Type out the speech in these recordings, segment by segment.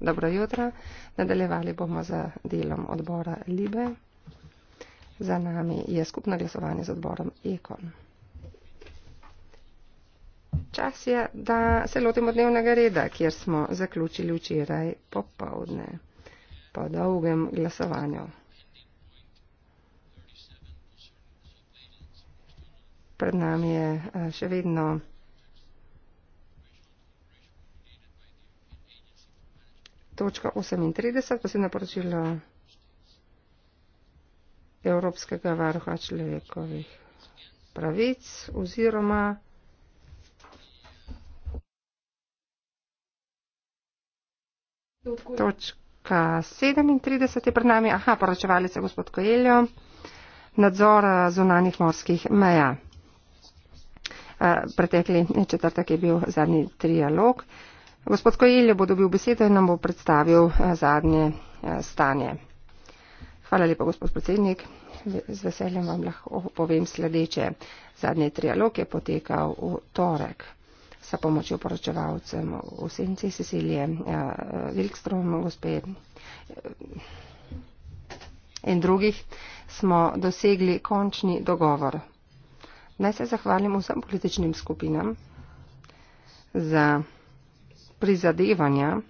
dobro jutro nadaljevali bomo z delom odbora libe za nami je skupno glasovanje z odborom ekon čas je da se lotimo dnevnega reda kjer smo zaključili včeraj popovdne po dolgem glasovanju pred nami je eh, še vedno točka 38, posebna poročila Evropskega varuha človekovih pravic oziroma točka 37 je pred nami. Aha, poročevali se gospod Koeljo, nadzor eh, zunanih morskih meja. Eh, pretekli četrtek je bil zadnji trialog. Gospod Kojelj bo dobil besedo in nam bo predstavil eh, zadnje eh, stanje. Hvala lepa, gospod predsednik. Z veseljem vam lahko povem sledeče. Zadnji trialog je potekal v torek sa pomočjo poročevalcem v senci Cecilije Vilkstrom, eh, gospe in drugih, smo dosegli končni dogovor. Naj se zahvalim vsem političnim skupinam za prizadevanja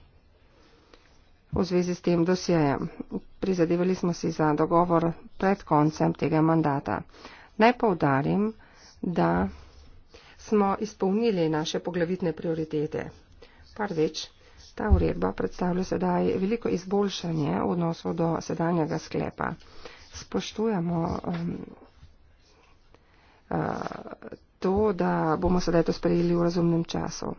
v zvezi s tem dosjejem. Prizadevali smo si za dogovor pred koncem tega mandata. Naj povdarim, da smo izpolnili naše poglavitne prioritete. Par več, ta uredba predstavlja sedaj veliko izboljšanje v odnosu do sedanjega sklepa. Spoštujemo um, uh, to, da bomo sedaj to sprejeli v razumnem času.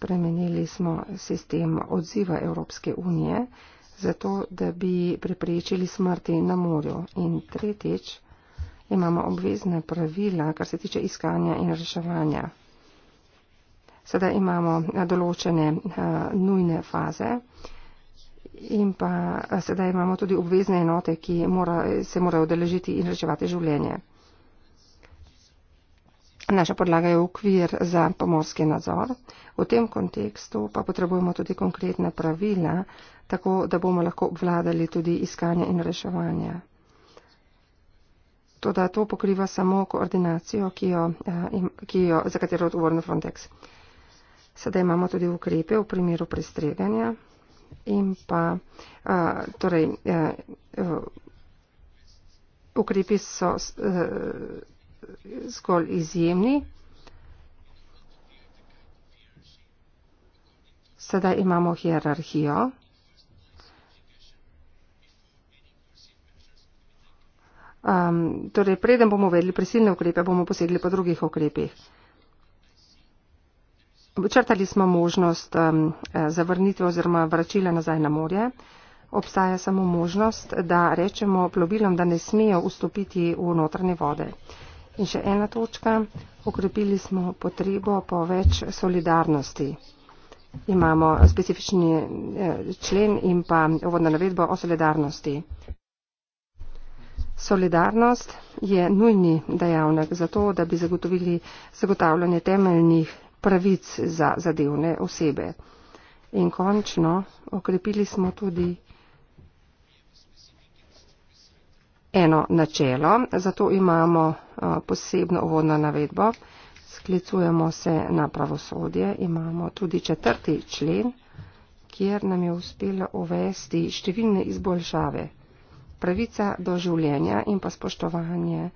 spremenili smo sistem odziva Evropske unije, zato da bi preprečili smrti na morju. In tretjič, imamo obvezne pravila, kar se tiče iskanja in reševanja. Sedaj imamo eh, določene uh, nujne faze in pa eh, sedaj imamo tudi obvezne enote, ki mora, se morajo odeležiti in reševati življenje. Naša podlaga je ukvir za pomorski nadzor. V tem kontekstu pa potrebujemo tudi konkretna pravila, tako da bomo lahko obvladali tudi iskanje in reševanje. Toda to pokriva samo koordinacijo, ki jo, eh, ki jo, za katero je odgovoren Frontex. Sedaj imamo tudi ukrepe v primeru prestreganja in pa eh, torej, eh, ukrepi so zgolj izjemni. Sedaj imamo hierarhijo. Um, torej, preden bomo vedeli prisilne ukrepe, bomo posegli po drugih ukrepih. Črtali smo možnost um, zavrnitve oziroma vračila nazaj na morje. Obstaja samo možnost, da rečemo plovilom, da ne smejo vstopiti v notranje vode. In še ena točka, okrepili smo potrebo po več solidarnosti. Imamo specifični eh, člen in pa uvodno navedbo o solidarnosti. Solidarnost je nujni dejavnik za to, da bi zagotovili zagotavljanje temeljnih pravic za zadevne osebe. In končno, okrepili smo tudi eno načelo, zato imamo posebno uvodno navedbo. Sklicujemo se na pravosodje. Imamo tudi četrti člen, kjer nam je uspelo uvesti številne izboljšave. Pravica do življenja in pa spoštovanje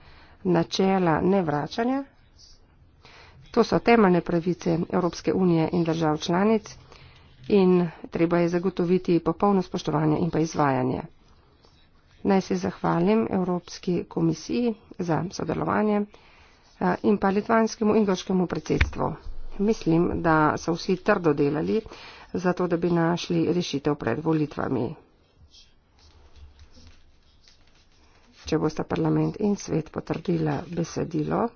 načela nevračanja. To so temeljne pravice Evropske unije in držav članic in treba je zagotoviti popolno spoštovanje in pa izvajanje. Naj se zahvalim Evropski komisiji za sodelovanje eh, in pa litvanskemu in grškemu predsedstvu. Mislim, da so vsi trdo delali za to, da bi našli rešitev pred volitvami. Če boste parlament in svet potrdila besedilo,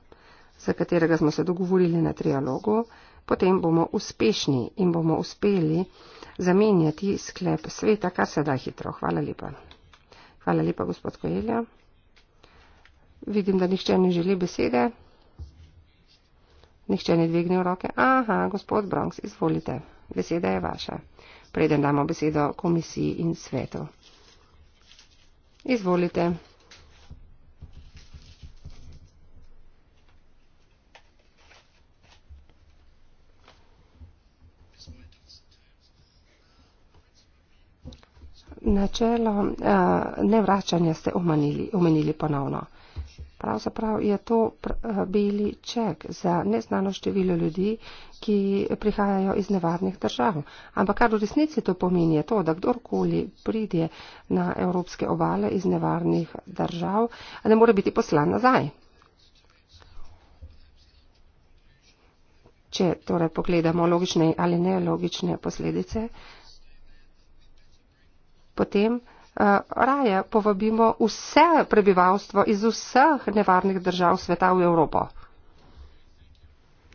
za katerega smo se dogovorili na trialogu, potem bomo uspešni in bomo uspeli zamenjati sklep sveta, kar se da hitro. Hvala lepa. Hvala lepa, gospod Kojelja. Vidim, da nihče ne želi besede. Nihče ne dvigne v roke. Aha, gospod Bronx, izvolite. Beseda je vaša. Preden damo besedo komisiji in svetu. Izvolite. načelo uh, eh, nevračanja ste omenili, omenili ponovno. Pravzaprav je to pr eh, bili ček za neznano število ljudi, ki prihajajo iz nevarnih držav. Ampak kar v resnici to pomeni, je to, da kdorkoli pride na evropske obale iz nevarnih držav, ne more biti poslan nazaj. Če torej pogledamo logične ali nelogične posledice, potem uh, raje povabimo vse prebivalstvo iz vseh nevarnih držav sveta v Evropo.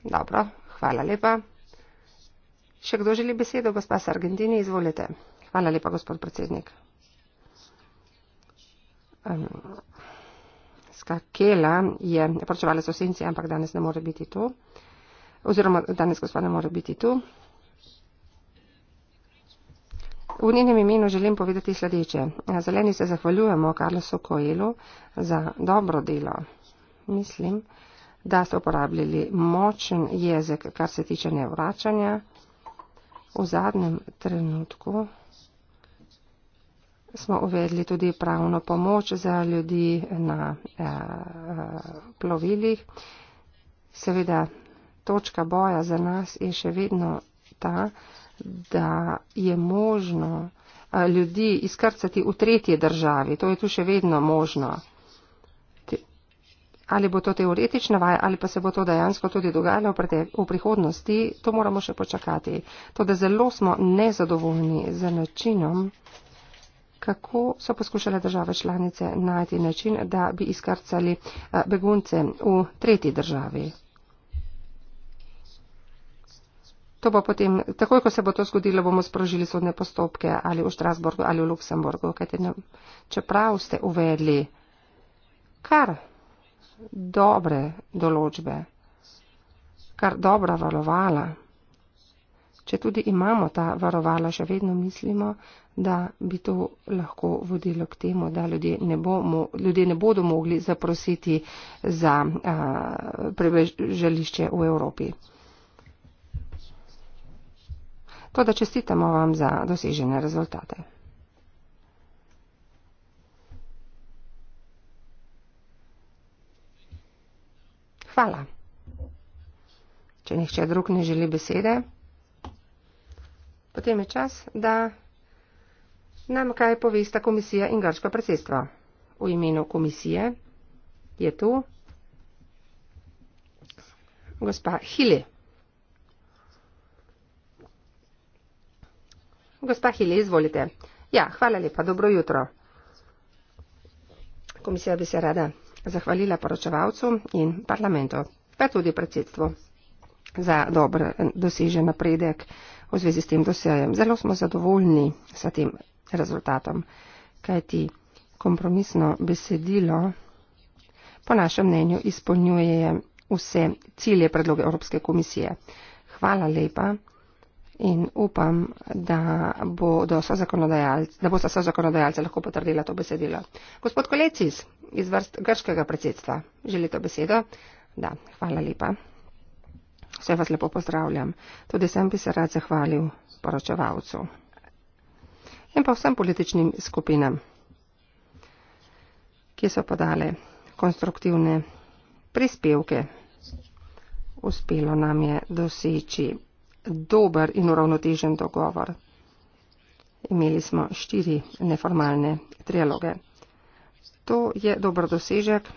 Dobro, hvala lepa. Še kdo želi besedo, gospa Sargentini, izvolite. Hvala lepa, gospod predsednik. Um, Skakela je poročevala sosinci, ampak danes ne more biti tu. Oziroma danes gospod ne more biti tu. V njenem imenu želim povedati sledeče. Zeleni se zahvaljujemo Karlosu Koelu za dobro delo. Mislim, da ste uporabljali močen jezik, kar se tiče nevračanja. V zadnjem trenutku smo uvedli tudi pravno pomoč za ljudi na eh, plovilih. Seveda, točka boja za nas je še vedno ta, da je možno ljudi izkrcati v tretji državi. To je tu še vedno možno. Ali bo to teoretična vaja, ali pa se bo to dejansko tudi dogajalo v prihodnosti, to moramo še počakati. Tudi zelo smo nezadovoljni z načinom, kako so poskušale države članice najti način, da bi izkrcali begunce v tretji državi. To bo potem, takoj ko se bo to zgodilo, bomo sprožili sodne postopke ali v Štrasburgu ali v Luksemburgu, kajte no, čeprav ste uvedli kar dobre določbe, kar dobra varovala. Če tudi imamo ta varovala, še vedno mislimo, da bi to lahko vodilo k temu, da ljudje ne, bo, mo, ljudje ne bodo mogli zaprositi za a, prebežališče v Evropi to da čestitamo vam za dosežene rezultate. Hvala. Če nihče drug ne želi besede, potem je čas, da nam kaj povesta komisija in grško predsedstvo. V imenu komisije je tu gospa Hili. Gospa Hili, izvolite. Ja, hvala lepa, dobro jutro. Komisija bi se rada zahvalila poročevalcu in parlamentu, pa tudi predsedstvu za dober dosežen napredek v zvezi s tem dosejem. Zelo smo zadovoljni s tem rezultatom, kajti kompromisno besedilo po našem mnenju izpolnjuje vse cilje predloge Evropske komisije. Hvala lepa in upam, da, bo da bo sa zakonodajalce lahko potrdila to besedilo. Gospod Kolecis iz vrst grškega predsedstva, želi to besedo? Da, hvala lepa. Vse vas lepo pozdravljam. Tudi sem bi se rad zahvalil poročevalcu in pa vsem političnim skupinam, ki so podale konstruktivne prispevke. Uspelo nam je doseči dober in uravnotežen dogovor. Imeli smo štiri neformalne triloge. To je dober dosežek,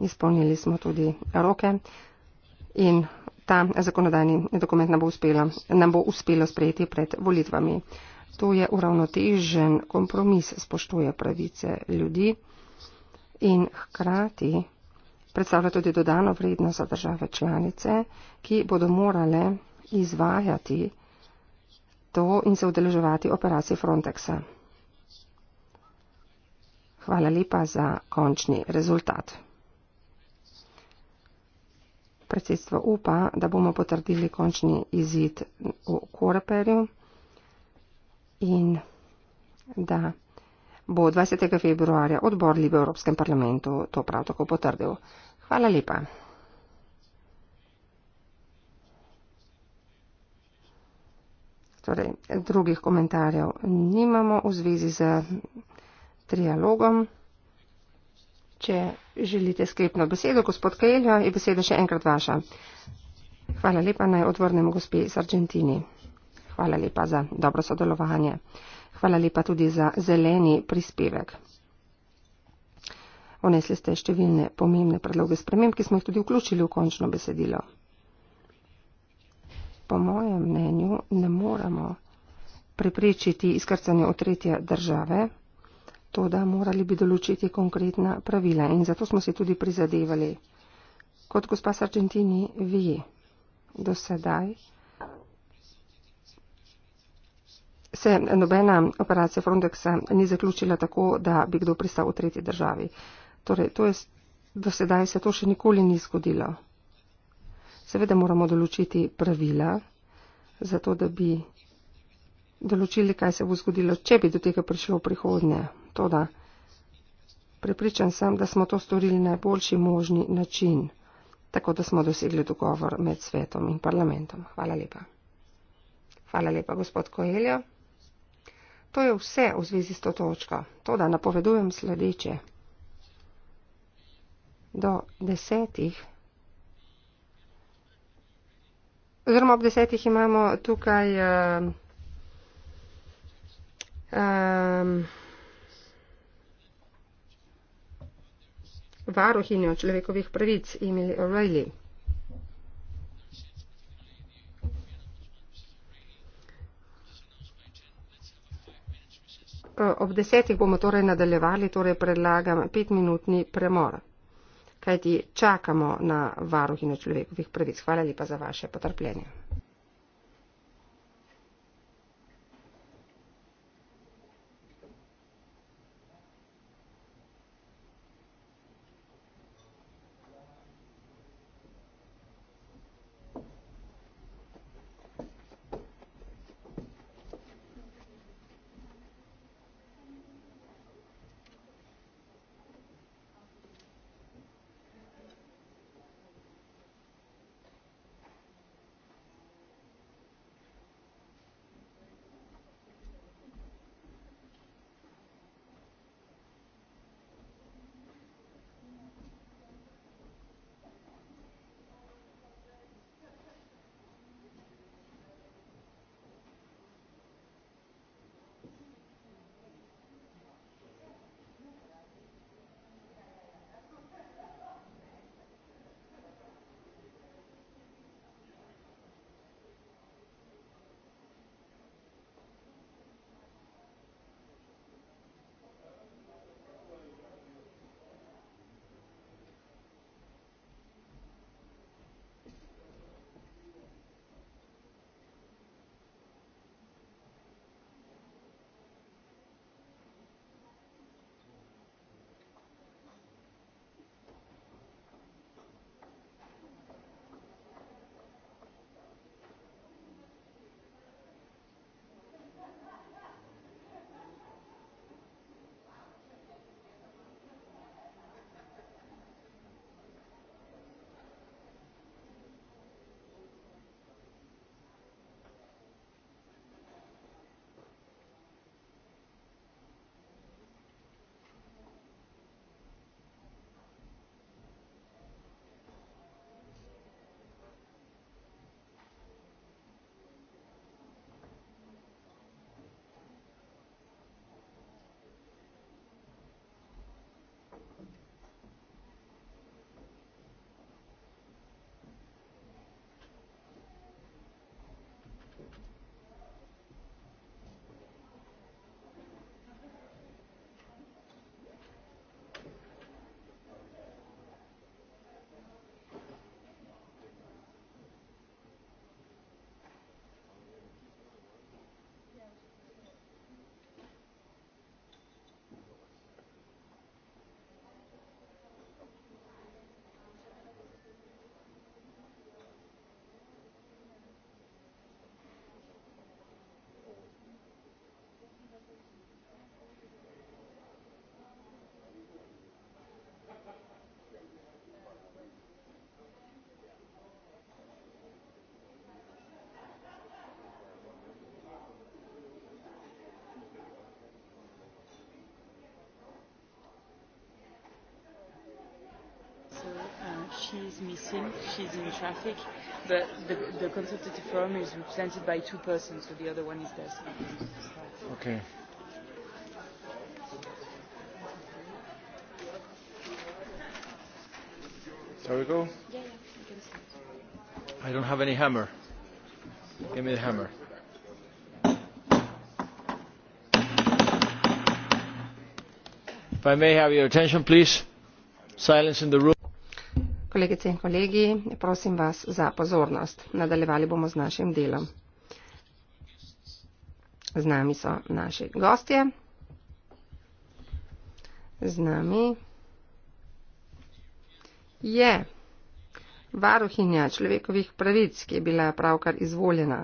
izpolnili smo tudi roke in ta zakonodajni dokument nam bo, uspela, nam bo uspelo sprejeti pred volitvami. To je uravnotežen kompromis, spoštuje pravice ljudi in hkrati predstavlja tudi dodano vrednost za države članice, ki bodo morale izvajati to in se udeleževati operacij Frontexa. Hvala lepa za končni rezultat. Predsedstvo upa, da bomo potrdili končni izid v Koreperju in da bo 20. februarja odbor Libe v Evropskem parlamentu to prav tako potrdil. Hvala lepa. Torej, drugih komentarjev nimamo v zvezi z trialogom. Če želite sklepno besedo, gospod Kejljo, je beseda še enkrat vaša. Hvala lepa, naj odvrnem gospi iz Argentini. Hvala lepa za dobro sodelovanje. Hvala lepa tudi za zeleni prispevek. Onesli ste številne pomembne predloge sprememb, ki smo jih tudi vključili v končno besedilo po mojem mnenju, ne moremo preprečiti izkrcanja v tretje države, to da morali bi določiti konkretna pravila in zato smo si tudi prizadevali. Kot gospa Sargentini ve, do sedaj se nobena operacija Frontexa ni zaključila tako, da bi kdo pristal v tretji državi. Torej, to je, do sedaj se to še nikoli ni zgodilo. Seveda moramo določiti pravila, zato da bi določili, kaj se bo zgodilo, če bi do tega prišlo v prihodnje. Toda prepričan sem, da smo to storili na najboljši možni način, tako da smo dosegli dogovor med svetom in parlamentom. Hvala lepa. Hvala lepa, gospod Koeljo. To je vse v zvezi s to točko. Toda napovedujem sledeče. Do desetih. oziroma ob desetih imamo tukaj um, varuhinjo človekovih pravic Emily O'Reilly. Eh, ob desetih bomo torej nadaljevali, torej predlagam petminutni premor kajti čakamo na varuhino človekovih pravic. Hvala lepa za vaše potrpljenje. issues missing. She's in traffic, but the, the consultative forum is represented by two persons, so the other one is there. Okay. Shall we go? Yeah, yeah. I don't have any hammer. Give me the hammer. If I may have your attention, please. Silence in the room. Kolegice in kolegi, prosim vas za pozornost. Nadaljevali bomo z našim delom. Z nami so naši gostje. Z nami je varuhinja človekovih pravic, ki je bila pravkar izvoljena.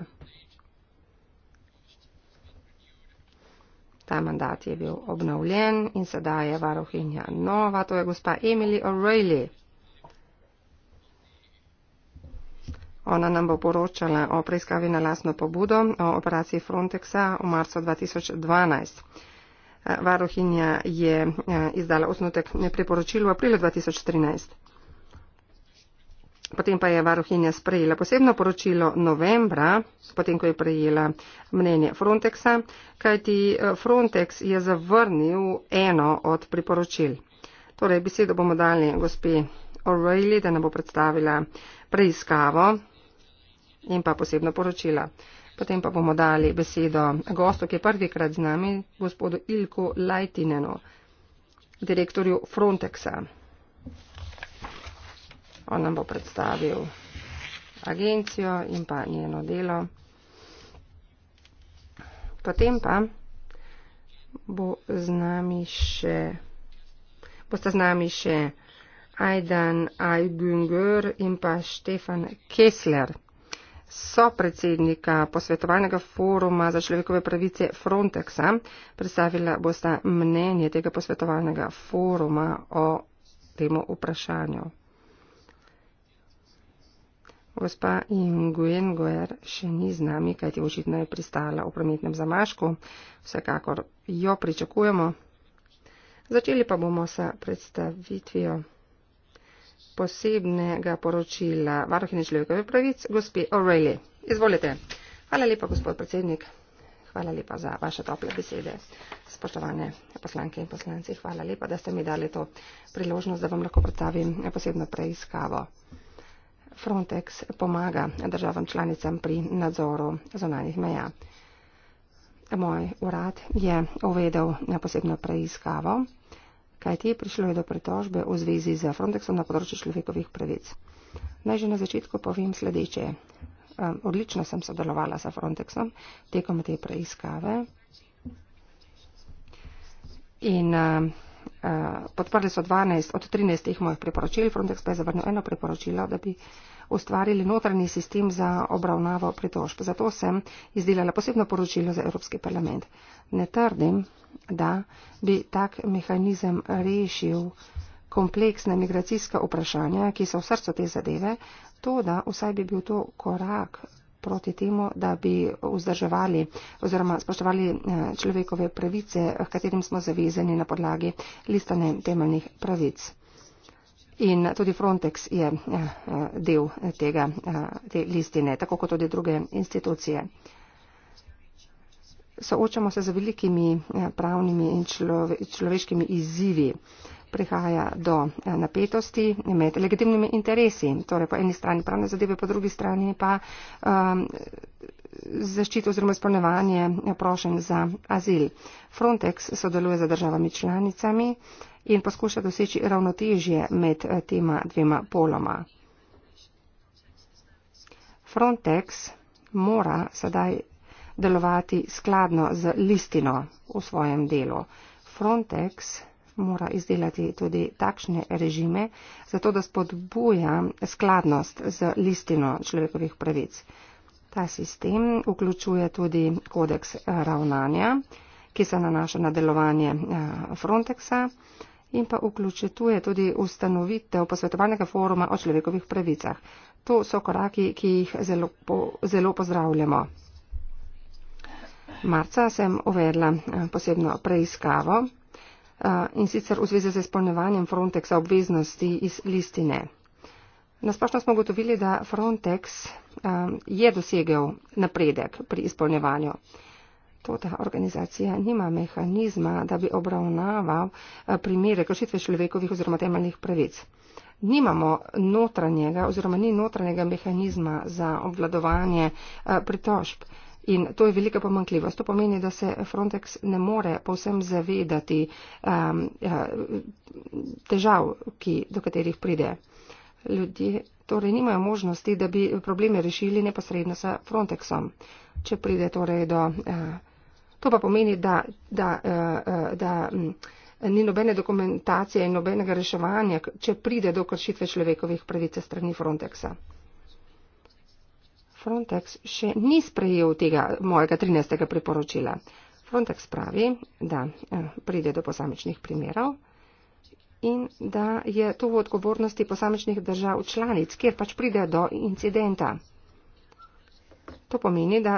Ta mandat je bil obnovljen in sedaj je varuhinja nova, to je gospa Emily O'Reilly. Ona nam bo poročala o preiskavi na lasno pobudo o operaciji Frontexa v marcu 2012. Varuhinja je eh, izdala osnutek priporočil v aprilu 2013. Potem pa je varuhinja sprejela posebno poročilo novembra, potem ko je prejela mnenje Frontexa, kajti eh, Frontex je zavrnil eno od priporočil. Torej, besedo bomo dali gospe O'Reilly, da nam bo predstavila preiskavo in pa posebno poročila. Potem pa bomo dali besedo gostu, ki je prvikrat z nami, gospodu Ilku Lajtinenu, direktorju Frontexa. On nam bo predstavil agencijo in pa njeno delo. Potem pa bo z nami še, boste z nami še Aidan Aybünger in pa Štefan Kessler so predsednika posvetovalnega foruma za človekove pravice Frontexa. Predstavila bosta mnenje tega posvetovalnega foruma o temu vprašanju. Gospa Inguen Goer še ni z nami, kajti očitno je pristala v prometnem zamašku. Vsekakor jo pričakujemo. Začeli pa bomo s predstavitvijo posebnega poročila varuhine človekove pravic, gospe O'Reilly. Izvolite. Hvala lepa, gospod predsednik. Hvala lepa za vaše tople besede. Spoštovane poslanke in poslanci, hvala lepa, da ste mi dali to priložnost, da vam lahko predstavim posebno preiskavo. Frontex pomaga državam članicam pri nadzoru zonanih meja. Moj urad je uvedel posebno preiskavo kajti prišlo je do pretožbe v zvezi z Frontexom na področju človekovih pravic. Naj že na začetku povem sledeče. Odlično sem sodelovala sa Frontexom tekom te preiskave in eh, podprli so 12 od 13 mojih priporočil. Frontex pa je zavrnil eno priporočilo, da bi ustvarili notranji sistem za obravnavo pritožb. Zato sem izdelala posebno poročilo za Evropski parlament. Ne trdim, da bi tak mehanizem rešil kompleksna migracijska vprašanja, ki so v srcu te zadeve, to, da vsaj bi bil to korak proti temu, da bi vzdrževali oziroma spoštovali eh, človekove pravice, katerim smo zavezani na podlagi listane temeljnih pravic. In tudi Frontex je eh, del eh, tega, eh, te listine, tako kot tudi druge institucije. Soočamo se z velikimi pravnimi in človeškimi izzivi. Prihaja do napetosti med legitimnimi interesi, torej po eni strani pravne zadeve, po drugi strani pa um, zaščito oziroma izpolnevanje prošen za azil. Frontex sodeluje z državami članicami. Uh, in poskuša doseči ravnotežje med eh, tema dvema poloma. Frontex mora sedaj delovati skladno z listino v svojem delu. Frontex mora izdelati tudi takšne režime, zato da spodbuja skladnost z listino človekovih pravic. Ta sistem vključuje tudi kodeks eh, ravnanja, ki se nanaša na delovanje eh, Frontexa in pa vključuje tudi ustanovitev posvetovalnega foruma o človekovih pravicah. To so koraki, ki jih zelo, po, zelo pozdravljamo. Marca sem uvedla eh, posebno preiskavo eh, in sicer v zvezi z izpolnjevanjem Frontexa obveznosti iz listine. Nasplošno smo gotovili, da Frontex eh, je dosegel napredek pri izpolnjevanju. Toda organizacija nima mehanizma, da bi obravnaval eh, primere kršitve človekovih oziroma temeljnih pravic. Nimamo notranjega oziroma ni notranjega mehanizma za obvladovanje eh, pritožb. In to je velika pomankljivost. To pomeni, da se Frontex ne more povsem zavedati um, težav, ki, do katerih pride. Ljudje torej nimajo možnosti, da bi probleme rešili neposredno s Frontexom. Če pride torej do uh, To pa pomeni, da, da, eh, eh, da, da mm, ni nobene dokumentacije in nobenega reševanja, če pride do kršitve človekovih pravice strani Frontexa. Frontex še ni sprejel tega mojega 13. priporočila. Frontex pravi, da eh, pride do posamičnih primerov in da je to v odgovornosti posamičnih držav članic, kjer pač pride do incidenta. To pomeni, da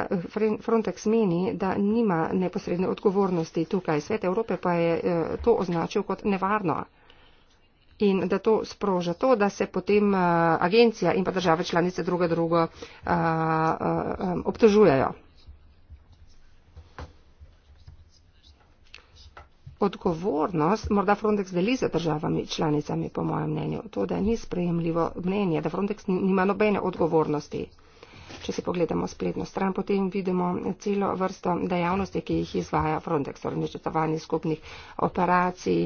Frontex meni, da nima neposredne odgovornosti tukaj. Svet Evrope pa je eh, to označil kot nevarno. In da to sproža to, da se potem eh, agencija in pa države članice druga drugo eh, obtožujejo. Odgovornost morda Frontex deli za državami članicami, po mojem mnenju. To, da ni sprejemljivo mnenje, da Frontex nima nobene odgovornosti. Če si pogledamo spletno stran, potem vidimo celo vrsto dejavnosti, ki jih izvaja Frontex, torej načrtovanje skupnih operacij,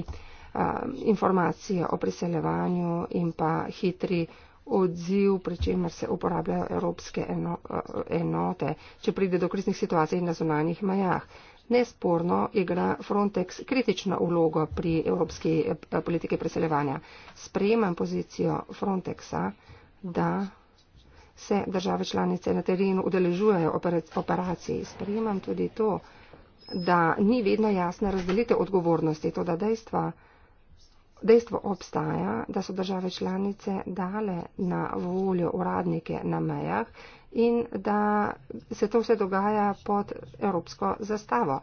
informacije o priseljevanju in pa hitri odziv, pri čemer se uporabljajo evropske enote, če pride do kriznih situacij na zunanjih mejah. Nesporno igra Frontex kritično vlogo pri evropski eh, politiki preseljevanja. Sprejemam pozicijo Frontexa, da se države članice na terenu udeležujejo operacij. Sprejemam tudi to, da ni vedno jasna razdelitev odgovornosti, to da dejstva, dejstvo obstaja, da so države članice dale na voljo uradnike na mejah in da se to vse dogaja pod evropsko zastavo.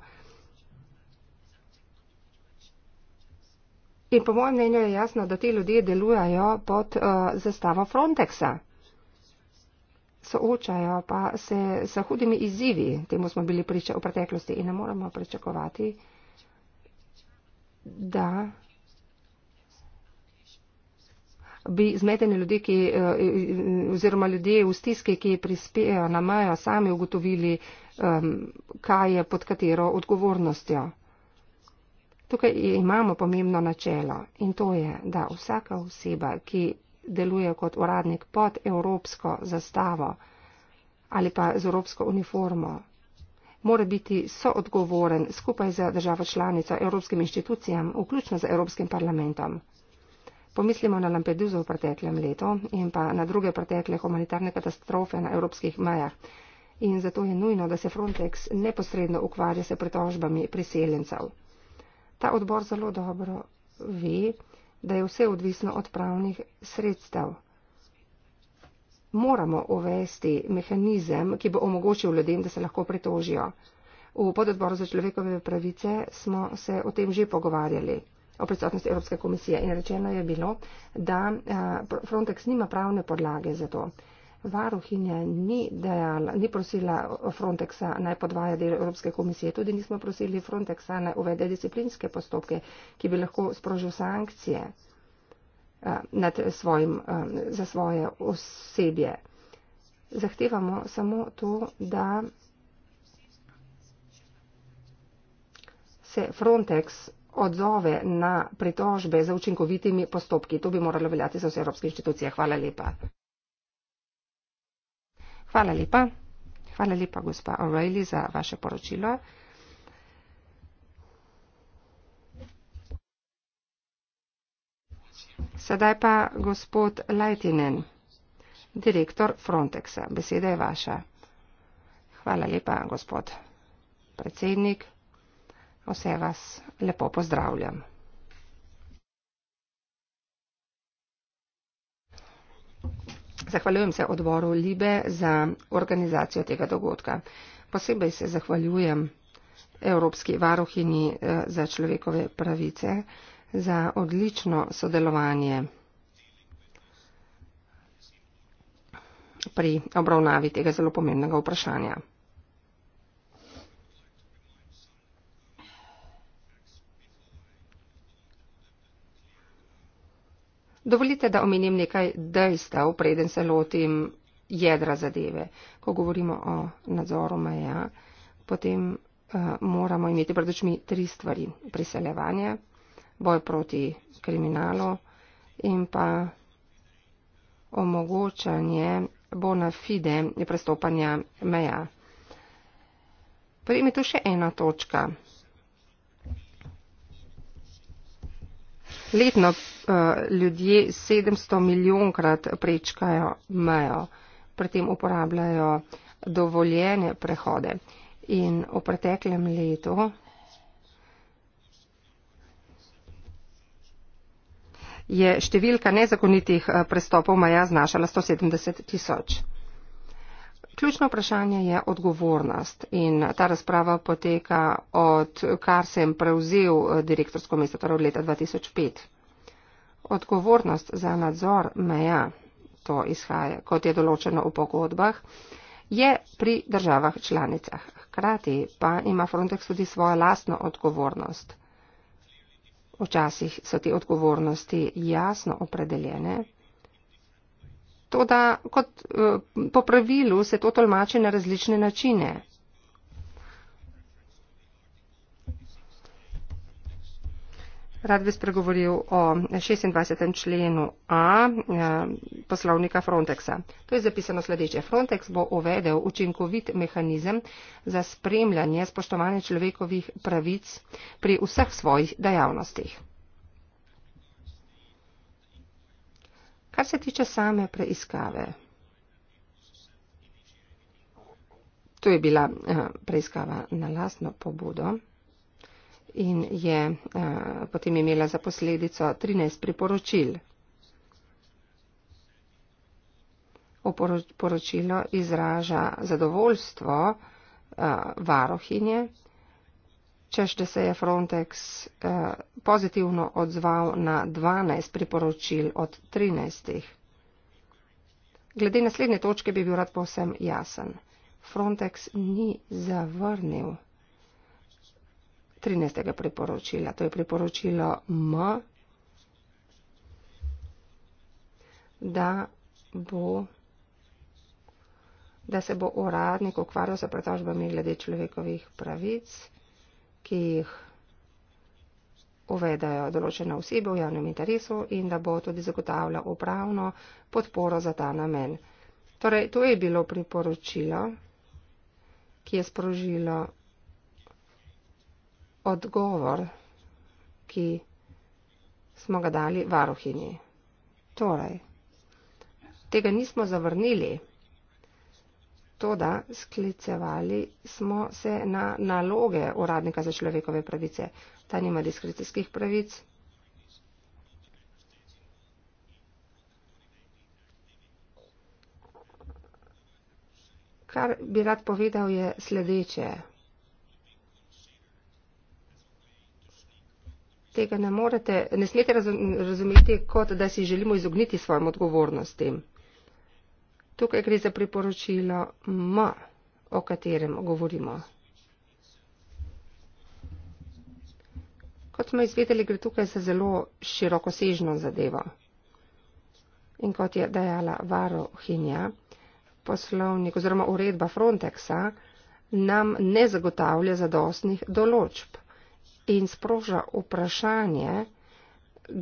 In po mojem mnenju je jasno, da ti ljudje delujajo pod uh, zastavo Frontexa soočajo pa se s hudimi izzivi, temu smo bili priča v preteklosti in ne moramo pričakovati, da bi zmedeni ljudi, ki, eh, oziroma ljudje v stiski, ki prispejo na mejo, sami ugotovili, kaj je pod katero odgovornostjo. Tukaj imamo pomembno načelo in to je, da vsaka oseba, ki deluje kot uradnik pod evropsko zastavo ali pa z evropsko uniformo, mora biti soodgovoren skupaj za državo članico evropskim inštitucijam, vključno z Evropskim parlamentom. Pomislimo na Lampeduzo v preteklem letu in pa na druge pretekle humanitarne katastrofe na evropskih mejah. In zato je nujno, da se Frontex neposredno ukvarja s pritožbami priseljencev. Ta odbor zelo dobro ve, da je vse odvisno od pravnih sredstev. Moramo uvesti mehanizem, ki bo omogočil ljudem, da se lahko pritožijo. V pododboru za človekove pravice smo se o tem že pogovarjali o prisotnosti Evropske komisije in rečeno je bilo, da eh, Frontex nima pravne podlage za to varuhinja ni, dejala, ni prosila Frontexa naj podvaja del Evropske komisije. Tudi nismo prosili Frontexa naj uvede disciplinske postopke, ki bi lahko sprožil sankcije uh, svojim, um, za svoje osebje. Zahtevamo samo to, da se Frontex odzove na pritožbe za učinkovitimi postopki. To bi moralo veljati za vse evropske inštitucije. Hvala lepa. Hvala lepa. Hvala lepa, gospa O'Reilly, za vaše poročilo. Sedaj pa gospod Lajtinen, direktor Frontexa. Beseda je vaša. Hvala lepa, gospod predsednik. Vse vas lepo pozdravljam. Zahvaljujem se odboru Libe za organizacijo tega dogodka. Posebej se zahvaljujem Evropski varuhini eh, za človekove pravice za odlično sodelovanje pri obravnavi tega zelo pomembnega vprašanja. Dovolite, da omenim nekaj dejstev, preden se lotim jedra zadeve. Ko govorimo o nadzoru meja, potem uh, moramo imeti pred očmi tri stvari. Priseljevanje, boj proti kriminalu in pa omogočanje bona fide prestopanja meja. Prime tu še ena točka. letno uh, ljudje 700 milijonkrat prečkajo mejo, pri tem uporabljajo dovoljene prehode. In v preteklem letu je številka nezakonitih eh, prestopov maja znašala 170 tisoč. Ključno vprašanje je odgovornost in ta razprava poteka od kar sem prevzel eh, direktorsko mesto, torej od leta 2005. Odgovornost za nadzor meja, to izhaja, kot je določeno v pogodbah, je pri državah članicah. Hkrati pa ima Frontex tudi svojo lastno odgovornost. Včasih so te odgovornosti jasno opredeljene, Toda kot eh, po pravilu se to tolmače na različne načine. Rad bi spregovoril o 26. členu A eh, poslovnika Frontexa. To je zapisano sledeče. Frontex bo uvedel učinkovit mehanizem za spremljanje spoštovanja človekovih pravic pri vseh svojih dejavnostih. Kar se tiče same preiskave, to je bila eh, preiskava na lastno pobudo in je eh, potem imela za posledico 13 priporočil. Oporočilo izraža zadovoljstvo eh, varohinje češ da se je Frontex uh, pozitivno odzval na 12 priporočil od 13. Glede naslednje točke bi bil rad povsem jasen. Frontex ni zavrnil 13. priporočila. To je priporočilo M, da, bo, da se bo uradnik ukvarjal s pretožbami glede človekovih pravic ki jih uvedejo določene osebe v javnem interesu in da bo tudi zagotavljal upravno podporo za ta namen. Torej, to je bilo priporočilo, ki je sprožilo odgovor, ki smo ga dali varuhini. Torej, tega nismo zavrnili. Toda sklicevali smo se na naloge uradnika za človekove pravice. Ta nima diskrecijskih pravic. Kar bi rad povedal je sledeče. Tega ne, morete, ne smete razumeti kot, da si želimo izogniti svojim odgovornostim. Tukaj gre za priporočilo M, o katerem govorimo. Kot smo izvedeli, gre tukaj za zelo širokosežno zadevo. In kot je dejala varohinja, poslovnik oziroma uredba Frontexa nam ne zagotavlja zadostnih določb in sproža vprašanje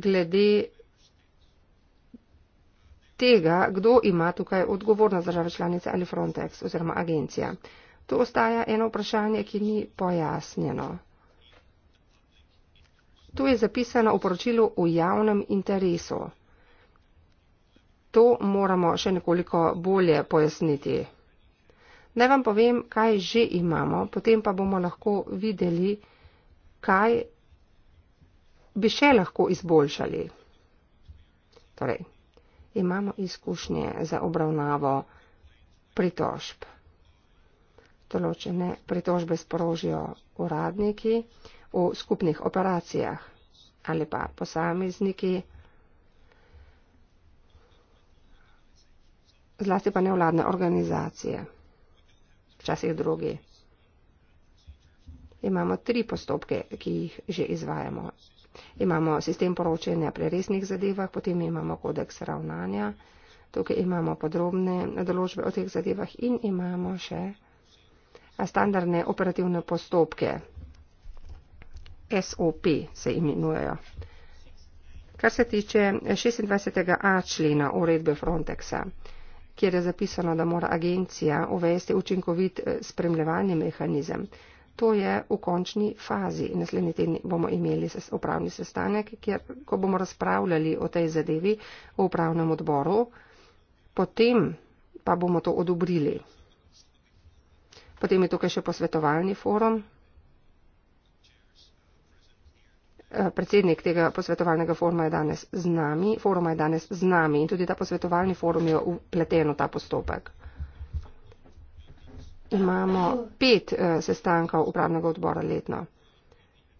glede tega, kdo ima tukaj odgovornost države članice ali Frontex oziroma agencija. To ostaja eno vprašanje, ki ni pojasnjeno. To je zapisano v poročilu v javnem interesu. To moramo še nekoliko bolje pojasniti. Naj vam povem, kaj že imamo, potem pa bomo lahko videli, kaj bi še lahko izboljšali. Torej, imamo izkušnje za obravnavo pritožb. Določene pritožbe sprožijo uradniki v skupnih operacijah ali pa posamezniki, zlasti pa nevladne organizacije, včasih drugi. Imamo tri postopke, ki jih že izvajamo. Imamo sistem poročanja pri resnih zadevah, potem imamo kodeks ravnanja, tukaj imamo podrobne določbe o teh zadevah in imamo še standardne operativne postopke. SOP se imenujejo. Kar se tiče 26.a člena uredbe Frontexa, kjer je zapisano, da mora agencija uvesti učinkovit eh, spremljevalni mehanizem, To je v končni fazi. Naslednji teden bomo imeli upravni sestanek, kjer ko bomo razpravljali o tej zadevi v upravnem odboru, potem pa bomo to odobrili. Potem je tukaj še posvetovalni forum. Eh, predsednik tega posvetovalnega foruma je danes z nami, foruma je danes z nami in tudi ta posvetovalni forum je upleten v ta postopek imamo pet eh, sestankov upravnega odbora letno.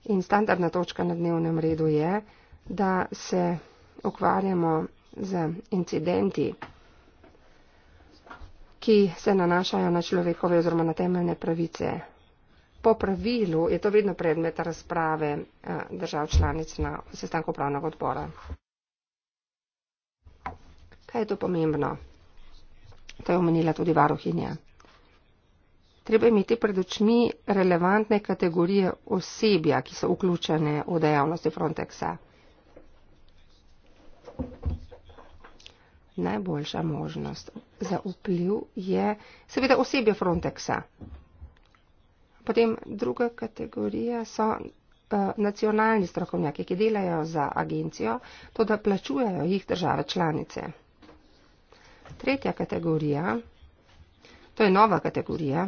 In standardna točka na dnevnem redu je, da se ukvarjamo z incidenti, ki se nanašajo na človekove oziroma na temeljne pravice. Po pravilu je to vedno predmet razprave eh, držav članic na sestanku upravnega odbora. Kaj je to pomembno? To je omenila tudi varohinja treba imeti pred očmi relevantne kategorije osebja, ki so vključene v dejavnosti Frontexa. Najboljša možnost za vpliv je seveda osebje Frontexa. Potem druga kategorija so eh, nacionalni strokovnjaki, ki delajo za agencijo, to da plačujejo jih države članice. Tretja kategorija, to je nova kategorija,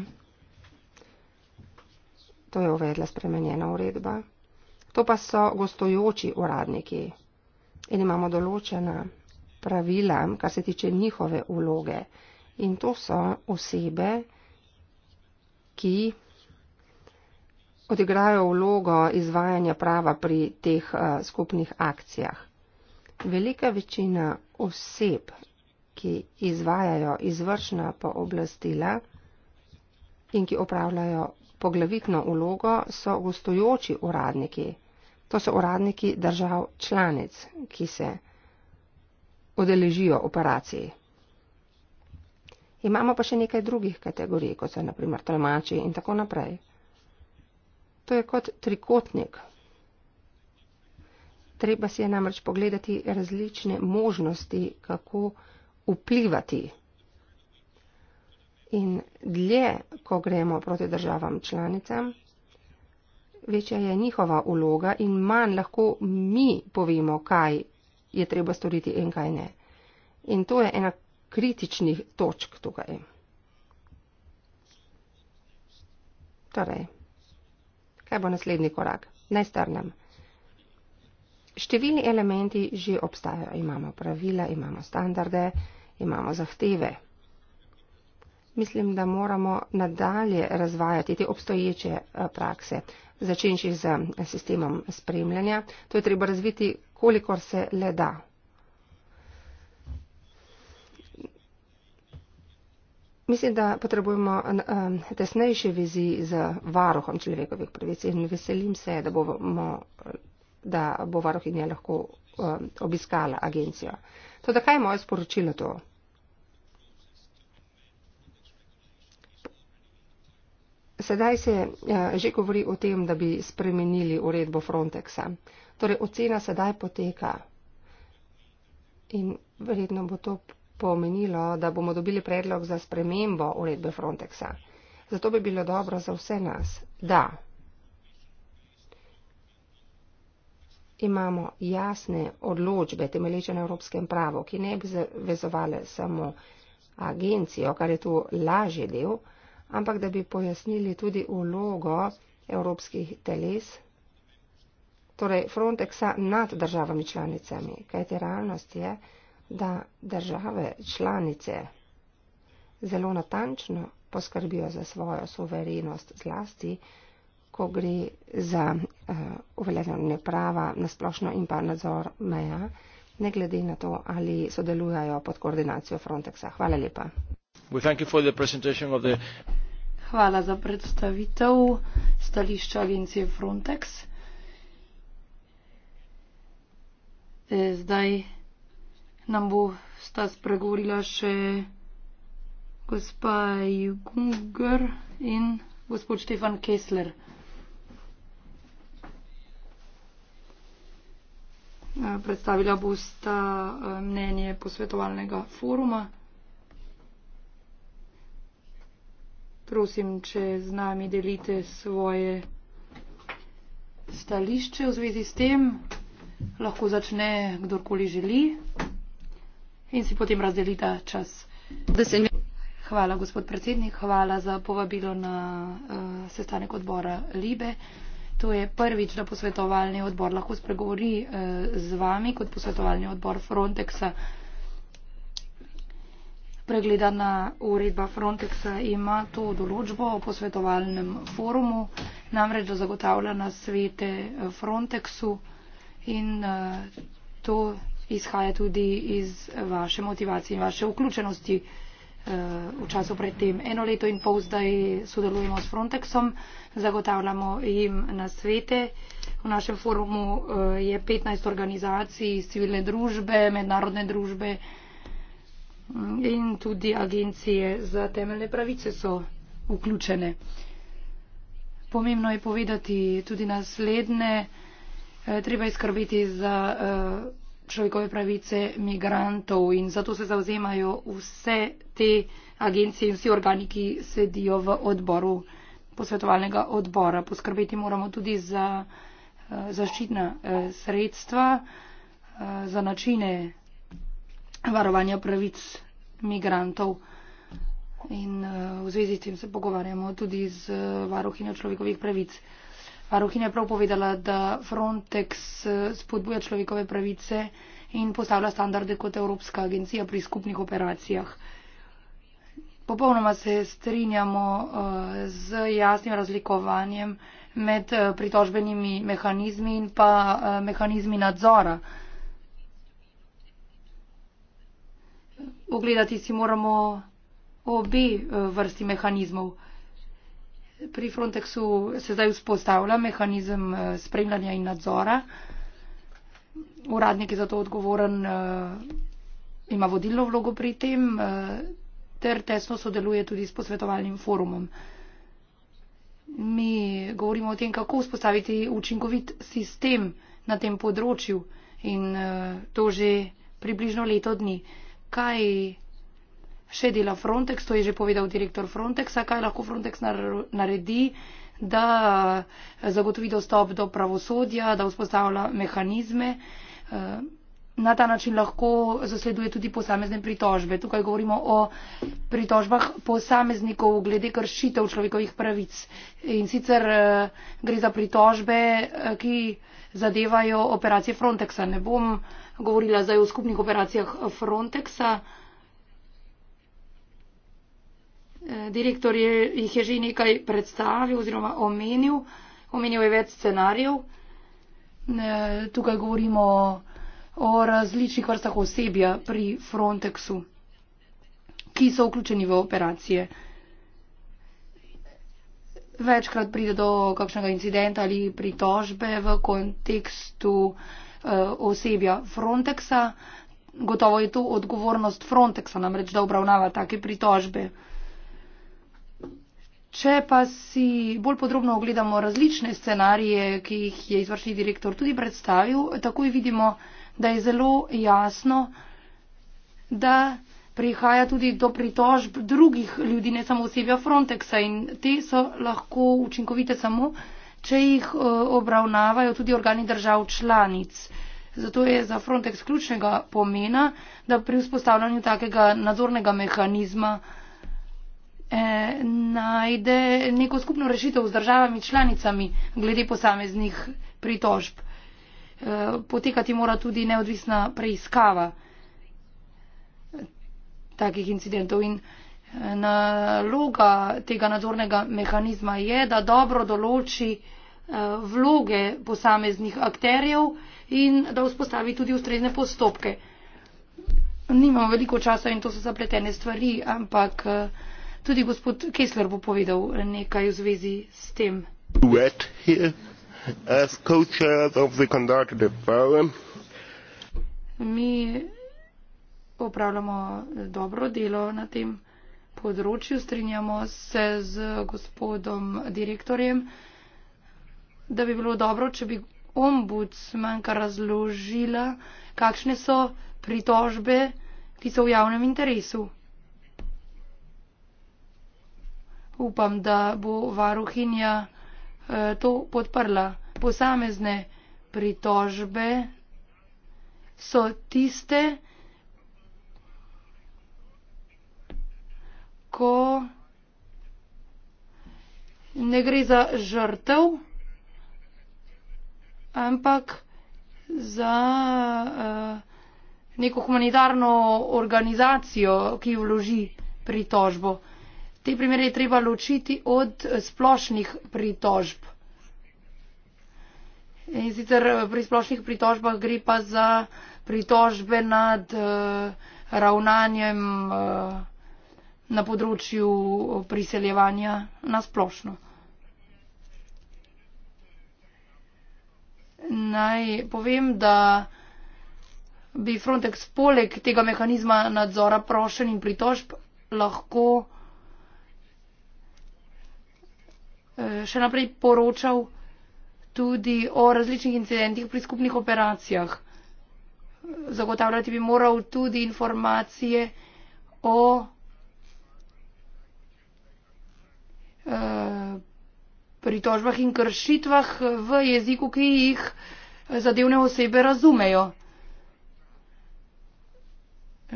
To je uvedla spremenjena uredba. To pa so gostujoči uradniki. In imamo določena pravila, kar se tiče njihove vloge. In to so osebe, ki odigrajo vlogo izvajanja prava pri teh uh, skupnih akcijah. Velika večina oseb, ki izvajajo izvršna pooblastila in ki opravljajo poglavitno ulogo so gostujoči uradniki. To so uradniki držav članic, ki se odeležijo operaciji. Imamo pa še nekaj drugih kategorij, kot so naprimer tolmači in tako naprej. To je kot trikotnik. Treba si je namreč pogledati različne možnosti, kako vplivati. In dlje, ko gremo proti državam članicam, večja je njihova uloga in manj lahko mi povemo, kaj je treba storiti in kaj ne. In to je ena kritičnih točk tukaj. Torej, kaj bo naslednji korak? Naj strnem. Številni elementi že obstajajo. Imamo pravila, imamo standarde, imamo zahteve mislim, da moramo nadalje razvajati te obstoječe eh, prakse, začenši z eh, sistemom spremljanja. To je treba razviti, kolikor se le da. Mislim, da potrebujemo eh, tesnejše vizi z varohom človekovih pravic in veselim se, da, bomo, da bo varohinja lahko obiskala agencijo. To, da kaj je moje sporočilo to? Sedaj se eh, že govori o tem, da bi spremenili uredbo Frontexa. Torej, ocena sedaj poteka in verjetno bo to pomenilo, da bomo dobili predlog za spremembo uredbe Frontexa. Zato bi bilo dobro za vse nas, da imamo jasne odločbe, temelječe na evropskem pravu, ki ne bi zavezovali samo agencijo, kar je tu lažje del, ampak da bi pojasnili tudi ulogo evropskih teles, torej Frontexa nad državami članicami. Kajti realnost je, da države članice zelo natančno poskrbijo za svojo suverenost zlasti, ko gre za uh, uveljavljanje prava na splošno in pa nadzor meja, ne glede na to, ali sodelujajo pod koordinacijo Frontexa. Hvala lepa hvala za predstavitev stališča agencije frontex e, zdaj nam bo sta spregovorila še gospa Junger in gospod Štefan Kessler. E, predstavila bosta e, mnenje posvetovalnega foruma. prosim, če z nami delite svoje stališče v zvezi s tem. Lahko začne kdorkoli želi in si potem razdelita čas. Hvala, gospod predsednik, hvala za povabilo na uh, sestanek odbora Libe. To je prvič, da posvetovalni odbor lahko spregovori uh, z vami kot posvetovalni odbor Frontexa. Uh, pregledana uredba Frontexa ima to določbo o posvetovalnem forumu, namreč da zagotavlja na svete eh, Frontexu in eh, to izhaja tudi iz vaše motivacije in vaše vključenosti eh, v času predtem. Eno leto in pol zdaj sodelujemo s Frontexom, zagotavljamo jim na svete. V našem forumu je 15 organizacij, civilne družbe, mednarodne družbe, in tudi agencije za temeljne pravice so vključene. Pomembno je povedati tudi naslednje. E, treba je skrbeti za e, človekove pravice migrantov in zato se zauzemajo vse te agencije in vsi organi, ki sedijo v odboru posvetovalnega odbora. Poskrbeti moramo tudi za e, zaščitna sredstva, za načine varovanja pravic migrantov. In eh, v zvezi s tem se pogovarjamo tudi z eh, varuhinjo človekovih pravic. Varuhinja je prav povedala, da Frontex eh, spodbuja človekove pravice in postavlja standarde kot Evropska agencija pri skupnih operacijah. Popolnoma se strinjamo z jasnim razlikovanjem med pritožbenimi mehanizmi in pa mehanizmi nadzora. ogledati si moramo obe eh, vrsti mehanizmov. Pri Frontexu se zdaj vzpostavlja mehanizem eh, spremljanja in nadzora. Uradnik je za to odgovoren, eh, ima vodilno vlogo pri tem ter tesno sodeluje tudi s posvetovalnim forumom. Mi govorimo o tem, kako vzpostaviti učinkovit sistem na tem področju in to že približno leto dni kaj še dela Frontex, to je že povedal direktor Frontexa, kaj lahko Frontex naredi, da zagotovi dostop do pravosodja, da vzpostavlja mehanizme. Eh, na ta način lahko zasleduje tudi posamezne pritožbe. Tukaj govorimo o pritožbah posameznikov glede kršitev človekovih pravic. In sicer eh, gre za pritožbe, eh, ki zadevajo operacije Frontexa. Ne bom govorila zdaj o skupnih operacijah Frontexa. Eh, direktor je, jih je že nekaj predstavil oziroma omenil. Omenil je več scenarijev. Eh, tukaj govorimo o različnih vrstah osebja pri Frontexu, ki so vključeni v operacije večkrat pride do kakšnega incidenta ali pritožbe v kontekstu uh, osebja Frontexa. Gotovo je to odgovornost Frontexa namreč, da obravnava take pritožbe. Če pa si bolj podrobno ogledamo različne scenarije, ki jih je izvršni direktor tudi predstavil, takoj vidimo, da je zelo jasno, da prihaja tudi do pritožb drugih ljudi, ne samo osebja Frontexa in te so lahko učinkovite samo, če jih eh, obravnavajo tudi organi držav članic. Zato je za Frontex ključnega pomena, da pri vzpostavljanju takega nadzornega mehanizma eh, najde neko skupno rešitev z državami članicami glede posameznih pritožb. Eh, potekati mora tudi neodvisna preiskava takih incidentov. In eh, naloga tega nadzornega mehanizma je, da dobro določi eh, vloge posameznih akterjev in da vzpostavi tudi ustrezne postopke. Nimam veliko časa in to so zapletene stvari, ampak eh, tudi gospod Kessler bo povedal nekaj v zvezi s tem. Here, Mi opravljamo eh, dobro delo na tem področju. Strinjamo se z gospodom direktorjem, da bi bilo dobro, če bi ombudsmanka razložila, kakšne so pritožbe, ki so v javnem interesu. Upam, da bo varuhinja eh, to podprla. Posamezne pritožbe so tiste, lahko ne gre za žrtev, ampak za uh, neko humanitarno organizacijo, ki vloži pritožbo. Te primere je treba ločiti od splošnih pritožb. In sicer eh, pri splošnih pritožbah gre pa za pritožbe nad uh, ravnanjem uh, na področju priseljevanja nasplošno. Naj povem, da bi Frontex poleg tega mehanizma nadzora prošen in pritožb lahko eh, še naprej poročal tudi o različnih incidentih pri skupnih operacijah. Zagotavljati bi moral tudi informacije o Eh, pritožbah in kršitvah v jeziku, ki jih eh, zadevne osebe razumejo.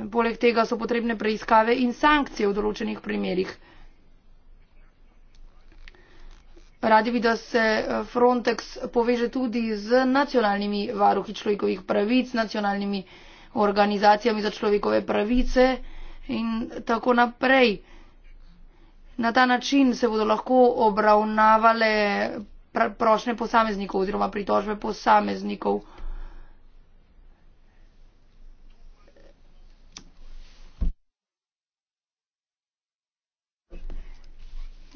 Poleg tega so potrebne preiskave in sankcije v določenih primerjih. Radi bi, da se eh, Frontex poveže tudi z nacionalnimi varuhi človekovih pravic, nacionalnimi organizacijami za človekove pravice in tako naprej. Na ta način se bodo lahko obravnavale prošnje posameznikov oziroma pritožbe posameznikov.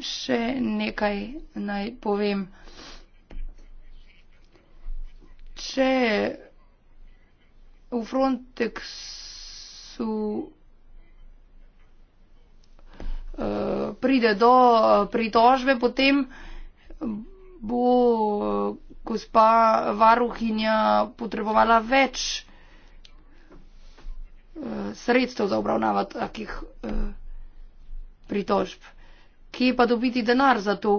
Še nekaj naj povem. Če v Frontexu Eh, pride do eh, pritožbe, potem bo eh, gospa varuhinja potrebovala več sredstev za obravnava takih pritožb. Kje pa dobiti denar za to?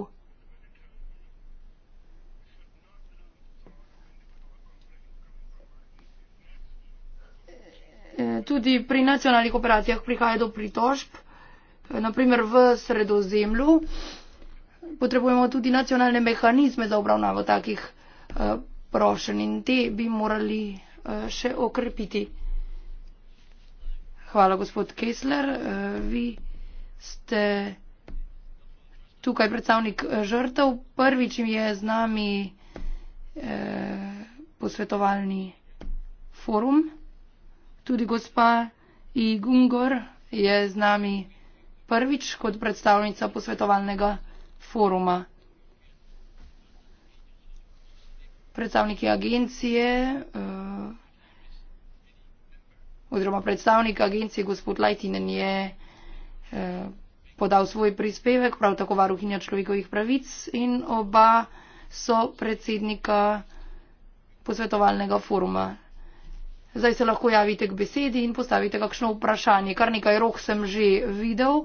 Tudi pri nacionalnih operacijah prihaja do pritožb na primer v sredozemlju potrebujemo tudi nacionalne mehanizme za obravnavo takih eh, prošenj in te bi morali eh, še okrepiti. hvala gospod kessler eh, vi ste tukaj predstavnik žrtev prvič jim je z nami posvetovalni forum tudi gospa igungor je z nami prvič kot predstavnica posvetovalnega foruma. Predstavniki agencije eh, oziroma predstavnik agencije gospod Lajtinen je eh, podal svoj prispevek, prav tako varuhinja človekovih pravic in oba so predsednika posvetovalnega foruma. Zdaj se lahko javite k besedi in postavite kakšno vprašanje. Kar nekaj rok sem že videl.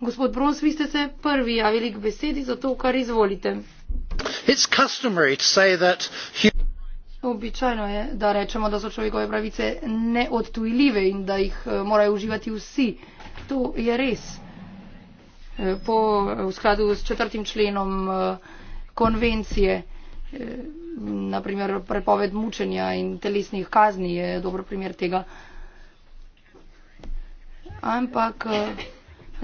Gospod Brons, vi ste se prvi javili k besedi, zato kar izvolite. Običajno je, da rečemo, da so človekove pravice neodtujljive in da jih eh, morajo uživati vsi. To je res. Eh, po, v skladu s četrtim členom eh, konvencije naprimer prepoved mučenja in telesnih kazni je dober primer tega. Ampak eh,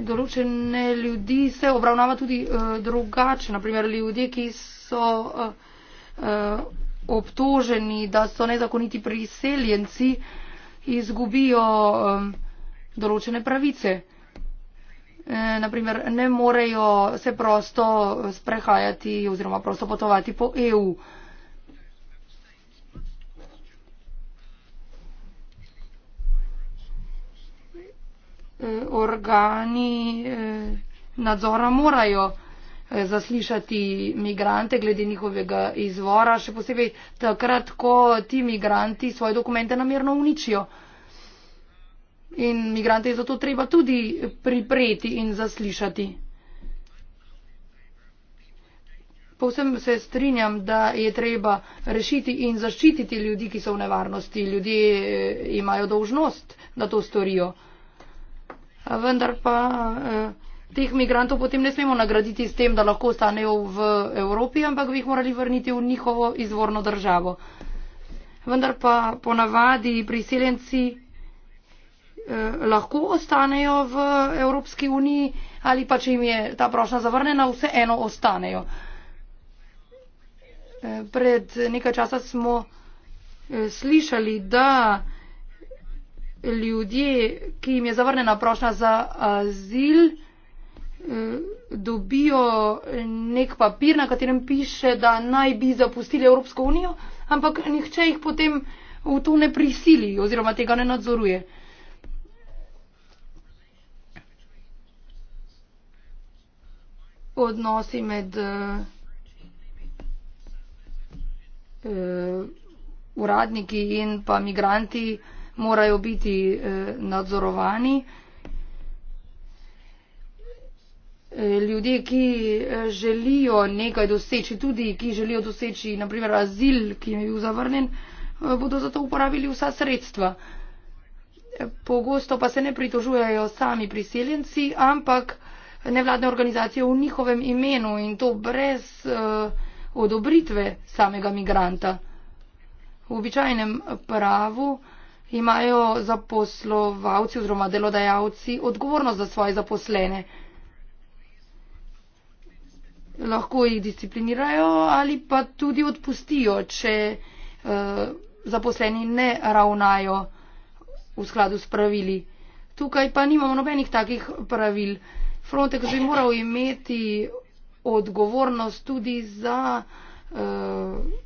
določene ljudi se obravnava tudi uh, drugače. Naprimer ljudje, ki so uh, uh, obtoženi, da so nezakoniti priseljenci, izgubijo um, določene pravice. E, naprimer, ne morejo se prosto sprehajati oziroma prosto potovati po EU. E, eh, organi eh, nadzora morajo eh, zaslišati migrante glede njihovega izvora, še posebej takrat, ko ti migranti svoje dokumente namerno uničijo. In migrante je zato treba tudi pripreti in zaslišati. Povsem se strinjam, da je treba rešiti in zaščititi ljudi, ki so v nevarnosti. Ljudje eh, imajo dožnost, da to storijo vendar pa eh, teh migrantov potem ne smemo nagraditi s tem, da lahko ostanejo v Evropi, ampak bi jih morali vrniti v njihovo izvorno državo. Vendar pa ponavadi priseljenci eh, lahko ostanejo v Evropski uniji ali pa če jim je ta prošnja zavrnjena, vseeno ostanejo. Eh, pred nekaj časa smo eh, slišali, da ljudje, ki jim je zavrnjena prošnja za azil, eh, dobijo nek papir, na katerem piše, da naj bi zapustili Evropsko unijo, ampak nihče jih potem v to ne prisili oziroma tega ne nadzoruje. Odnosi med uh, uradniki in pa migranti uh, morajo biti eh, nadzorovani. Eh, ljudje, ki eh, želijo nekaj doseči, tudi ki želijo doseči, naprimer, azil, ki je bil zavrnen, eh, bodo zato uporabili vsa sredstva. Pogosto pa se ne pritožujejo sami priseljenci, ampak nevladne organizacije v njihovem imenu in to brez uh, odobritve samega migranta. V običajnem pravu imajo zaposlovalci oziroma delodajalci odgovornost za svoje zaposlene. Lahko jih disciplinirajo ali pa tudi odpustijo, če eh, zaposleni ne ravnajo v skladu s pravili. Tukaj pa nimamo nobenih takih pravil. Frontex bi moral imeti odgovornost tudi za eh,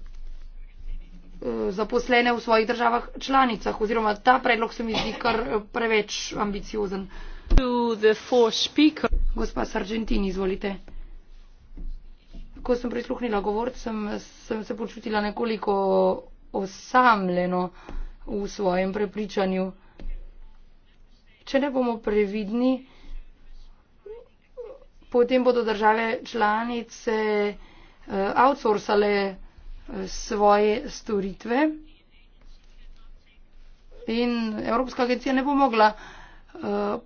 zaposlene v svojih državah članicah oziroma ta predlog se mi zdi kar eh, preveč ambiciozen. Gospa Sargentini, izvolite. Ko sem prisluhnila govorcem, sem se počutila nekoliko osamljeno v svojem prepričanju. Če ne bomo previdni, potem bodo države članice eh, outsourcale svoje storitve in Evropska agencija ne bo mogla eh,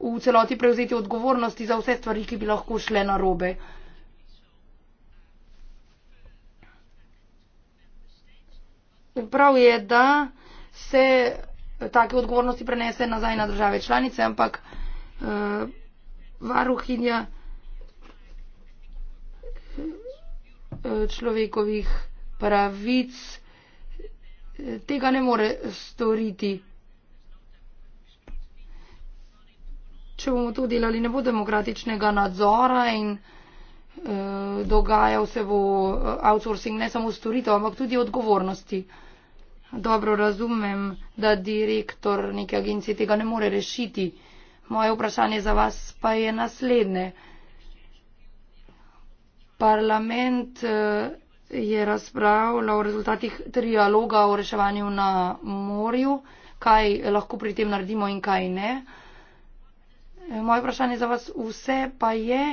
v celoti prevzeti odgovornosti za vse stvari, ki bi lahko šle na robe. Prav je, da se take odgovornosti prenese nazaj na države članice, ampak uh, varuhinja eh, človekovih pravic tega ne more storiti. Če bomo to delali, ne bo demokratičnega nadzora in eh, dogajal se bo eh, outsourcing ne samo storitev, ampak tudi odgovornosti. Dobro razumem, da direktor neke agencije tega ne more rešiti. Moje vprašanje za vas pa je naslednje. Parlament. Eh, je razpravljal o rezultatih trialoga o reševanju na morju, kaj lahko pri tem naredimo in kaj ne. Moje vprašanje za vas vse pa je,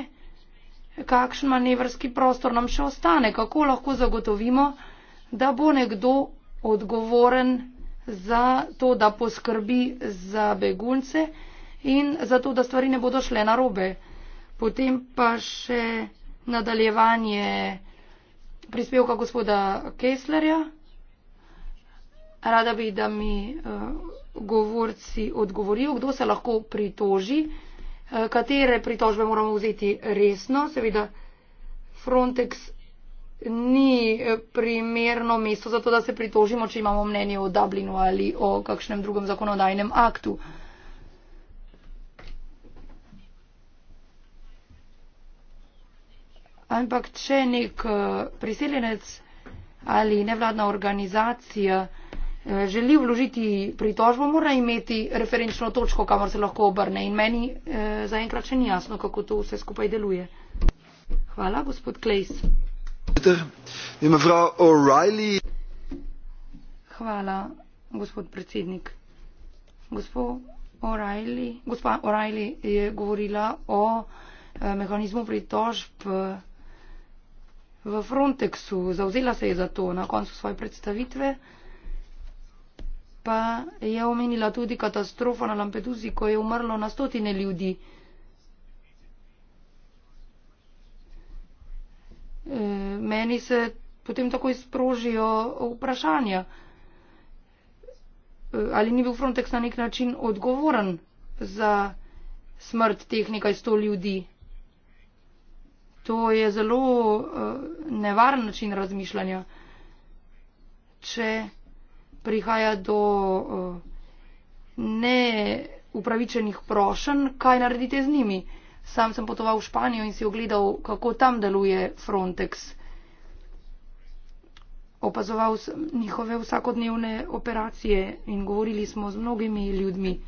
kakšen manevrski prostor nam še ostane, kako lahko zagotovimo, da bo nekdo odgovoren za to, da poskrbi za begunce in za to, da stvari ne bodo šle na robe. Potem pa še nadaljevanje prispevka gospoda Keslerja. Rada bi, da mi uh, govorci odgovorijo, kdo se lahko pritoži, uh, katere pritožbe moramo vzeti resno. Seveda Frontex ni eh, primerno mesto za to, da se pritožimo, če imamo mnenje o Dublinu ali o kakšnem drugem zakonodajnem aktu. Uh, ampak če nek eh, priseljenec ali nevladna organizacija eh, želi vložiti pritožbo, mora imeti referenčno točko, kamor se lahko obrne. In meni eh, zaenkrat še ni jasno, kako to vse skupaj deluje. Hvala, gospod Klejs. Hvala, gospod predsednik. Gospod O'Reilly, gospa O'Reilly je govorila o eh, mehanizmu pritožb. Eh, v Frontexu, zauzela se je za to na koncu svoje predstavitve, pa je omenila tudi katastrofo na Lampeduzi, ko je umrlo na stotine ljudi. E, meni se potem tako izprožijo vprašanja, e, ali ni bil Frontex na nek način odgovoren za smrt teh nekaj sto ljudi. To je zelo uh, nevaren način razmišljanja. Če prihaja do uh, neupravičenih prošen, kaj naredite z njimi? Sam sem potoval v Španijo in si ogledal, kako tam deluje Frontex. Opazoval sem njihove vsakodnevne operacije in govorili smo z mnogimi ljudmi.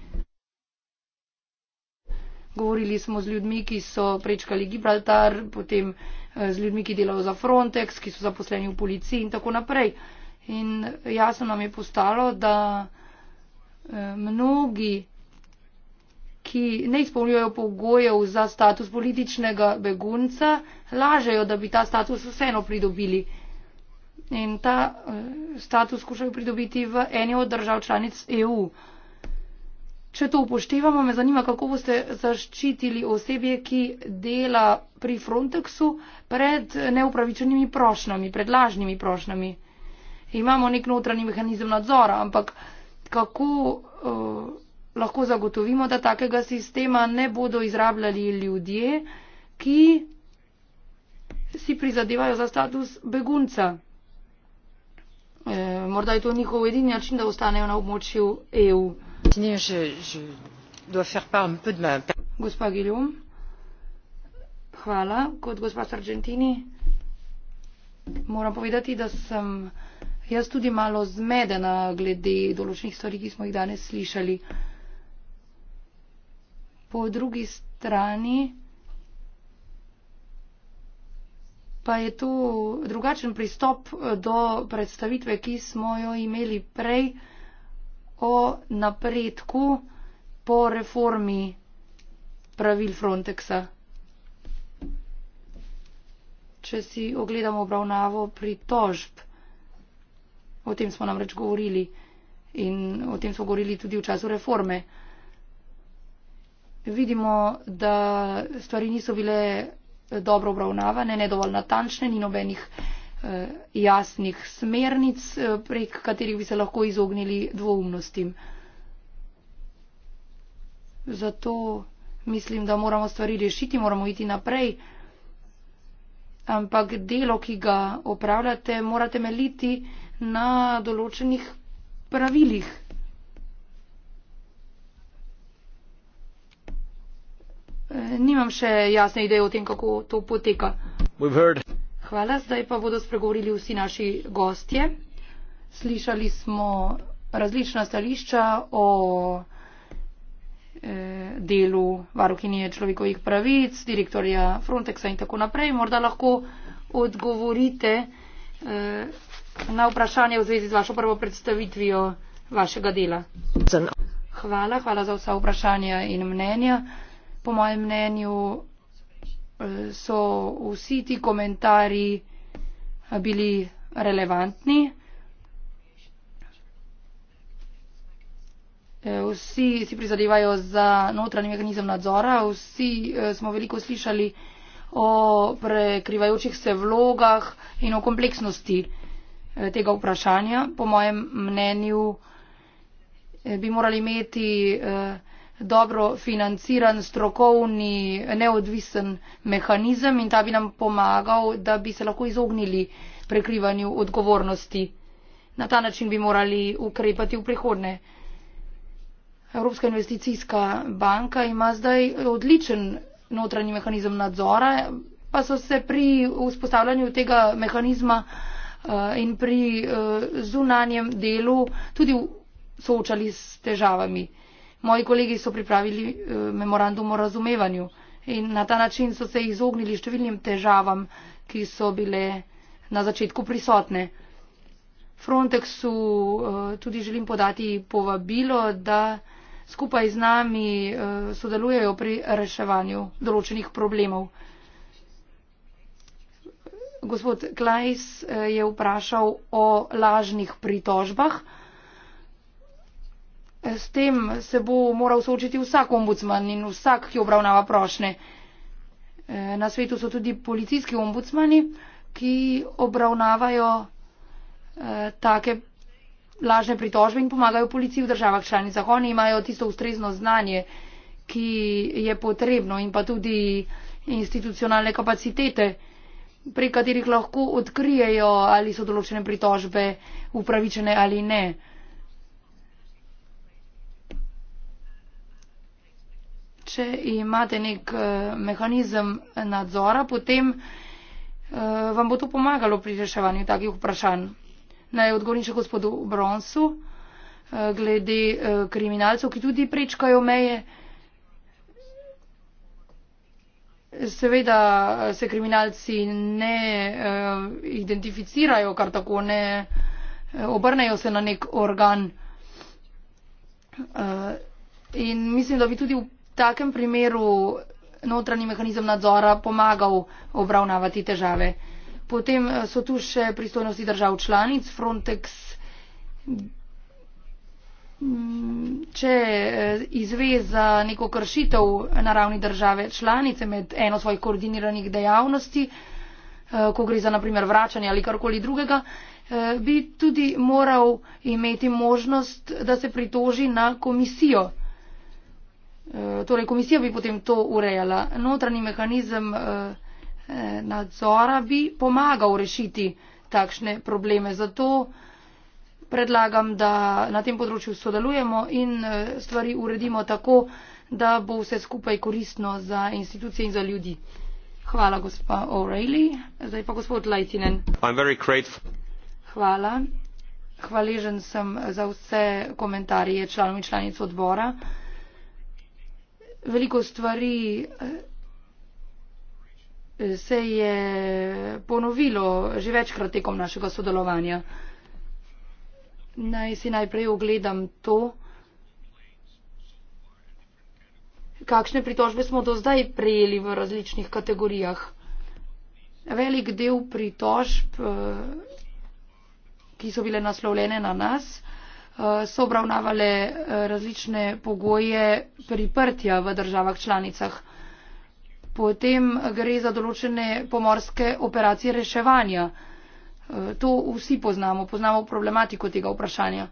Govorili smo z ljudmi, ki so prečkali Gibraltar, potem eh, z ljudmi, ki delajo za Frontex, ki so zaposleni v policiji in tako naprej. In jasno nam je postalo, da eh, mnogi, ki ne izpolnjujejo pogojev za status političnega begunca, lažejo, da bi ta status vseeno pridobili. In ta eh, status skušajo pridobiti v eni od držav članic EU. Če to upoštevamo, me zanima, kako boste zaščitili osebje, ki dela pri Frontexu pred neupravičenimi prošnjami, pred lažnimi prošnjami. Imamo nek notranji mehanizem nadzora, ampak kako uh, lahko zagotovimo, da takega sistema ne bodo izrabljali ljudje, ki si prizadevajo za status begunca. E, morda je to njihov edini način, da ostanejo na območju EU continuer je dois faire part un peu de ma Hvala. Kot gospa Sargentini, moram povedati, da sem jaz tudi malo zmedena glede določenih stvari, ki smo jih danes slišali. Po drugi strani pa je to drugačen pristop do predstavitve, ki smo jo imeli prej o napredku po reformi pravil Frontexa. Če si ogledamo obravnavo pritožb, o tem smo namreč govorili in o tem smo govorili tudi v času reforme, vidimo, da stvari niso bile dobro obravnavane, ne dovolj natančne, ni nobenih Eh, jasnih smernic, eh, prek katerih bi se lahko izognili dvoumnostim. Zato mislim, da moramo stvari rešiti, moramo iti naprej. Ampak delo, ki ga opravljate, morate meliti na določenih pravilih. Eh, nimam še jasne ideje o tem, kako to poteka hvala. Zdaj pa bodo spregovorili vsi naši gostje. Slišali smo različna stališča o eh, delu varuhinje človekovih pravic, direktorja Frontexa in tako naprej. Morda lahko odgovorite eh, na vprašanje v zvezi z vašo prvo predstavitvijo vašega dela. Hvala, hvala za vsa vprašanja in mnenja. Po mojem mnenju so vsi ti komentarji eh, bili relevantni. Eh, vsi si prizadevajo za notranji mehanizem nadzora, vsi eh, smo veliko slišali o prekrivajočih se vlogah in o kompleksnosti tega vprašanja. Po mojem mnenju bi morali imeti dobro financiran, strokovni, neodvisen mehanizem in ta bi nam pomagal, da bi se lahko izognili prekrivanju odgovornosti. Na ta način bi morali ukrepati v prihodne. Evropska investicijska banka ima zdaj odličen notranji mehanizem nadzora, pa so se pri vzpostavljanju tega mehanizma eh, in pri eh, zunanjem delu tudi soočali s težavami moji kolegi so pripravili eh, memorandum o razumevanju in na ta način so se izognili številnim težavam ki so bile na začetku prisotne. frontexu eh, tudi želim podati povabilo da skupaj z nami eh, sodelujejo pri reševanju določenih problemov. gospod claeys je vprašal o lažnih pritožbah. S tem se bo moral soočiti vsak ombudsman in vsak, ki obravnava prošne. E, na svetu so tudi policijski ombudsmani, ki obravnavajo e, take lažne pritožbe in pomagajo policiji v državah članicah. Oni imajo tisto ustrezno znanje, ki je potrebno in pa tudi institucionalne kapacitete, pri katerih lahko odkrijejo, ali so določene pritožbe upravičene ali ne. drugače, imate nek eh, mehanizem nadzora, potem eh, vam bo to pomagalo pri reševanju takih vprašanj. Naj odgovorim še gospodu Bronsu, eh, glede kriminalcev, ki tudi prečkajo meje. Seveda se kriminalci ne uh, identificirajo, kar tako ne obrnejo se na nek organ. Uh, in mislim, da bi tudi takem primeru notranji mehanizem nadzora pomagal obravnavati težave. Potem eh, so tu še pristojnosti držav članic, Frontex. Mm, če eh, izve za neko kršitev na ravni države članice med eno svojih koordiniranih dejavnosti, eh, ko gre za naprimer vračanje ali karkoli drugega, bi tudi moral imeti možnost, da se pritoži na komisijo Eh, torej komisija bi potem to urejala. Notranji mehanizem eh, eh, nadzora bi pomagal rešiti takšne probleme. Zato predlagam, da na tem področju sodelujemo in stvari uredimo tako, da bo vse skupaj koristno za institucije in za ljudi. Hvala, gospa O'Reilly. Zdaj pa gospod Leitinen. Hvala. Hvaležen sem za vse komentarje članov in članic odbora veliko stvari eh, se je ponovilo že večkrat tekom našega sodelovanja. Naj si najprej ogledam to, kakšne pritožbe smo do zdaj prejeli v različnih kategorijah. Velik del pritožb, eh, ki so bile naslovljene na nas, Eh, so obravnavale eh, različne pogoje priprtja v državah članicah. Potem gre za določene pomorske operacije reševanja. Eh, to vsi poznamo, poznamo problematiko tega vprašanja.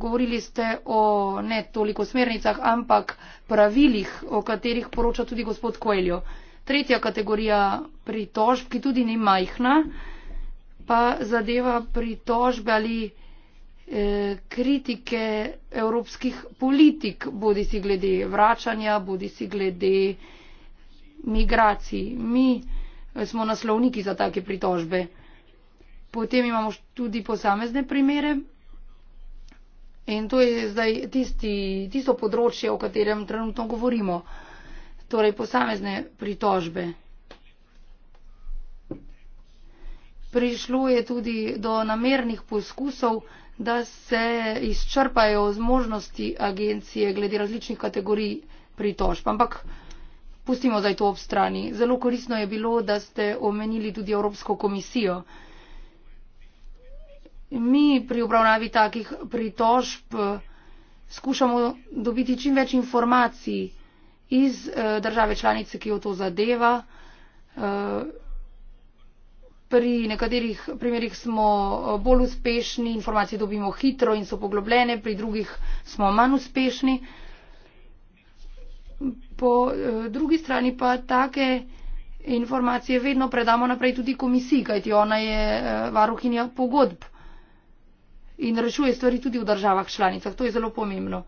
Govorili ste o ne toliko smernicah, ampak pravilih, o katerih poroča tudi gospod Koeljo. Tretja kategorija pritožb, ki tudi ni majhna, pa zadeva pritožbe ali e, kritike evropskih politik, bodi si glede vračanja, bodi si glede migracij. Mi eh, smo naslovniki za take pritožbe. Potem imamo tudi posamezne primere. In to je zdaj tisti, tisto področje, o katerem trenutno govorimo, torej posamezne pritožbe. prišlo je tudi do namernih poskusov, da se izčrpajo zmožnosti agencije glede različnih kategorij pritožb. Ampak pustimo zdaj to ob strani. Zelo korisno je bilo, da ste omenili tudi Evropsko komisijo. Mi pri obravnavi takih pritožb eh, skušamo dobiti čim več informacij iz eh, države članice, ki jo to zadeva. Eh, Pri nekaterih primerjih smo eh, bolj uspešni, informacije dobimo hitro in so poglobljene, pri drugih smo manj uspešni. Po eh, drugi strani pa take informacije vedno predamo naprej tudi komisiji, kajti ona je eh, varuhinja pogodb in rešuje stvari tudi v državah članicah. To je zelo pomembno.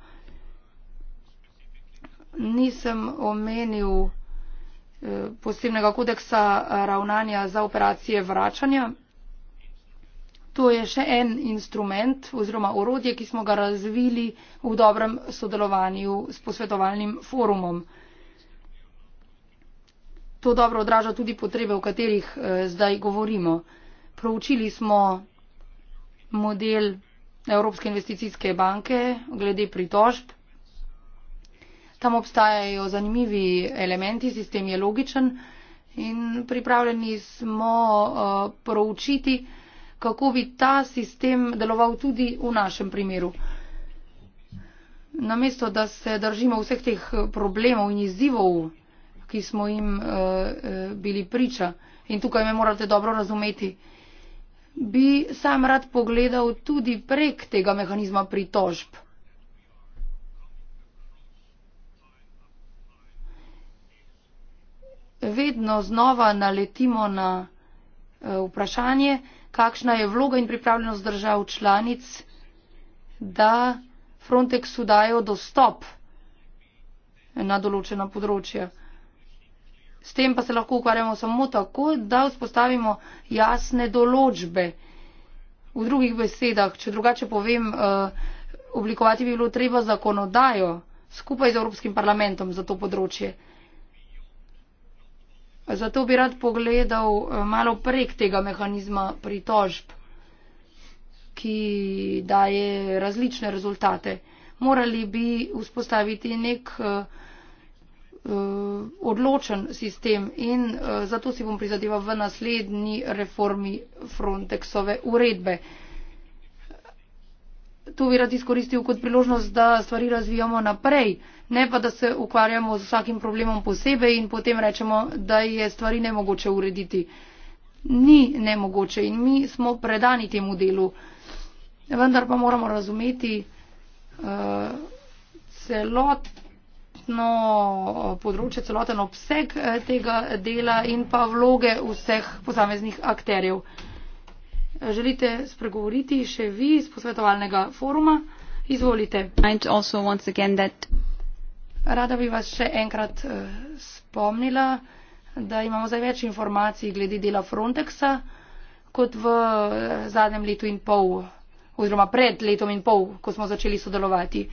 Nisem omenil. Eh, posebnega kodeksa ravnanja za operacije vračanja. To je še en instrument oziroma orodje, ki smo ga razvili v dobrem sodelovanju s posvetovalnim forumom. To dobro odraža tudi potrebe, o katerih eh, zdaj govorimo. Proučili smo model Evropske investicijske banke glede pritožb Tam obstajajo zanimivi elementi, sistem je logičen in pripravljeni smo uh, proučiti, kako bi ta sistem deloval tudi v našem primeru. Namesto, da se držimo vseh teh problemov in izzivov, ki smo jim uh, bili priča in tukaj me morate dobro razumeti, bi sam rad pogledal tudi prek tega mehanizma pritožb. vedno znova naletimo na eh, vprašanje, kakšna je vloga in pripravljenost držav članic, da Frontexu dajo dostop na določena področja. S tem pa se lahko ukvarjamo samo tako, da vzpostavimo jasne določbe. V drugih besedah, če drugače povem, eh, oblikovati bi bilo treba zakonodajo skupaj z Evropskim parlamentom za to področje. Zato bi rad pogledal eh, malo prek tega mehanizma pritožb, ki daje različne rezultate. Morali bi vzpostaviti nek eh, eh, odločen sistem in zato si bom prizadeval v naslednji reformi Frontexove uredbe to bi rad izkoristil kot priložnost, da stvari razvijamo naprej, ne pa da se ukvarjamo z vsakim problemom posebej in potem rečemo, da je stvari ne mogoče urediti. Ni nemogoče in mi smo predani temu delu. Vendar pa moramo razumeti uh, celotno področje, celoten obseg eh, tega dela in pa vloge vseh posameznih akterjev želite spregovoriti še vi iz posvetovalnega foruma? Izvolite. Rada bi vas še enkrat eh, spomnila, da imamo zdaj več informacij glede dela Frontexa kot v eh, zadnjem letu in pol oziroma pred letom in pol, ko smo začeli sodelovati.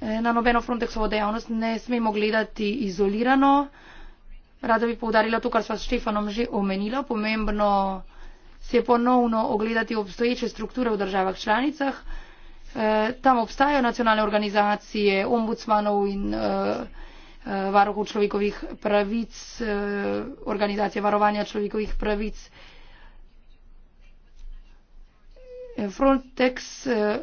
Eh, na nobeno Frontexovo dejavnost ne smemo gledati izolirano. Rada bi povdarila to, kar sva s Štefanom že omenila. Pomembno se je ponovno ogledati obstoječe strukture v državah članicah. E, tam obstajajo nacionalne organizacije, ombudsmanov in e, e varohov človekovih pravic, e, organizacije varovanja človekovih pravic. E, Frontex eh,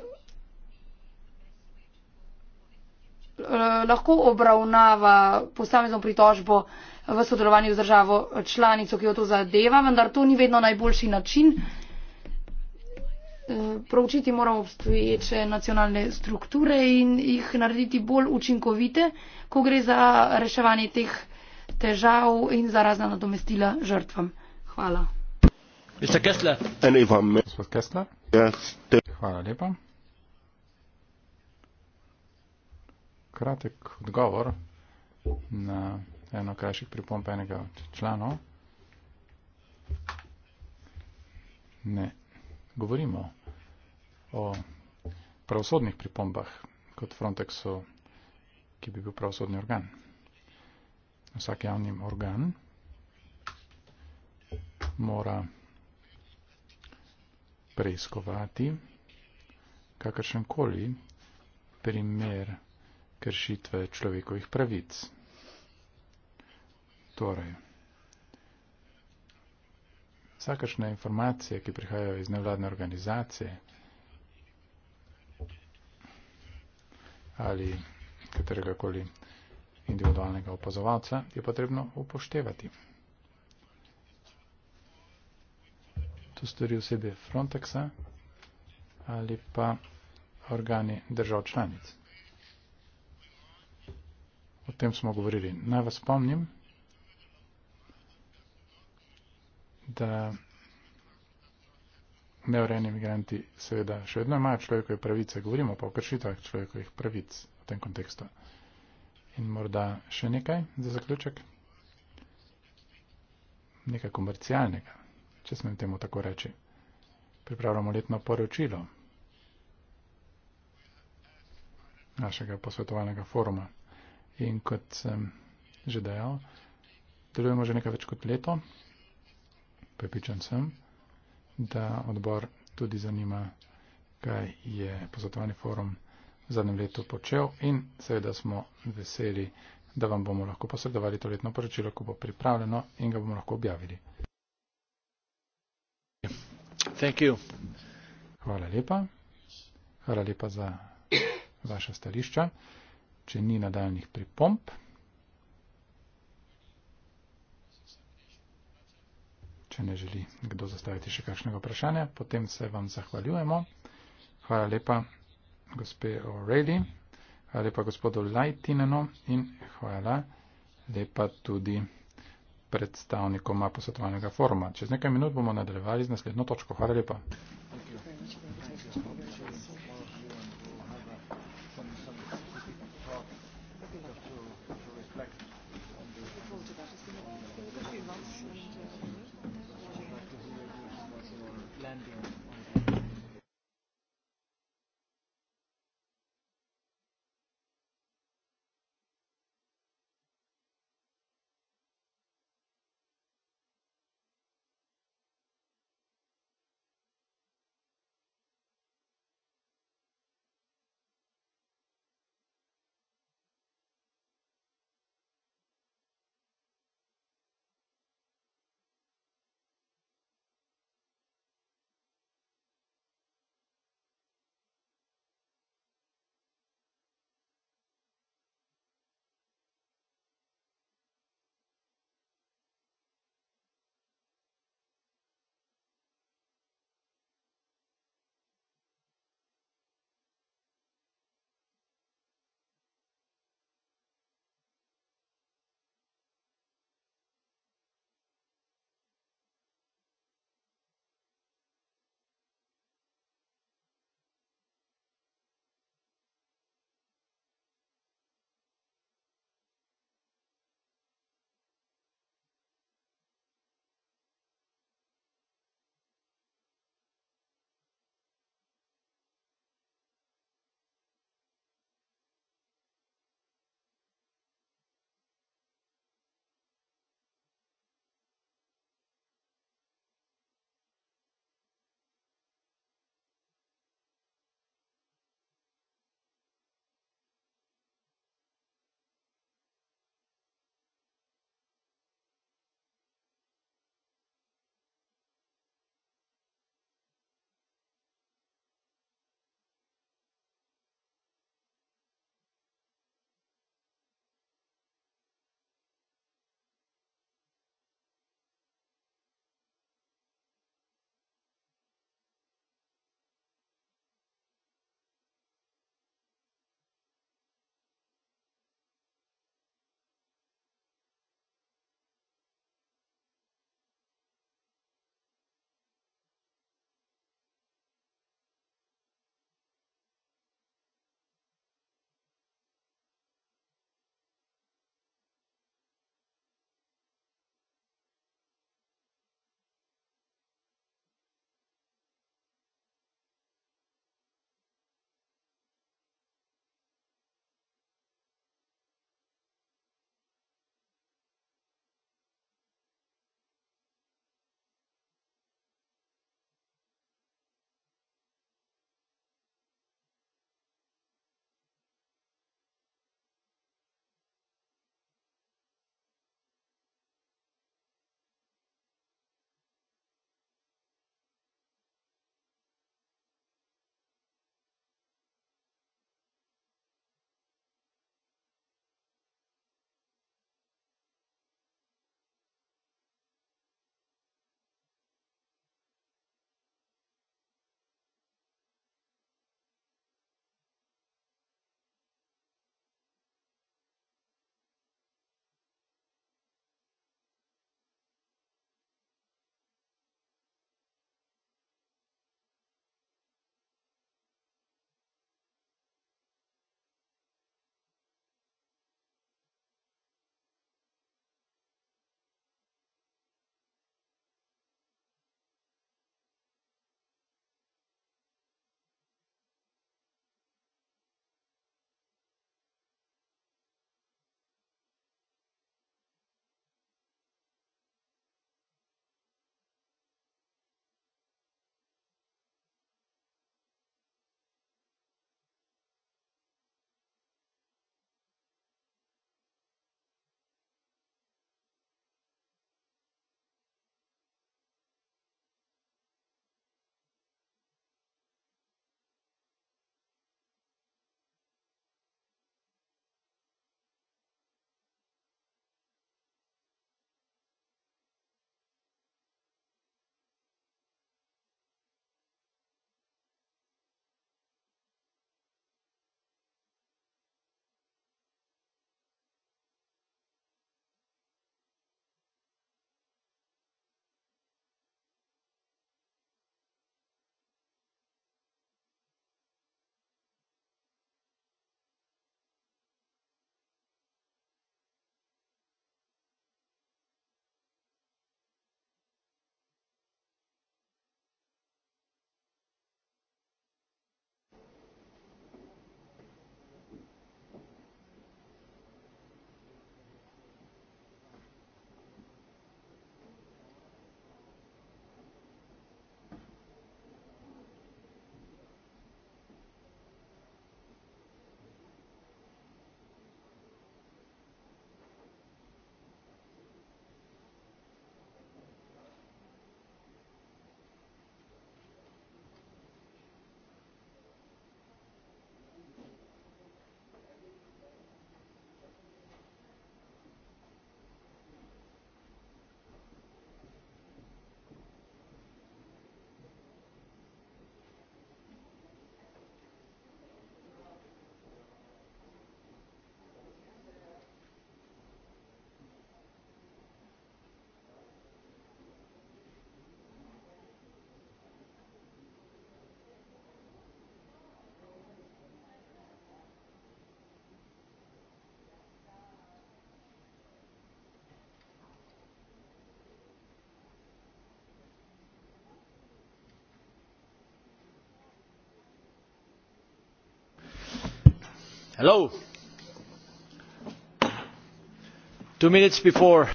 lahko obravnava posamezno pritožbo eh, v sodelovanju z državo članico, ki jo to zadeva, vendar to ni vedno najboljši način. Eh, proučiti moramo obstoječe nacionalne strukture in jih narediti bolj učinkovite, ko gre za reševanje teh težav in za razna nadomestila žrtvam. Hvala. Gospod Kessler. Hvala lepa. Kratek odgovor na eno krajših pripomp enega od članov. Ne, govorimo o pravosodnih pripombah kot Frontexu, ki bi bil pravosodni organ. Vsak javni organ mora preiskovati kakršen koli primer kršitve človekovih pravic. Torej, vsakašne informacije, ki prihajajo iz nevladne organizacije ali katerega koli individualnega opazovalca, je potrebno upoštevati. To stori osebe Frontexa ali pa organi držav članic. O tem smo govorili. Naj vas spomnim. da neurejeni imigranti seveda še vedno imajo človekove pravice, govorimo pa o kršitvah človekovih pravic v tem kontekstu. In morda še nekaj za zaključek, nekaj komercialnega, če smem temu tako reči. Pripravljamo letno poročilo našega posvetovalnega foruma. In kot sem že dejal, delujemo že nekaj več kot leto prepričan sem, da odbor tudi zanima, kaj je posvetovani forum v zadnjem letu počel in seveda smo veseli, da vam bomo lahko posredovali to letno poročilo, ko bo pripravljeno in ga bomo lahko objavili. Thank you. Hvala lepa. Hvala lepa za vaša stališča. Če ni nadaljnih pripomp. če ne želi kdo zastaviti še kakšnega vprašanja, potem se vam zahvaljujemo. Hvala lepa, gospe O'Reilly, hvala lepa gospodu Lajtinenu in hvala lepa tudi predstavnikoma posvetovalnega foruma. Čez nekaj minut bomo nadaljevali z naslednjo točko. Hvala lepa.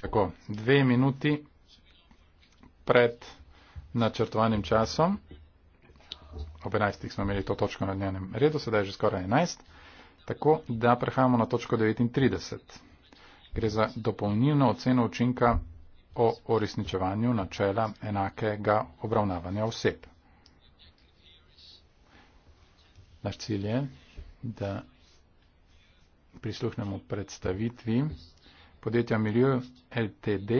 tako dve minuti pred načrtovanim časom ob enajstih smo imeli to točko na dnevnem redu sedaj je že skoraj enajst tako da prehajamo na točko devetintrideset gre za dopolnilno oceno učinka o uresničevanju načela enakega obravnavanja oseb naš cilj je da prisluhnemo predstavitvi podjetja Milieu LTD.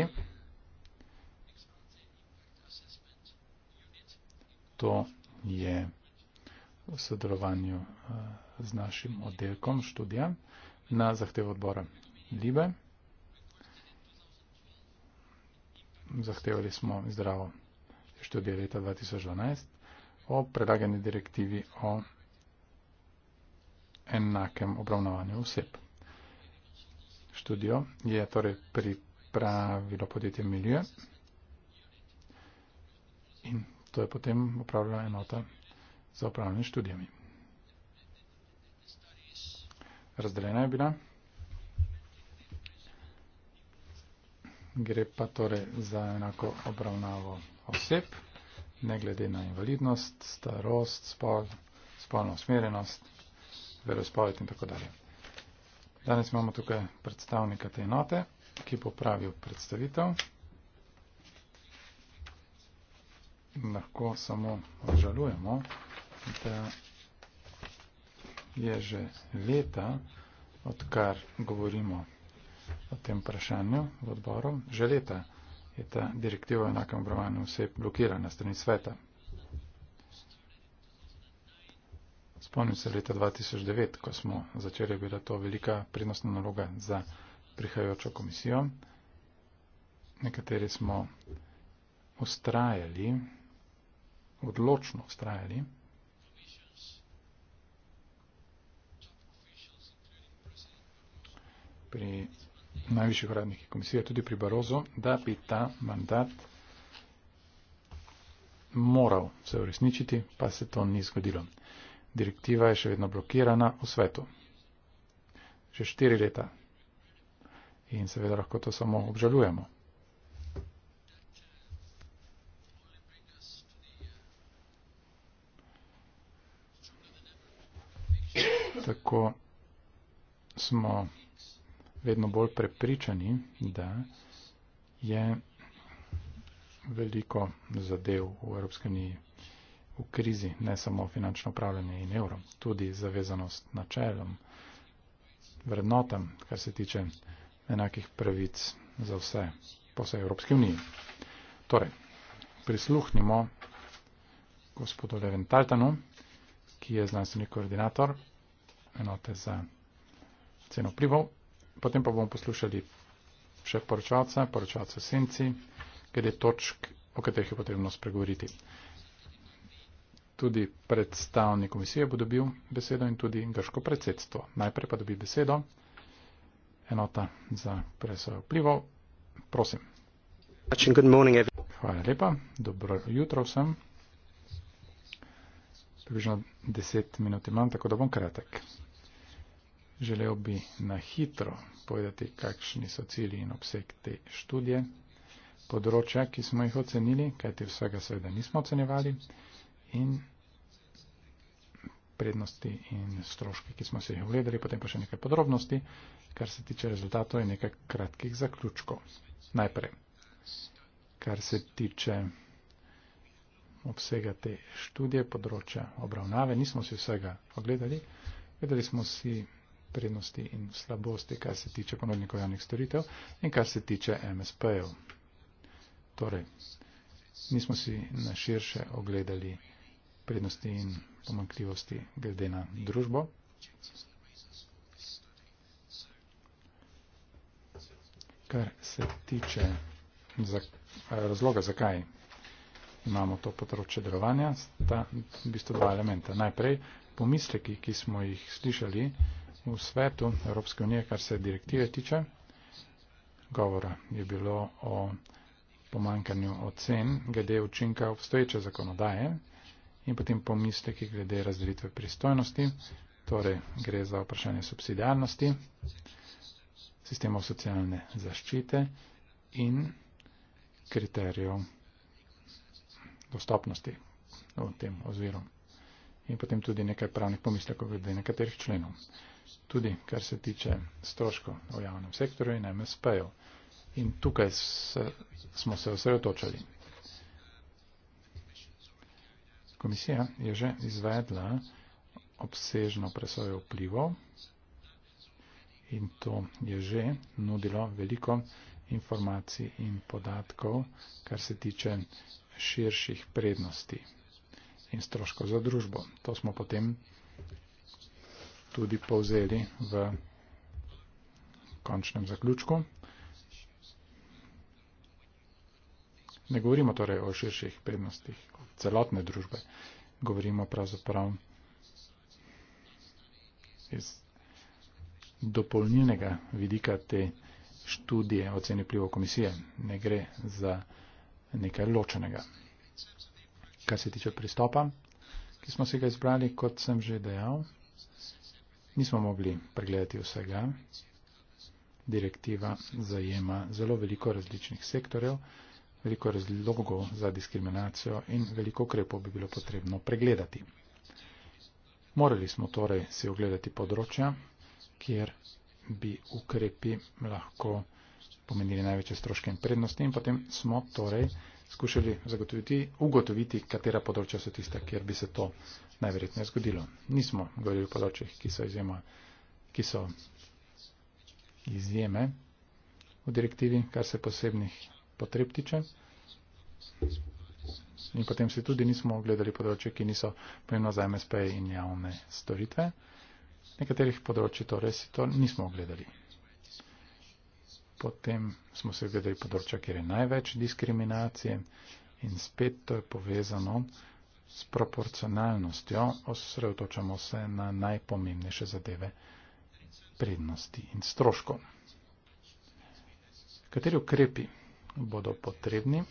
To je v sodelovanju eh, z našim oddelkom študija na zahtev odbora Libe. Zahtevali smo zdravo študije leta 2012 o predlagani direktivi o enakem obravnovanju oseb. Študijo je torej pripravilo podjetje Milje in to je potem upravljala enota za upravljanje študijami. Razdeljena je bila. Gre pa torej za enako obravnavo oseb, ne glede na invalidnost, starost, spol, spolno usmerjenost, verospovedi in tako dalje. Danes imamo tukaj predstavnika te enote, ki bo pravil predstavitev. Lahko samo obžalujemo, da je že leta, odkar govorimo o tem vprašanju v odboru, že leta je ta direktiva o enakem obravnavanju vseh blokirana strani sveta. spomnim se leta 2009, ko smo začeli, je bila to velika prednostna naloga za prihajajočo komisijo. Nekateri smo ustrajali, odločno ustrajali. pri najvišjih uradnikih komisije, tudi pri Barozu, da bi ta mandat moral se uresničiti, pa se to ni zgodilo. Direktiva je še vedno blokirana v svetu. Že štiri leta. In seveda lahko to samo obžalujemo. Tako smo vedno bolj prepričani, da je veliko zadev v Evropski uniji v krizi, ne samo finančno upravljanje in evro, tudi zavezanost načelom, vrednotam, kar se tiče enakih pravic za vse po vsej Evropski uniji. Torej, prisluhnimo gospodu Leven Taltanu, ki je znanstveni koordinator enote za ceno plivov. Potem pa bomo poslušali še poročalca, poročalca Senci, glede točk, o katerih je potrebno spregovoriti tudi predstavnik komisije bo dobil besedo in tudi grško predsedstvo. Najprej pa dobi besedo enota za presojo vplivov. Prosim. Hvala lepa. Dobro jutro vsem. Približno deset minut imam, tako da bom kratek. Želel bi na hitro povedati, kakšni so cilji in obseg te študije, področja, ki smo jih ocenili, kajti vsega seveda nismo ocenjevali in prednosti in stroški, ki smo se jih ogledali, potem pa še nekaj podrobnosti, kar se tiče rezultatov in nekaj kratkih zaključkov. Najprej, kar se tiče obsega te študije, področja obravnave, nismo si vsega ogledali, gledali smo si prednosti in slabosti, kar se tiče ponudnikov javnih storitev in kar se tiče MSP-ev. Torej, nismo si na širše ogledali prednosti in pomankljivosti glede na družbo. Kar se tiče za, razloga, zakaj imamo to področje delovanja, sta v bistvu dva elementa. Najprej pomisleki, ki smo jih slišali v svetu Evropske unije, kar se direktive tiče. Govora je bilo o pomankanju ocen glede učinka obstoječe zakonodaje, in potem pomisleki glede razdelitve pristojnosti, torej gre za vprašanje subsidijarnosti, sistemov socialne zaščite in kriterijev dostopnosti v tem oziru. In potem tudi nekaj pravnih pomislekov glede nekaterih členov. Tudi kar se tiče stroškov v javnem sektorju in MSP-ju. In tukaj smo se osredotočali. Komisija je že izvedla obsežno presojo vplivov in to je že nudilo veliko informacij in podatkov, kar se tiče širših prednosti in stroškov za družbo. To smo potem tudi povzeli v končnem zaključku. Ne govorimo torej o širših prednostih celotne družbe, govorimo pravzaprav iz dopolnilnega vidika te študije ocene plivo komisije. Ne gre za nekaj ločenega. Kar se tiče pristopa, ki smo se ga izbrali, kot sem že dejal, nismo mogli pregledati vsega. Direktiva zajema zelo veliko različnih sektorjev. Veliko razlogov za diskriminacijo in veliko ukrepov bi bilo potrebno pregledati. Morali smo torej si ogledati področja, kjer bi ukrepi lahko pomenili največje stroške in prednosti in potem smo torej skušali zagotoviti, ugotoviti, katera področja so tista, kjer bi se to najverjetneje zgodilo. Nismo govorili o področjih, ki so, izjema, ki so izjeme v direktivi, kar se posebnih potreptiče. In potem si tudi nismo ogledali področje, ki niso pomembno za MSP in javne storitve. Nekaterih področji torej si to nismo ogledali. Potem smo se ogledali področja, kjer je največ diskriminacije in spet to je povezano s proporcionalnostjo. Osredotočamo se na najpomembnejše zadeve prednosti in stroškov. Kateri ukrepi bodo potrebni,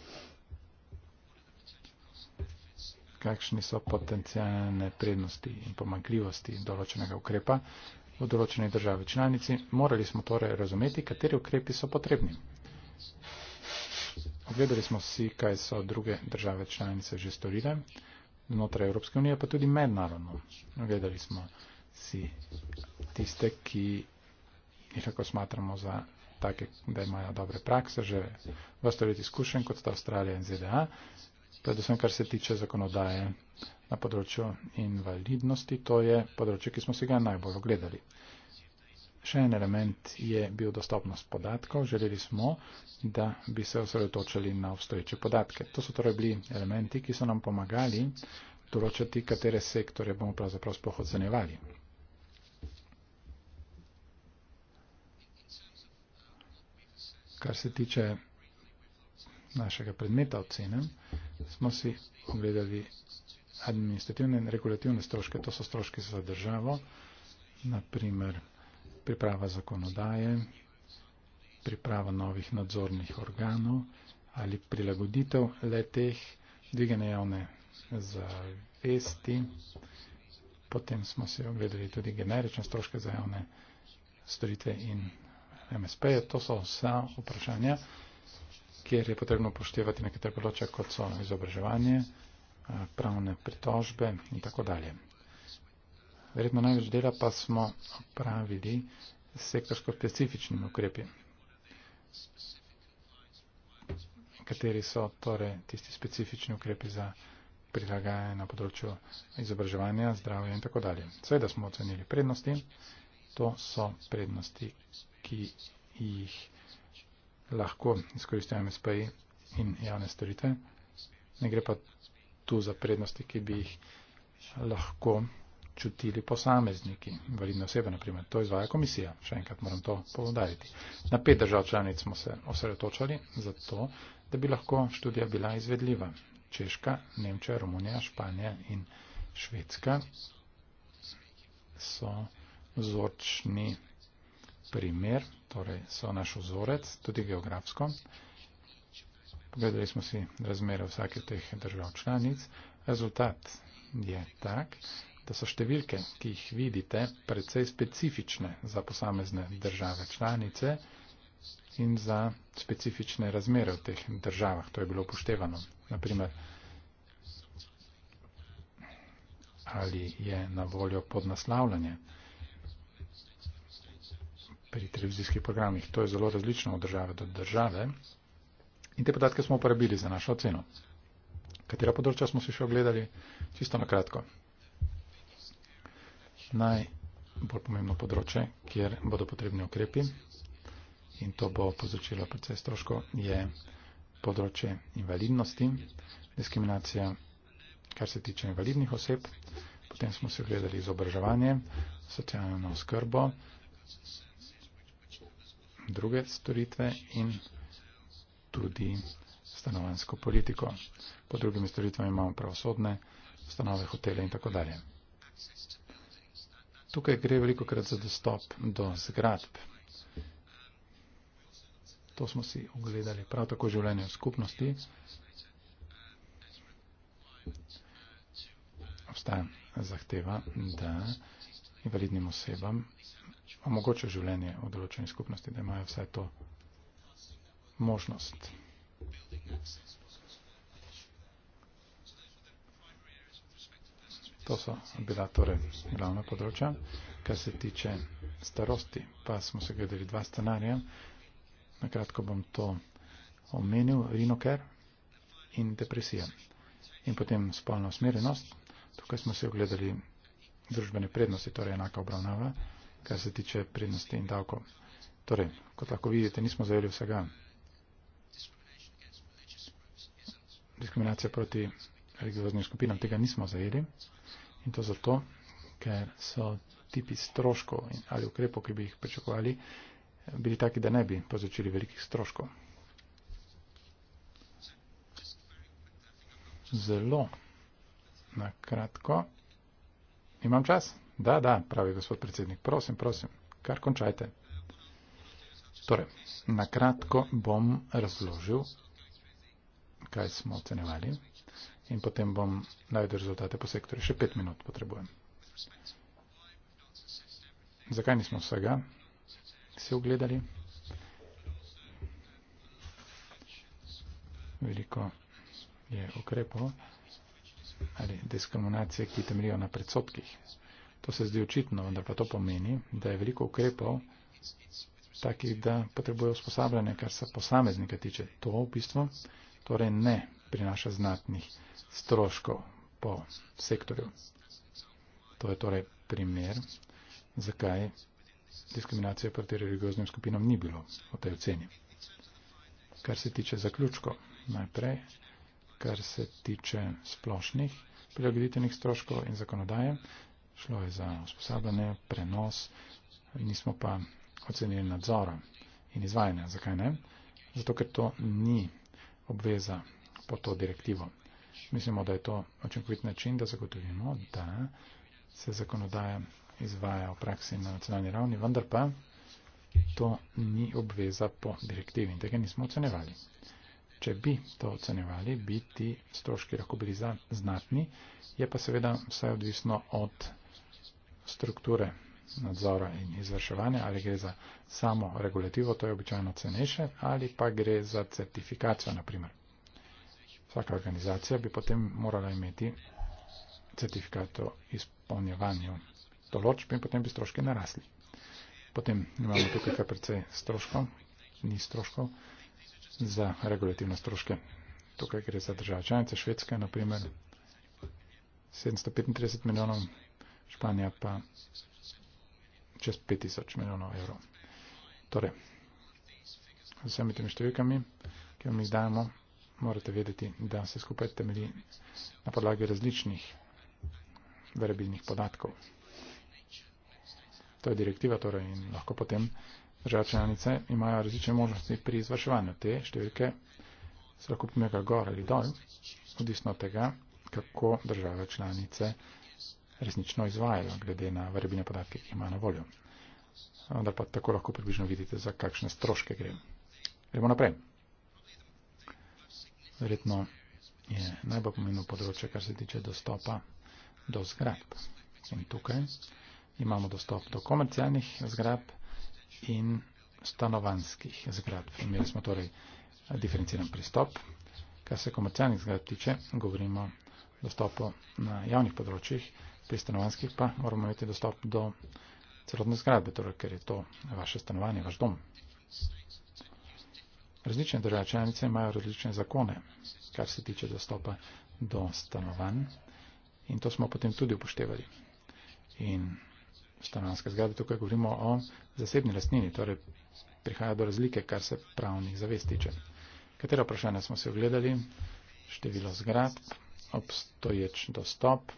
kakšni so potencijalne prednosti in pomankljivosti določenega ukrepa v določenej državi članici. Morali smo torej razumeti, kateri ukrepi so potrebni. Ogledali smo si, kaj so druge države članice že storile, znotraj Evropske unije, pa tudi mednarodno. Ogledali smo si tiste, ki nekako smatramo za take, da imajo dobre prakse, že vrsto let izkušen kot sta Avstralija in ZDA, predvsem kar se tiče zakonodaje na področju invalidnosti, to je področje, ki smo si ga najbolj ogledali. Še en element je bil dostopnost podatkov. Želeli smo, da bi se osredotočili na obstoječe podatke. To so torej bili elementi, ki so nam pomagali določati, katere sektore bomo pravzaprav spohodzenevali. kar se tiče našega predmeta ocene, smo si ogledali administrativne in regulativne stroške. To so stroške za državo, naprimer priprava zakonodaje, priprava novih nadzornih organov ali prilagoditev leteh, dvigene javne zavesti. Potem smo si ogledali tudi generične stroške za javne storitve in MSP. -je. To so vsa vprašanja, kjer je potrebno upoštevati nekatere področja, kot so izobraževanje, eh, pravne pritožbe in tako dalje. Verjetno največ dela pa smo opravili s sektorsko specifičnimi ukrepi. Kateri so torej tisti specifični ukrepi za prilagajanje na področju izobraževanja, zdravja in tako dalje. Seveda smo ocenili prednosti. To so prednosti, ki jih lahko izkoristujemo SPI in javne storitve. Ne gre pa tu za prednosti, ki bi jih lahko čutili posamezniki, invalidne osebe, naprimer. To izvaja komisija. Še enkrat moram to povdariti. Na pet držav članic smo se osredotočali za to, da bi lahko študija bila izvedljiva. Češka, Nemčija, Romunija, Španija in Švedska so vzorčni primer, torej so naš vzorec, tudi geografsko. Pogledali smo si razmere vsake teh držav članic. Rezultat je tak, da so številke, ki jih vidite, precej specifične za posamezne države članice in za specifične razmere v teh državah. To je bilo upoštevano. Naprimer, ali je na voljo podnaslavljanje pri televizijskih programih. To je zelo različno od države do države. In te podatke smo uporabili za našo oceno. Katera področja smo si še ogledali? Čisto na kratko. Najbolj pomembno področje, kjer bodo potrebni ukrepi in to bo povzročilo precej stroško, je področje invalidnosti, diskriminacija, kar se tiče invalidnih oseb. Potem smo si ogledali izobraževanje, socialno skrbo, druge storitve in tudi stanovansko politiko. Pod drugimi storitvami imamo pravosodne stanove, hotele in tako dalje. Tukaj gre veliko krat za dostop do zgradb. To smo si ogledali prav tako življenje v skupnosti. Obstaja zahteva, da invalidnim osebam omogoča življenje v določeni skupnosti, da imajo vse to možnost. To so bila torej glavna področja. Kar se tiče starosti, pa smo se gledali dva scenarija. Nakratko bom to omenil, rinoker in depresija. In potem spolna usmerjenost. Tukaj smo se ogledali družbene prednosti, torej enaka obravnava kar se tiče prednosti in davko. Torej, kot lahko vidite, nismo zajeli vsega. Diskriminacija proti religioznim skupinam tega nismo zajeli in to zato, ker so tipi stroškov ali ukrepov, ki bi jih pričakovali, bili taki, da ne bi povzročili velikih stroškov. Zelo na kratko. Imam čas? Da, da, pravi gospod predsednik. Prosim, prosim, kar končajte. Torej, na kratko bom razložil, kaj smo ocenjevali in potem bom najdel rezultate po sektorju. Še pet minut potrebujem. Zakaj nismo vsega se ogledali? Veliko je ukrepov ali diskriminacije, ki temeljijo na predsotkih. To se zdi očitno, vendar pa to pomeni, da je veliko ukrepov takih, da potrebujejo usposabljanje, kar se posameznika tiče. To v bistvu torej ne prinaša znatnih stroškov po sektorju. To je torej primer, zakaj diskriminacije proti religioznim skupinam ni bilo v tej oceni. Kar se tiče zaključko, najprej, kar se tiče splošnih prilagoditevnih stroškov in zakonodaje, šlo je za usposabljanje, prenos, nismo pa ocenili nadzora in izvajanja. Zakaj ne? Zato, ker to ni obveza po to direktivo. Mislimo, da je to očinkovit način, da zagotovimo, da se zakonodaja izvaja v praksi na nacionalni ravni, vendar pa to ni obveza po direktivi in tega nismo ocenjevali. Če bi to ocenjevali, bi ti stroški lahko bili znatni, je pa seveda vse odvisno od strukture nadzora in izvrševanja, ali gre za samo regulativo, to je običajno cenejše, ali pa gre za certifikacijo, naprimer. Vsaka organizacija bi potem morala imeti certifikat o izpolnjevanju določb in potem bi stroški narasli. Potem imamo tukaj kar precej stroškov, ni stroškov, za regulativne stroške. Tukaj gre za države članice, Švedska, naprimer, 735 milijonov Španija pa čez 5000 milijonov evrov. Torej, z vsemi temi številkami, ki vam izdajamo, morate vedeti, da se skupaj temelji na podlagi različnih verjabilnih podatkov. To je direktiva, torej in lahko potem države članice imajo različne možnosti pri izvrševanju te številke, se lahko pomega gor ali dol, odvisno od tega, kako države članice resnično izvajajo, glede na verjabine podatke, ki jih ima na voljo. Vendar pa tako lahko približno vidite, za kakšne stroške gre. Gremo naprej. Verjetno je najbolj pomembno področje, kar se tiče dostopa do zgradb. In tukaj imamo dostop do komercialnih zgradb in stanovanskih zgradb. Imeli smo torej diferenciran pristop. Kar se komercialnih zgradb tiče, govorimo o dostopu na javnih področjih, pri stanovanjskih pa moramo imeti dostop do celotne zgradbe, torej, ker je to vaše stanovanje, vaš dom. Različne države članice imajo različne zakone, kar se tiče dostopa do stanovanj in to smo potem tudi upoštevali. In stanovanska zgrada, tukaj govorimo o zasebni lastnini, torej prihaja do razlike, kar se pravnih zavest tiče. Katera vprašanja smo se ogledali? Število zgrad, obstoječ dostop,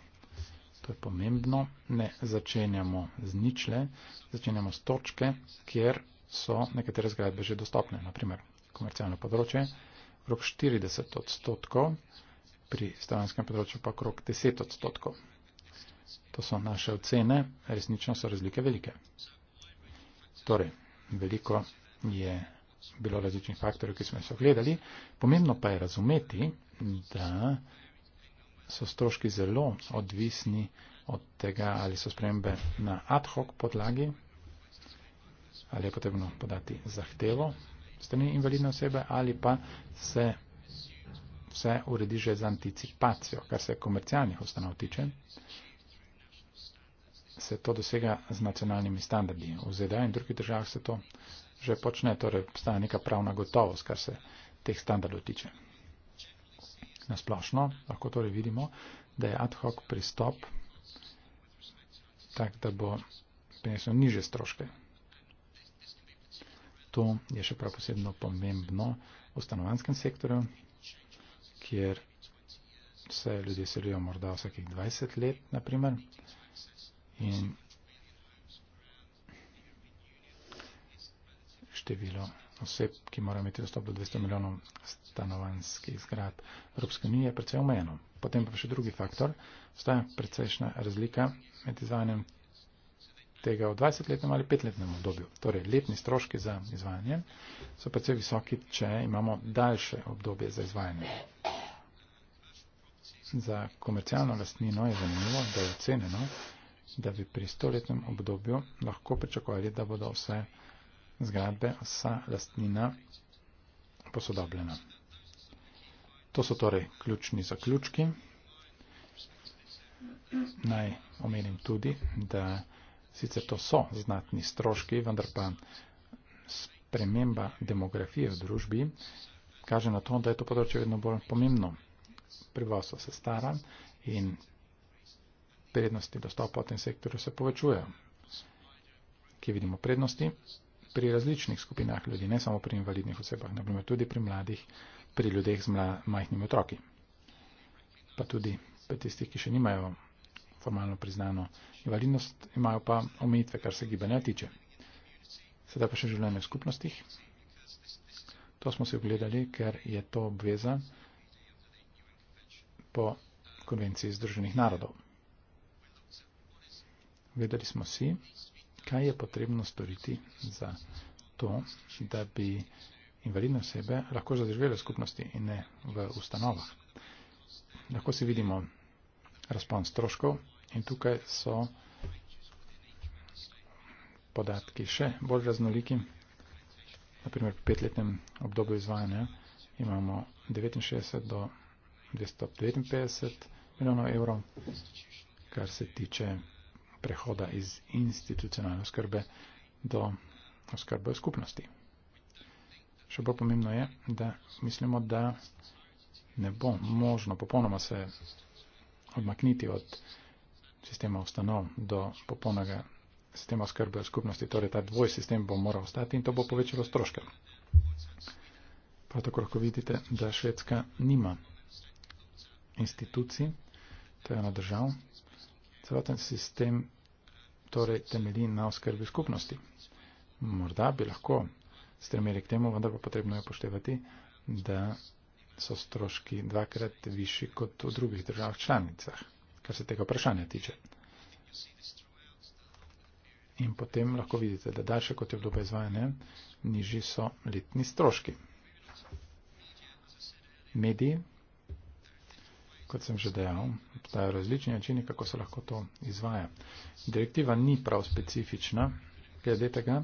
To je pomembno, ne začenjamo z ničle, začenjamo z točke, kjer so nekatere zgradbe že dostopne, naprimer komercialno področje, okrog 40 odstotkov, pri stavanskem področju pa okrog 10 odstotkov. To so naše ocene, resnično so razlike velike. Torej, veliko je bilo različnih faktorjev, ki smo jih ogledali. Pomembno pa je razumeti, da so stroški zelo odvisni od tega, ali so spremembe na ad hoc podlagi, ali je potrebno podati zahtevo strani invalidne osebe, ali pa se vse uredi že z anticipacijo, kar se komercialnih ustanov tiče. Se to dosega z nacionalnimi standardi. V ZDA in drugih državah se to že počne, torej obstaja neka pravna gotovost, kar se teh standardov tiče na splošno, lahko torej vidimo, da je ad hoc pristop tak, da bo prinesel niže stroške. To je še prav posebno pomembno v stanovanskem sektorju, kjer se ljudje selijo morda vsakih 20 let, naprimer. In število oseb, ki mora imeti dostop do 200 milijonov stanovanjskih zgrad Evropske unije, precej omejeno. Potem pa še drugi faktor, obstaja precejšna razlika med izvajanjem tega v 20-letnem ali 5-letnem obdobju. Torej, letni stroški za izvajanje so precej visoki, če imamo daljše obdobje za izvajanje. Za komercialno lastnino je zanimivo, da je ocenjeno, da bi pri 100-letnem obdobju lahko pričakovali, da bodo vse zgradbe, vsa lastnina posodobljena. To so torej ključni zaključki. Naj omenim tudi, da sicer to so znatni stroški, vendar pa sprememba demografije v družbi kaže na to, da je to področje vedno bolj pomembno. Prebivalstvo se stara in prednosti dostopa v tem sektorju se povečujejo. Kje vidimo prednosti? pri različnih skupinah ljudi, ne samo pri invalidnih osebah, naprimer tudi pri mladih, pri ljudeh z mla, majhnimi otroki, pa tudi pri tistih, ki še nimajo formalno priznano invalidnost, imajo pa omejitve, kar se gibanja tiče. Sedaj pa še življenje v skupnostih. To smo si ogledali, ker je to obveza po konvenciji Združenih narodov. Gledali smo si, kaj je potrebno storiti za to, da bi invalidne osebe lahko zaživele v skupnosti in ne v ustanovah. Lahko si vidimo razpon stroškov in tukaj so podatki še bolj raznoliki. Naprimer, v petletnem obdobju izvajanja imamo 69 do 259 milijonov evrov, kar se tiče prehoda iz institucionalne oskrbe do oskrbe v skupnosti. Še bolj pomembno je, da mislimo, da ne bo možno popolnoma se odmakniti od sistema ustanov do popolnega sistema oskrbe v skupnosti. Torej, ta dvoj sistem bo moral ostati in to bo povečalo stroške. Prav tako lahko vidite, da Švedska nima institucij, to je ena država, celoten sistem torej temelji na oskrbi skupnosti. Morda bi lahko stremeli k temu, vendar pa potrebno je upoštevati, da so stroški dvakrat višji kot v drugih državah članicah, kar se tega vprašanja tiče. In potem lahko vidite, da daljše kot je obdobje izvajanja, nižji so letni stroški. Mediji, Kot sem že dejal, obstajajo različni načini, kako se lahko to izvaja. Direktiva ni prav specifična, glede tega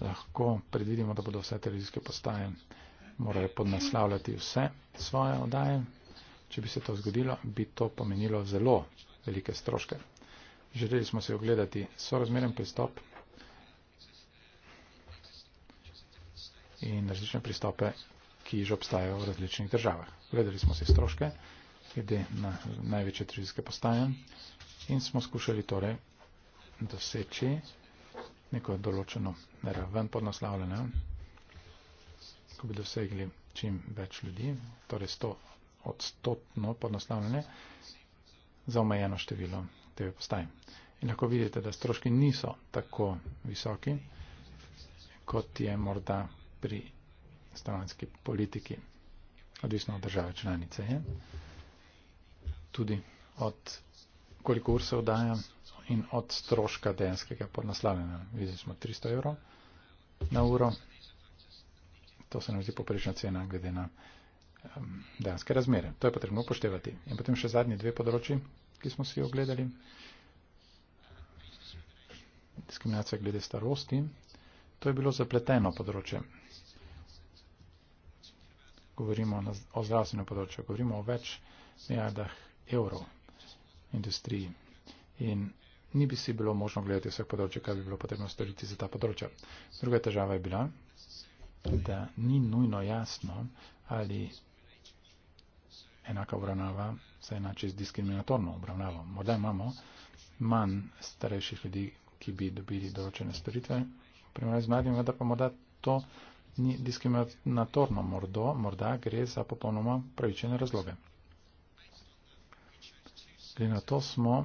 lahko predvidimo, da bodo vse televizijske postaje morale podnaslavljati vse svoje oddaje. Če bi se to zgodilo, bi to pomenilo zelo velike stroške. Želeli smo se ogledati sorazmeren pristop in različne pristope, ki že obstajajo v različnih državah. Gledali smo se stroške glede na največje trivijske postaje in smo skušali torej doseči neko določeno raven podnaslavljanja, ko bi dosegli čim več ljudi, torej 100 odstotno podnaslavljanje za omejeno število TV postaj. In lahko vidite, da stroški niso tako visoki, kot je morda pri stanovanski politiki, odvisno od države članice. Je tudi od koliko ur se oddaja in od stroška denskega podnaslavljanja. Vizi smo 300 evrov na uro. To se nam zdi poprečna cena glede na um, danske razmere. To je potrebno upoštevati. In potem še zadnji dve področji, ki smo si ogledali. Diskriminacija glede starosti. To je bilo zapleteno področje. Govorimo o zdravstvenem področju, govorimo o več milijardah evro industriji. In ni bi si bilo možno gledati vseh področje, kaj bi bilo potrebno storiti za ta področja. Druga težava je bila, da ni nujno jasno, ali enaka obravnava se enače z diskriminatorno obravnavo. Morda imamo manj starejših ljudi, ki bi dobili določene storitve, primarno z mladimi, vendar pa morda to ni diskriminatorno. Morda, morda gre za popolnoma pravičene razloge. Glede na to smo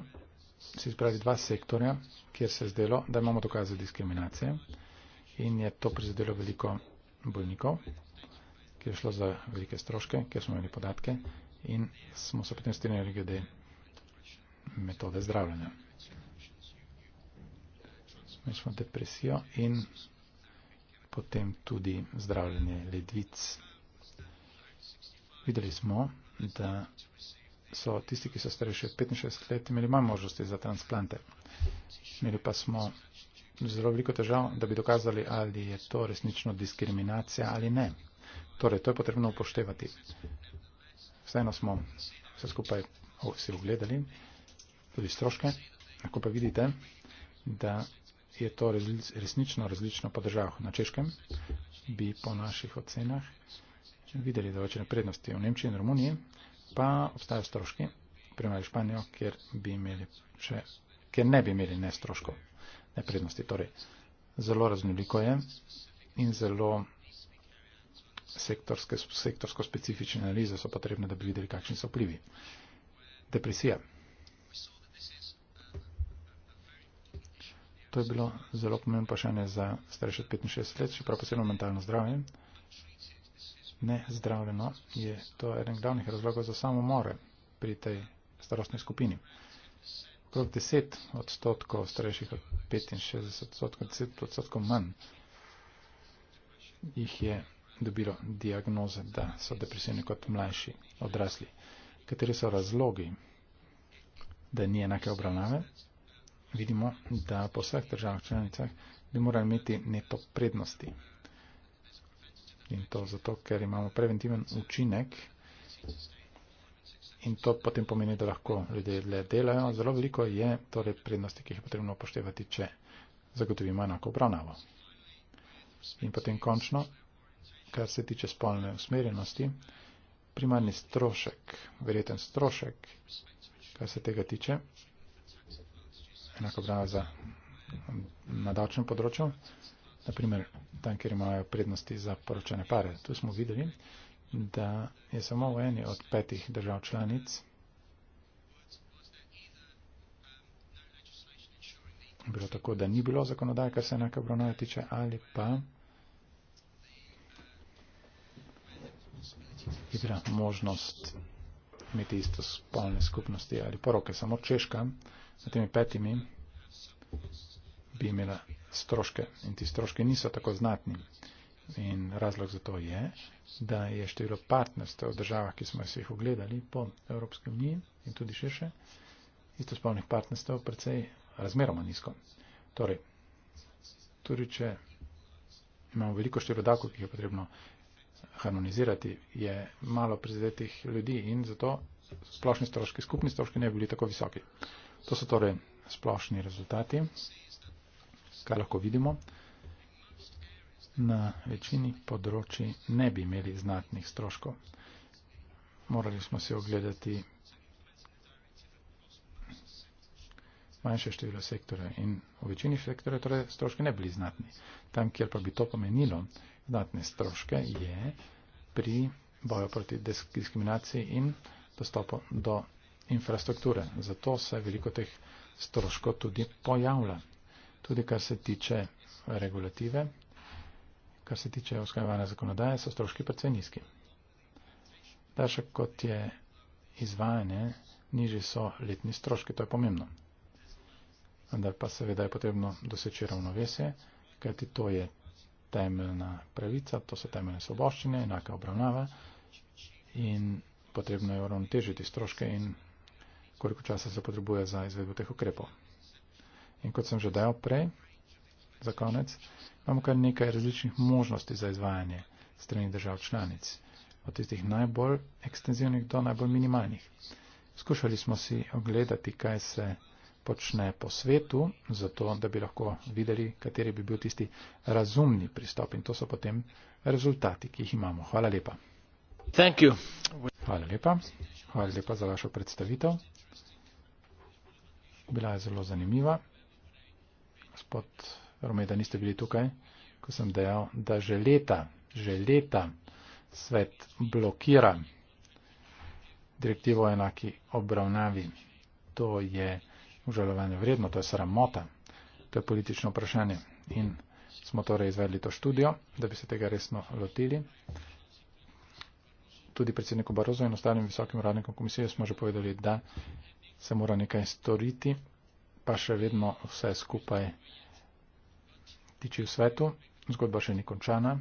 si izbrali dva sektorja, kjer se je zdelo, da imamo dokaze diskriminacije in je to prizadelo veliko bolnikov, ki je šlo za velike stroške, kjer smo imeli podatke in smo se potem strinjali glede metode zdravljanja. Mi smo depresijo in potem tudi zdravljanje ledvic. Videli smo, da so tisti, ki so starejši od 65 let, imeli manj možnosti za transplante. Imeli pa smo zelo veliko težav, da bi dokazali, ali je to resnično diskriminacija ali ne. Torej, to je potrebno upoštevati. Vseeno smo vse skupaj vsi ogledali, tudi stroške, lahko pa vidite, da je to resnično različno po državah. Na Češkem bi po naših ocenah videli določene prednosti. V Nemčiji in Romuniji pa obstajajo stroški, primer Španijo, kjer, bi imeli še, kjer ne bi imeli ne stroškov, ne prednosti. Torej, zelo raznoliko je in zelo sektorske, sektorsko specifične analize so potrebne, da bi videli, kakšni so vplivi. Depresija. To je bilo zelo pomembno vprašanje za starejše od 65 let, čeprav posebno mentalno zdravje nezdravljeno, je to eden glavnih razlogov za samomore pri tej starostni skupini. Okrog 10 odstotkov starejših od 65 odstotkov, 10 odstotkov manj jih je dobilo diagnoze, da so depresivni kot mlajši odrasli. Kateri so razlogi, da ni enake obravnave? Vidimo, da po vseh državah članicah bi morali imeti neto prednosti in to zato, ker imamo preventiven učinek in to potem pomeni, da lahko ljudje le delajo. Zelo veliko je torej prednosti, ki jih je potrebno upoštevati, če zagotovimo enako obravnavo. In potem končno, kar se tiče spolne usmerjenosti, primarni strošek, verjeten strošek, kar se tega tiče, enako obravnava za na davčnem področju naprimer tam, kjer imajo prednosti za poročene pare. Tu smo videli, da je samo v eni od petih držav članic bilo tako, da ni bilo zakonodaj, kar se enaka obravnava tiče, ali pa je bila možnost imeti isto spolne skupnosti ali poroke. Samo Češka, s temi petimi, bi imela stroške in ti stroški niso tako znatni. In razlog za to je, da je število partnerstv v državah, ki smo jih ogledali po Evropski uniji in tudi širše, istospolnih partnerstv precej razmeroma nizko. Torej, tudi če imamo veliko število davkov, ki jih je potrebno harmonizirati, je malo prizadetih ljudi in zato splošni stroški, skupni stroški ne bi bili tako visoki. To so torej splošni rezultati kar lahko vidimo, na večini področji ne bi imeli znatnih stroškov. Morali smo se ogledati manjše število sektorja in v večini sektorja torej stroške ne bili znatni. Tam, kjer pa bi to pomenilo znatne stroške, je pri boju proti diskriminaciji in dostopu do infrastrukture. Zato se veliko teh stroškov tudi pojavlja. Tudi kar se tiče regulative, kar se tiče oskrbovane zakonodaje, so stroški precej nizki. Daljša kot je izvajanje, nižji so letni stroški, to je pomembno. Vendar pa seveda je potrebno doseči ravnovesje, kajti to je temeljna pravica, to so temeljne svoboščine, enaka obravnava in potrebno je uravnotežiti stroške in koliko časa se potrebuje za izvedbo teh ukrepov. In kot sem že dejal prej, za konec, imamo kar nekaj različnih možnosti za izvajanje strani držav članic, od tistih najbolj ekstenzivnih do najbolj minimalnih. Skušali smo si ogledati, kaj se počne po svetu, zato da bi lahko videli, kateri bi bil tisti razumni pristop in to so potem rezultati, ki jih imamo. Hvala lepa. Hvala lepa. Hvala lepa za vašo predstavitev. Bila je zelo zanimiva gospod Romej, da niste bili tukaj, ko sem dejal, da že leta, že leta svet blokira direktivo o enaki obravnavi. To je užalovanje vredno, to je sramota, to je politično vprašanje. In smo torej izvedli to študijo, da bi se tega resno lotili. Tudi predsedniku Barozo in ostalim visokim radnikom komisije smo že povedali, da se mora nekaj storiti, pa še vedno vse skupaj tiči v svetu. Zgodba še ni končana.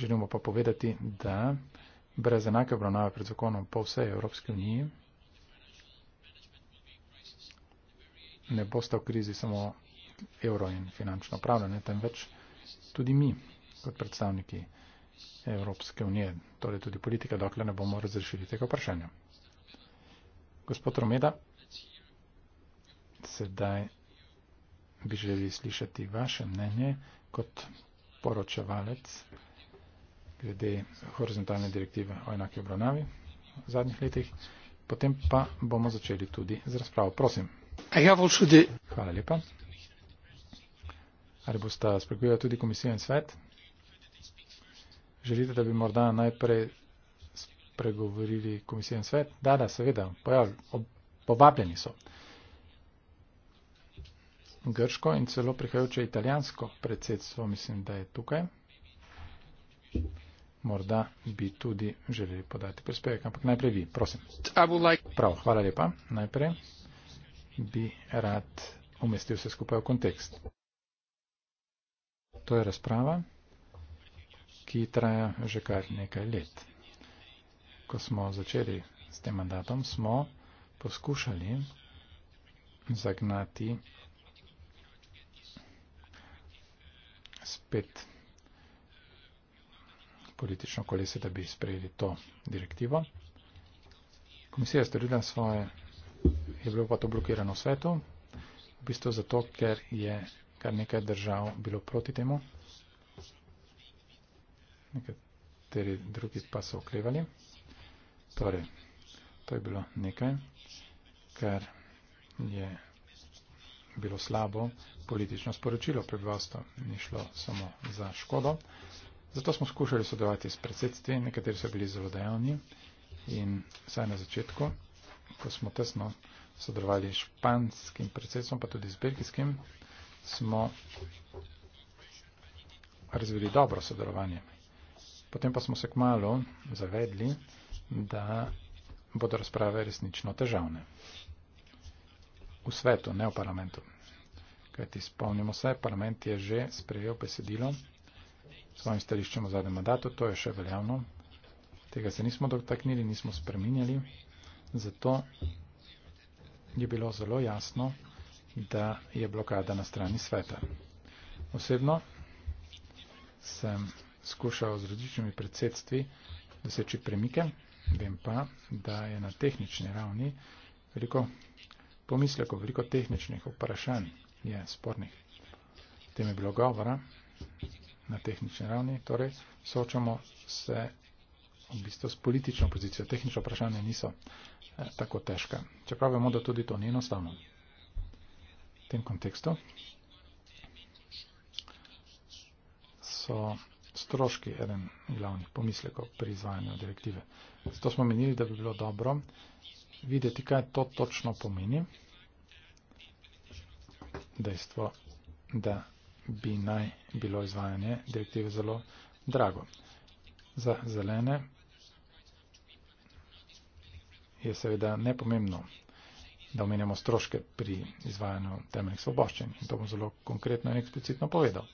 Želimo pa povedati, da brez enake obravnave pred zakonom po vsej Evropski uniji ne boste v krizi samo evro in finančno upravljanje, temveč tudi mi kot predstavniki Evropske unije, torej tudi politika, dokler ne bomo razrešili tega vprašanja. Gospod Romeda sedaj bi želeli slišati vaše mnenje kot poročevalec glede horizontalne direktive o enake obravnavi v zadnjih letih. Potem pa bomo začeli tudi z razpravo. Prosim. Hvala lepa. Ali boste spregovorili tudi komisijo in svet? Želite, da bi morda najprej spregovorili komisijo in svet? Da, da, seveda. Pojav, ob, povabljeni so grško in celo prihajajoče italijansko predsedstvo, mislim, da je tukaj. Morda bi tudi želeli podati prispevek, ampak najprej vi, prosim. Prav, hvala lepa. Najprej bi rad umestil vse skupaj v kontekst. To je razprava, ki traja že kar nekaj let. Ko smo začeli s tem mandatom, smo poskušali zagnati spet politično kolese, da bi sprejeli to direktivo. Komisija je storila svoje, je bilo pa to blokirano v svetu, v bistvu zato, ker je kar nekaj držav bilo proti temu, nekateri drugi pa so oklevali. Torej, to je bilo nekaj, kar je. Yeah bilo slabo politično sporočilo prebivalstvo, ni šlo samo za škodo. Zato smo skušali sodelovati s predsedstvi, nekateri so bili zelo dejavni in saj na začetku, ko smo tesno sodelovali s španskim predsedstvom, pa tudi z belgijskim, smo razvili dobro sodelovanje. Potem pa smo se kmalo zavedli, da bodo razprave resnično težavne v svetu, ne v parlamentu. Kaj ti spomnimo se, parlament je že sprejel besedilo svojim stališčem v zadnjem mandatu, to je še veljavno. Tega se nismo dotaknili, nismo spreminjali, zato je bilo zelo jasno, da je blokada na strani sveta. Osebno sem skušal z različnimi predsedstvi doseči premike, vem pa, da je na tehnični ravni veliko pomislekov, veliko tehničnih vprašanj je spornih. Tem je bilo govora na tehnični ravni, torej soočamo se v bistvu s politično pozicijo. Tehnične vprašanja niso eh, tako težka. Čeprav vemo, da tudi to ni enostavno. V tem kontekstu so stroški eden glavnih pomislekov pri izvajanju direktive. Zato smo menili, da bi bilo dobro videti, kaj to točno pomeni. Dejstvo, da bi naj bilo izvajanje direktive zelo drago. Za zelene je seveda nepomembno, da omenjamo stroške pri izvajanju temeljnih svoboščin. In to bom zelo konkretno in eksplicitno povedal.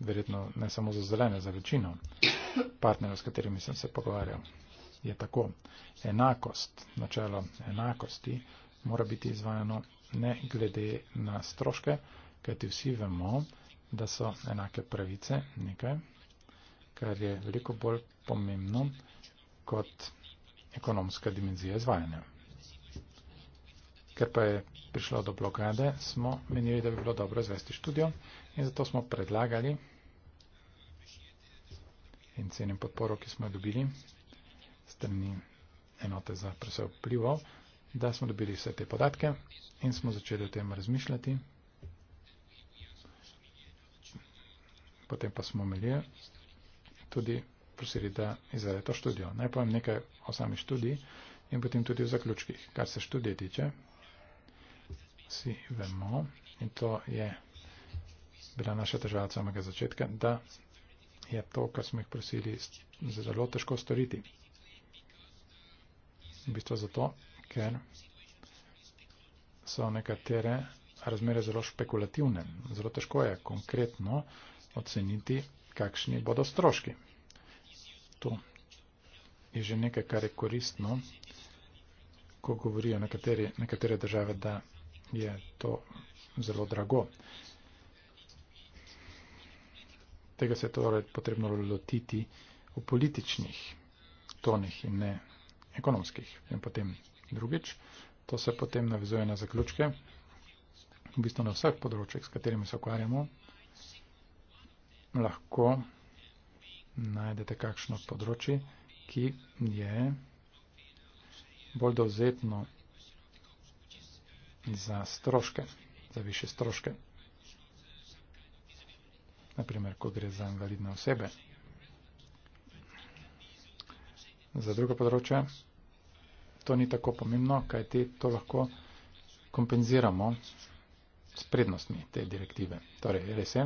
Verjetno ne samo za zelene, za večino partnerjev, s katerimi sem se pogovarjal. Je tako. Enakost, načelo enakosti, mora biti izvajano ne glede na stroške, kajti vsi vemo, da so enake pravice nekaj, kar je veliko bolj pomembno kot ekonomska dimenzija izvajanja. Ker pa je prišlo do blokade, smo menili, da bi bilo dobro izvesti študijo in zato smo predlagali, in cenim podporo, ki smo jo dobili strani enote za presev plivov, da smo dobili vse te podatke in smo začeli o tem razmišljati. Potem pa smo imeli tudi prosili, da izvede to študijo. Naj povem nekaj o sami študiji in potem tudi o zaključkih. Kar se študije tiče, vsi vemo, in to je bila naša težava od samega začetka, da je to, kar smo jih prosili, zelo težko storiti. V bistvu zato, ker so nekatere razmere zelo špekulativne. Zelo težko je konkretno oceniti, kakšni bodo stroški. To je že nekaj, kar je koristno, ko govorijo nekateri, nekatere države, da je to zelo drago tega se je torej potrebno lotiti v političnih tonih in ne ekonomskih. In potem drugič, to se potem navizuje na zaključke, v bistvu na vseh področjih, s katerimi se ukvarjamo, lahko najdete kakšno področje, ki je bolj dovzetno za stroške, za više stroške naprimer, ko gre za invalidne osebe. Za drugo področje, to ni tako pomembno, kaj ti to lahko kompenziramo s prednostmi te direktive. Torej, res je,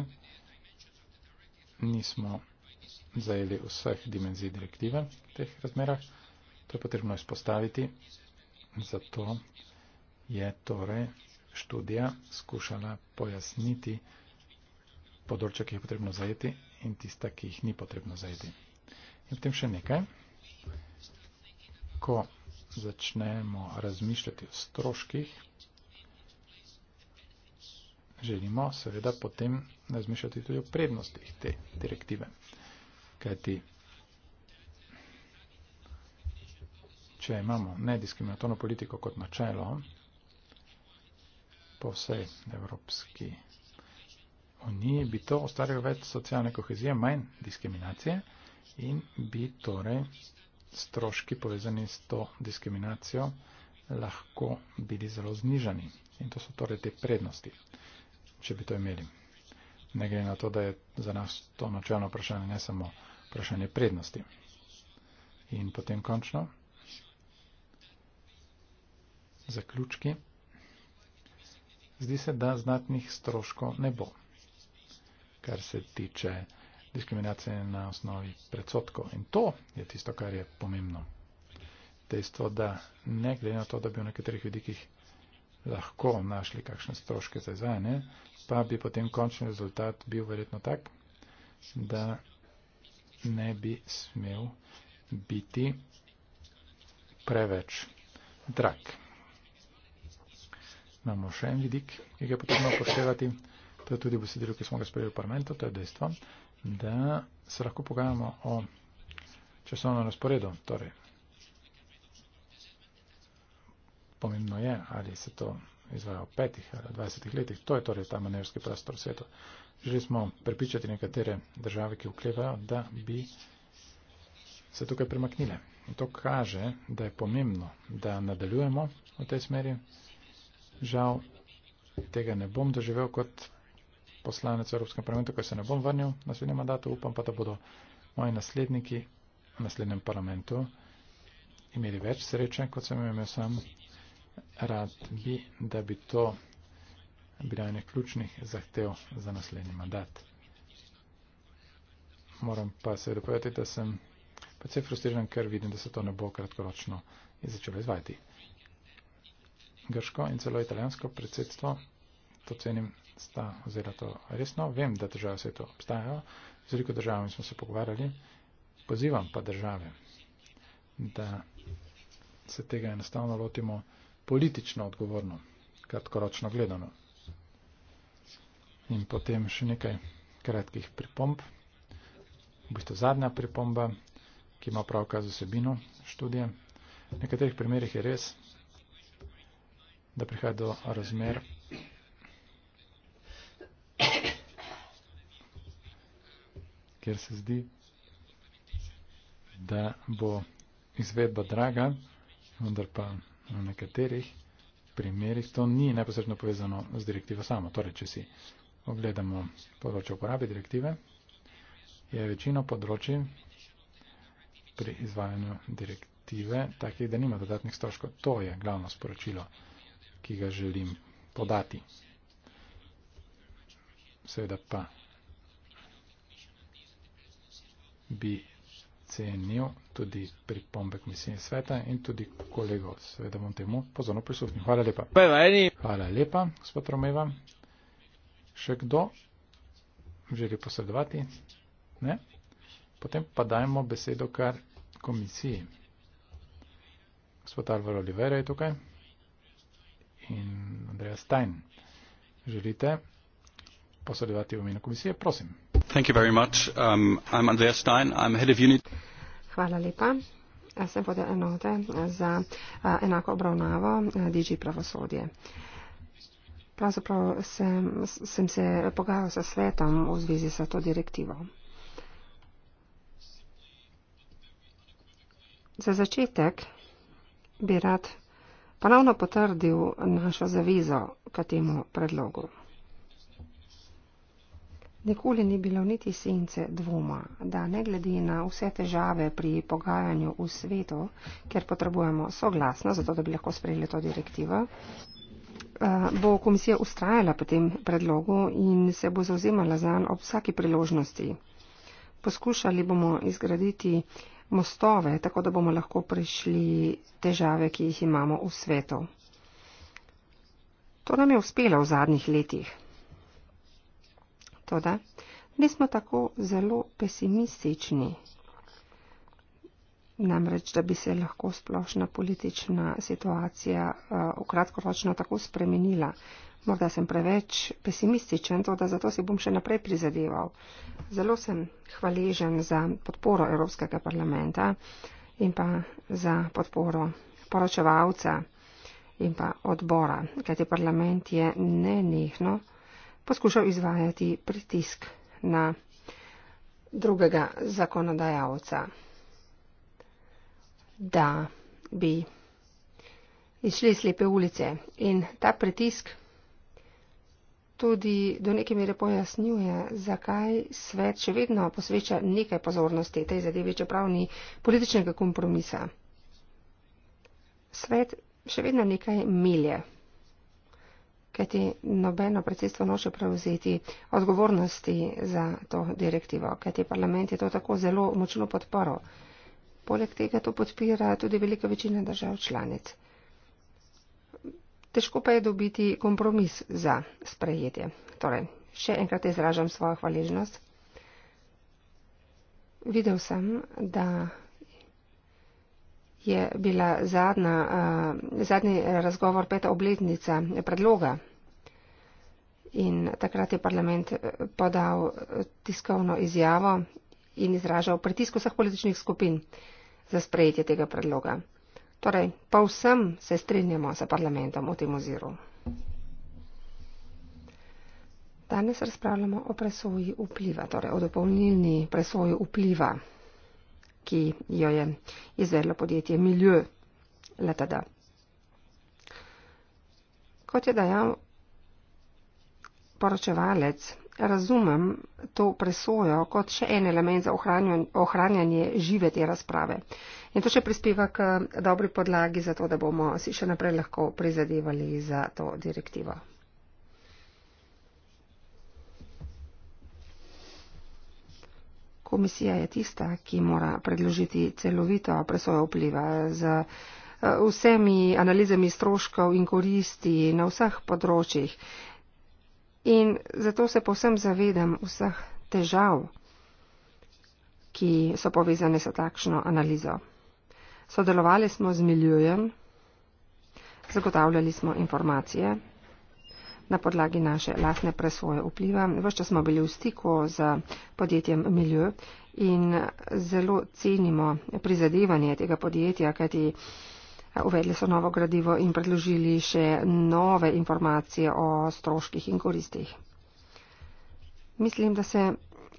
nismo zajeli vseh dimenzij direktive v teh razmerah, to je potrebno izpostaviti, zato je torej študija skušala pojasniti, področja, ki jih je potrebno zajeti in tista, ki jih ni potrebno zajeti. In potem še nekaj. Ko začnemo razmišljati o stroških, želimo seveda potem razmišljati tudi o prednostih te direktive. Kajti, če imamo nediskriminatorno politiko kot načelo, po vsej evropski Uniji bi to ustvarilo več socialne kohezije, manj diskriminacije in bi torej stroški povezani s to diskriminacijo lahko bili zelo znižani. In to so torej te prednosti, če bi to imeli. Ne gre na to, da je za nas to načelno vprašanje ne samo vprašanje prednosti. In potem končno zaključki. Zdi se, da znatnih stroškov ne bo kar se tiče diskriminacije na osnovi predsotkov. In to je tisto, kar je pomembno. Dejstvo, da ne glede na to, da bi v nekaterih vidikih lahko našli kakšne stroške za izvajanje, pa bi potem končni rezultat bil verjetno tak, da ne bi smel biti preveč drag. Imamo še en vidik, ki ga je potrebno upoštevati. To je tudi besedilo, ki smo ga sprejeli v parlamentu, to je dejstvo, da se lahko pogajamo o časovnem razporedu. Torej, pomembno je, ali se to izvaja v petih ali dvajsetih letih. To je torej ta manevrski prostor v svetu. Želeli smo prepričati nekatere države, ki vklevajo, da bi se tukaj premaknile. In to kaže, da je pomembno, da nadaljujemo v tej smeri. Žal, tega ne bom doživel kot poslanec v Evropskem parlamentu, ko se ne bom vrnil na naslednji mandat, upam pa, da bodo moji nasledniki v naslednjem parlamentu imeli več sreče, kot sem imel sam. Rad bi, da bi to bila ena ključnih zahtev za naslednji mandat. Moram pa seveda povedati, da sem precej frustriran, ker vidim, da se to ne bo kratkoročno začelo izvajati. Grško in celo italijansko predsedstvo, to cenim sta vzela to resno. Vem, da države se to obstajajo. Z veliko državami smo se pogovarjali. Pozivam pa države, da se tega enostavno lotimo politično odgovorno, kratkoročno gledano. In potem še nekaj kratkih pripomb. V bistvu zadnja pripomba, ki ima pravka z osebino študije. V nekaterih primerjih je res, da prihaja do razmer ker se zdi, da bo izvedba draga, vendar pa v nekaterih primerih to ni neposredno povezano z direktivo samo. Torej, če si ogledamo področje uporabe direktive, je večino področji pri izvajanju direktive takih, da nima dodatnih stroškov. To je glavno sporočilo, ki ga želim podati. Seveda pa bi cenil tudi pripombe komisije sveta in tudi kolego, seveda bom temu pozorno prisutni. Hvala lepa. Hvala lepa, gospod Romeva. Še kdo želi posredovati? Ne? Potem pa dajmo besedo kar komisiji. Gospod Alvar Olivera je tukaj in Andreja Stein. Želite posredovati v imenu komisije? Prosim. Um, Hvala lepa. Sem pod enote za eh, enako obravnavo eh, DG pravosodje. Pravzaprav sem, sem se pogajal sa svetom v zvezi sa to direktivo. Za začetek bi rad ponovno potrdil našo zavizo k temu predlogu. Nikoli ni bilo niti sence dvoma, da ne glede na vse težave pri pogajanju v svetu, ker potrebujemo soglasno, zato da bi lahko sprejeli to direktivo, eh, bo komisija ustrajala po tem predlogu in se bo zauzemala zan ob vsaki priložnosti. Poskušali bomo izgraditi mostove, tako da bomo lahko prišli težave, ki jih imamo v svetu. To nam je uspelo v zadnjih letih. Toda, ne smo tako zelo pesimistični. Namreč, da bi se lahko splošna politična situacija eh, v uh, kratkoročno tako spremenila. Morda sem preveč pesimističen, to, da zato si bom še naprej prizadeval. Zelo sem hvaležen za podporo Evropskega parlamenta in pa za podporo poročevalca in pa odbora, kajti parlament je nenehno poskušal izvajati pritisk na drugega zakonodajalca, da bi izšli slepe ulice. In ta pritisk tudi do neke mere pojasnjuje, zakaj svet še vedno posveča nekaj pozornosti tej zadevi, čeprav ni političnega kompromisa. Svet še vedno nekaj milje ker ti nobeno predsedstvo noče prevzeti odgovornosti za to direktivo, ker ti parlament je to tako zelo močno podporo. Poleg tega to podpira tudi velika večina držav članic. Težko pa je dobiti kompromis za sprejetje. Torej, še enkrat izražam svojo hvaležnost. Videl sem, da je bila zadnja, eh, zadnji razgovor peta obletnica predloga. In takrat je parlament eh, podal eh, tiskovno izjavo in izražal pritisk vseh političnih skupin za sprejetje tega predloga. Torej, pa vsem se strinjamo sa parlamentom v tem oziru. Danes razpravljamo o presoji vpliva, torej o dopolnilni presoji vpliva ki jo je izvedlo podjetje Milieu letada. Kot je dejal poročevalec, razumem to presojo kot še en element za ohranjanje žive te razprave. In to še prispeva k dobri podlagi za to, da bomo si še naprej lahko prizadevali za to direktivo. Komisija je tista, ki mora predložiti celovito presojo vpliva z eh, vsemi analizami stroškov in koristi na vseh področjih. In zato se povsem zavedam vseh težav, ki so povezane s takšno analizo. Sodelovali smo z miljujem, zagotavljali smo informacije na podlagi naše lastne presvoje vpliva. Vse čas smo bili v stiku z podjetjem Milieu in zelo cenimo prizadevanje tega podjetja, kajti eh, uvedli so novo gradivo in predložili še nove informacije o stroških in koristih. Mislim, da se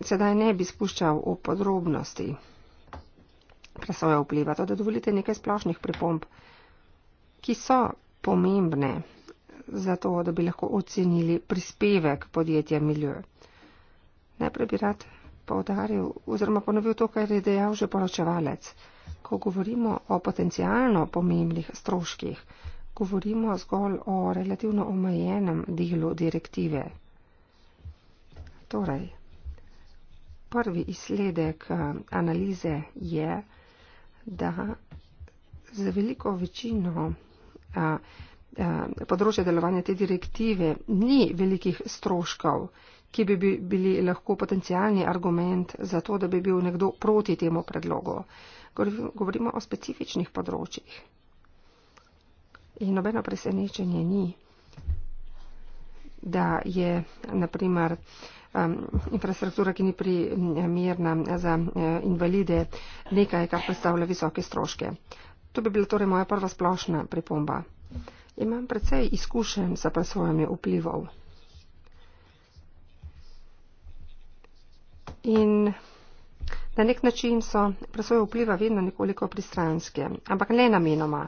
sedaj ne bi spuščal v podrobnosti presoje vpliva, to da dovolite nekaj splošnih pripomb, ki so pomembne zato, da bi lahko ocenili prispevek podjetja Miljo. Najprej bi rad povdaril oziroma ponovil to, kar je dejal že poročevalec. Ko govorimo o potencijalno pomembnih stroških, govorimo zgolj o relativno omejenem delu direktive. Torej, prvi izsledek eh, analize je, da za veliko večino eh, Eh, področja delovanja te direktive ni velikih stroškov, ki bi bili lahko potencijalni argument za to, da bi bil nekdo proti temu predlogu. Govorimo o specifičnih področjih. In nobeno presenečenje ni, da je, naprimer, um, infrastruktura, ki ni primerna za uh, invalide, nekaj, kar predstavlja visoke stroške. To bi bila torej moja prva splošna pripomba imam precej izkušen za presojanje vplivov. In na nek način so presoje vpliva vedno nekoliko pristranske, ampak ne namenoma.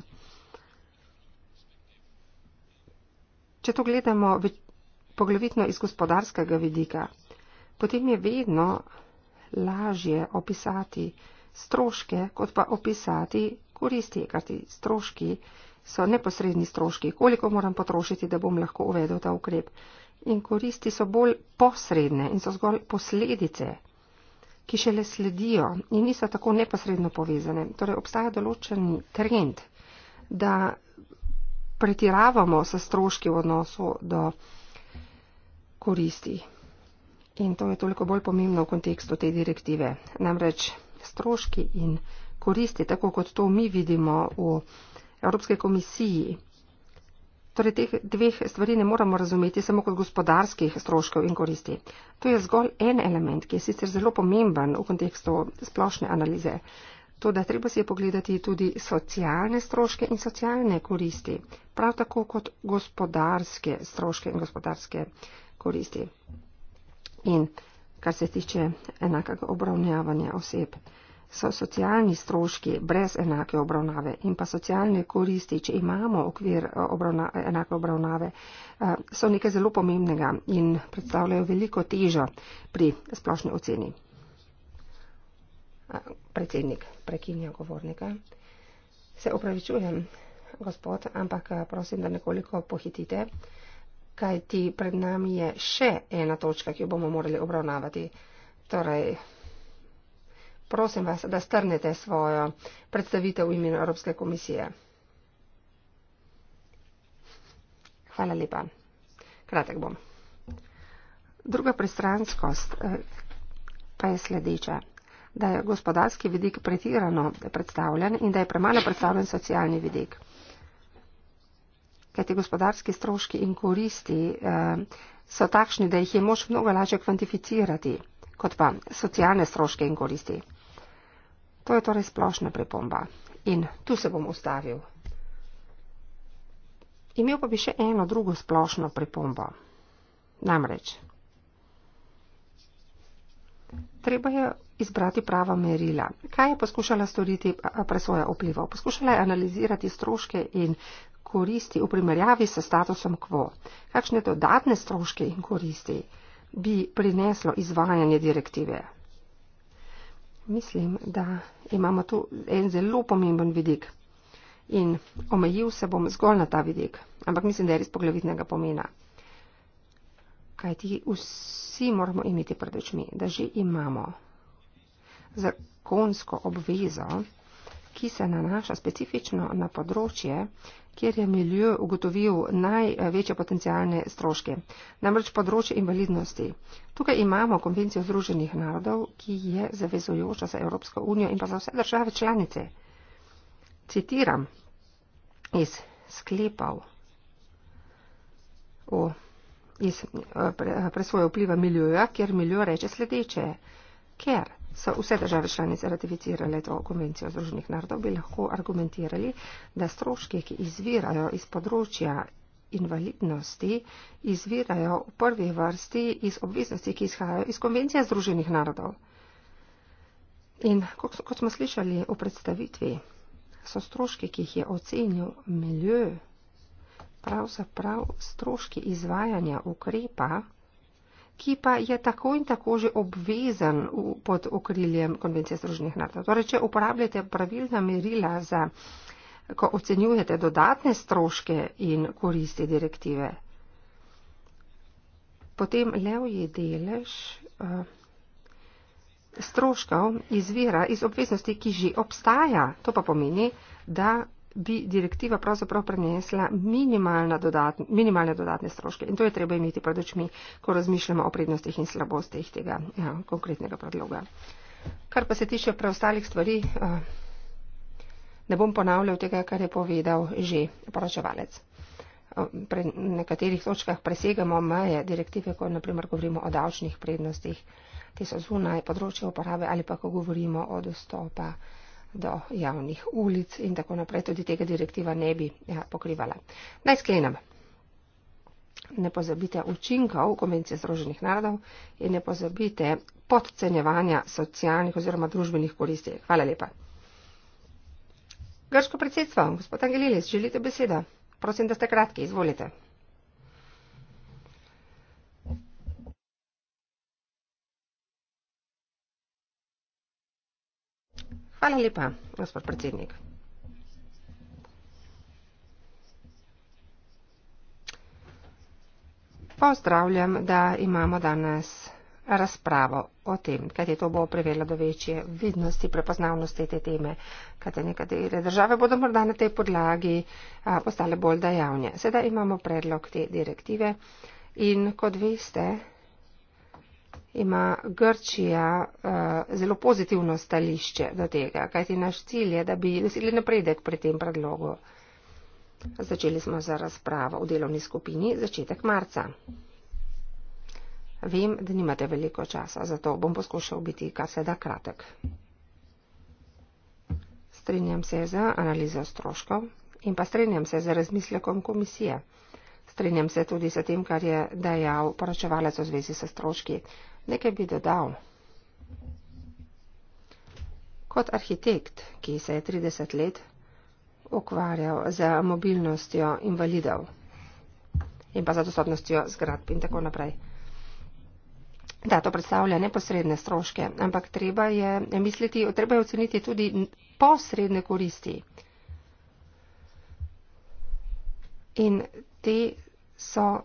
Če to gledamo poglavitno iz gospodarskega vidika, potem je vedno lažje opisati stroške, kot pa opisati koristi, kajti stroški so neposredni stroški, koliko moram potrošiti, da bom lahko uvedel ta ukrep. In koristi so bolj posredne in so zgolj posledice, ki šele sledijo in niso tako neposredno povezane. Torej obstaja določen trend, da pretiravamo se stroški v odnosu do koristi. In to je toliko bolj pomembno v kontekstu te direktive. Namreč stroški in koristi, tako kot to mi vidimo v. Evropske komisiji. Torej, teh dveh stvari ne moramo razumeti samo kot gospodarskih stroškov in koristi. To je zgolj en element, ki je sicer zelo pomemben v kontekstu splošne analize. To, da treba si je pogledati tudi socialne stroške in socialne koristi, prav tako kot gospodarske stroške in gospodarske koristi. In kar se tiče enakega obravnavanja oseb so socialni stroški brez enake obravnave in pa socialne koristi, če imamo okvir eh, obravna, enake obravnave, eh, so nekaj zelo pomembnega in predstavljajo veliko težo pri splošni oceni. Eh, predsednik prekinja govornika. Se opravičujem, gospod, ampak prosim, da nekoliko pohitite, kajti pred nami je še ena točka, ki jo bomo morali obravnavati. Torej, Prosim vas, da strnete svojo predstavitev v imenu Evropske komisije. Hvala lepa. Kratek bom. Druga pristranskost eh, pa je sledeča, da je gospodarski vidik pretirano predstavljen in da je premalo predstavljen socialni vidik. Kajti gospodarski stroški in koristi eh, so takšni, da jih je moč mnogo lažje kvantificirati kot pa socialne stroške in koristi. To je torej splošna pripomba. In tu se bom ustavil. Imel pa bi še eno drugo splošno pripombo. Namreč, treba je izbrati prava merila. Kaj je poskušala storiti presoja vplivov? Poskušala je analizirati stroške in koristi v primerjavi s statusom quo. Kakšne dodatne stroške in koristi bi prineslo izvajanje direktive? mislim, da imamo tu en zelo pomemben vidik in omejil se bom zgolj na ta vidik, ampak mislim, da je res poglavitnega pomena. Kaj ti vsi moramo imeti pred očmi, da že imamo zakonsko obvezo, ki se nanaša specifično na področje, kjer je milijo ugotovil največje potencijalne stroške, namreč področje invalidnosti. Tukaj imamo konvencijo Združenih narodov, ki je zavezujoča za Evropsko unijo in pa za vse države članice. Citiram iz sklepov o, iz eh, eh, presvoje vpliva milijoja, kjer milijo reče sledeče, ker so vse države članice ratificirale to konvencijo Združenih narodov, bi lahko argumentirali, da stroški, ki izvirajo iz področja invalidnosti, izvirajo v prvi vrsti iz obveznosti, ki izhajajo iz konvencije Združenih narodov. In kot, kot smo slišali v predstavitvi, so stroški, ki jih je ocenil milijo, pravzaprav stroški izvajanja ukrepa, ki pa je tako in tako že obvezen v, pod okriljem konvencije Združenih narodov. Torej, če uporabljate pravilna merila za, ko ocenjujete dodatne stroške in koristi direktive, potem levji delež uh, stroškov izvira iz obveznosti, ki že obstaja. To pa pomeni, da bi direktiva pravzaprav prenesla dodat, minimalne dodatne stroške. In to je treba imeti pred očmi, ko razmišljamo o prednostih in slabostih tega ja, konkretnega predloga. Kar pa se tiče preostalih stvari, eh, ne bom ponavljal tega, kar je povedal že poročevalec. Eh, pri nekaterih točkah presegamo meje direktive, ko naprimer govorimo o davčnih prednostih, ki so zunaj področja uporabe ali pa ko govorimo o dostopa do javnih ulic in tako naprej. Tudi tega direktiva ne bi ja, pokrivala. Naj sklenem. Ne pozabite učinkov Konvencije Združenih narodov in ne pozabite podcenjevanja socialnih oziroma družbenih koristi. Hvala lepa. Grško predsedstvo, gospod Angelilis, želite besedo? Prosim, da ste kratki, izvolite. Hvala lepa, gospod predsednik. Pozdravljam, da imamo danes razpravo o tem, kajti to bo privelo do večje vidnosti, prepoznavnosti te teme, kajti nekatere države bodo morda na tej podlagi a, postale bolj dejavne. Sedaj imamo predlog te direktive in kot veste, ima Grčija uh, zelo pozitivno stališče do tega, kajti naš cilj je, da bi dosili napredek pri tem predlogu. Začeli smo za razpravo v delovni skupini začetek marca. Vem, da nimate veliko časa, zato bom poskušal biti kar se da kratek. Strenjam se za analizo stroškov in pa strenjam se za razmislekom komisije. Strenjam se tudi s tem, kar je dejal poročevalec v zvezi s stroški. Nekaj bi dodal. Kot arhitekt, ki se je 30 let ukvarjal z mobilnostjo invalidov in pa za dostopnostjo zgradb in tako naprej. Da, to predstavlja neposredne stroške, ampak treba je misliti, treba je oceniti tudi posredne koristi. In te so,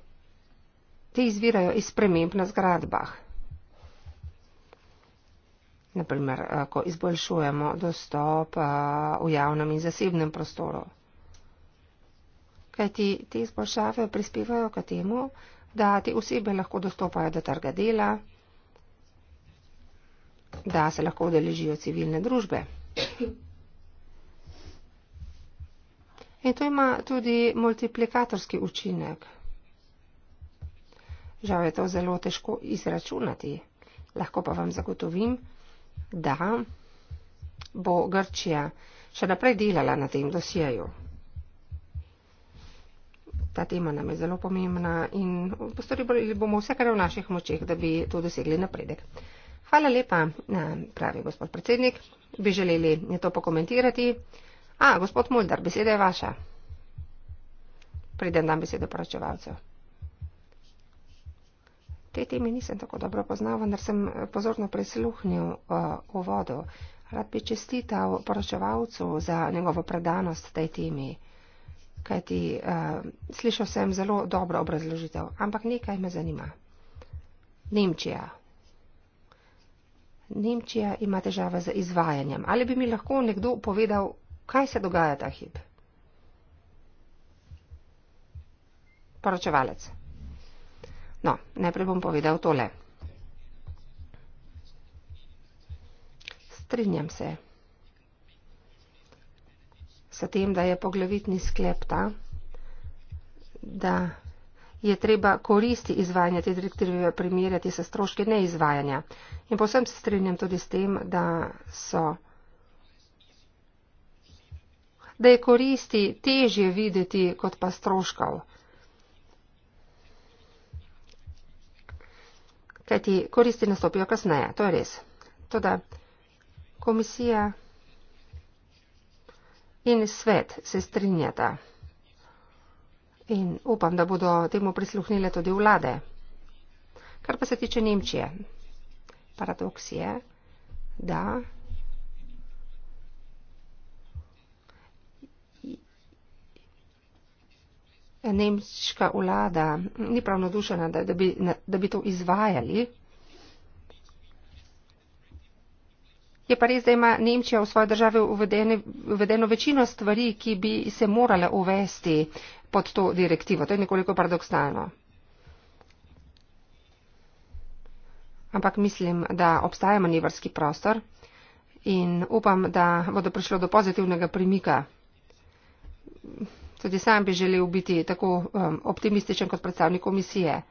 te izvirajo iz sprememb na zgradbah. Naprimer, eh, ko izboljšujemo dostop eh, v javnem in zasebnem prostoru. Kaj ti te izboljšave prispevajo k temu, da te osebe lahko dostopajo do trga dela, da se lahko udeležijo civilne družbe. In to ima tudi multiplikatorski učinek. Žal je to zelo težko izračunati. Lahko pa vam zagotovim, da bo Grčija še naprej delala na tem dosjeju. Ta tema nam je zelo pomembna in postorili bomo vse, kar je v naših močeh, da bi to dosegli napredek. Hvala lepa, eh, pravi gospod predsednik. Bi želeli mi to pokomentirati. A, gospod Muldar, beseda je vaša. Preden dam besedo poročevalcev. Te teme nisem tako dobro poznal, vendar sem eh, pozorno prisluhnil uh, eh, v vodu. Rad bi čestital poročevalcu za njegovo predanost tej temi, kajti uh, slišal sem zelo dobro obrazložitev, ampak nekaj me zanima. Nemčija. Nemčija ima težave z izvajanjem. Ali bi mi lahko nekdo povedal, kaj se dogaja ta hip? Poročevalec. No, najprej bom povedal tole. Strinjam se s tem, da je poglavitni sklep ta, da je treba koristi izvajanja te direktive primerjati se stroške neizvajanja. In posem se strinjam tudi s tem, da so da je koristi težje videti kot pa stroškov. kaj ti koristi nastopijo kasneje. To je res. Toda komisija in svet se strinjata. In upam, da bodo temu prisluhnile tudi vlade. Kar pa se tiče Nemčije. Paradoks je, da nemška vlada ni pravno dušena, da, da, bi, da bi to izvajali. Je pa res, da ima Nemčija v svoje države uvedene, uvedeno večino stvari, ki bi se morale uvesti pod to direktivo. To je nekoliko paradoksalno. Ampak mislim, da obstaja manevrski prostor in upam, da bodo prišlo do pozitivnega premika. Tudi sam bi želel biti tako um, optimističen kot predstavnik komisije.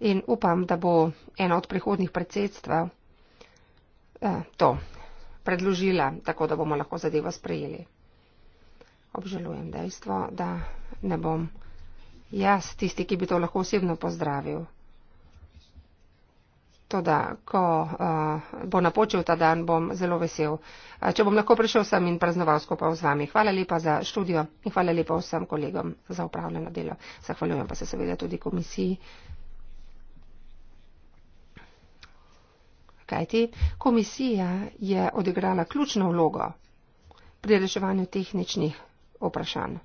In upam, da bo ena od prihodnih predsedstv eh, to predložila, tako da bomo lahko zadevo sprejeli. Obžalujem dejstvo, da ne bom jaz tisti, ki bi to lahko osebno pozdravil. Toda, ko uh, bo napočil ta dan, bom zelo vesel, eh, če bom lahko prišel sem in praznoval skupaj z vami. Hvala lepa za študijo in hvala lepa vsem kolegom za upravljeno delo. Zahvaljujem pa se seveda tudi komisiji. Kajti, komisija je odigrala ključno vlogo pri reševanju tehničnih vprašanj.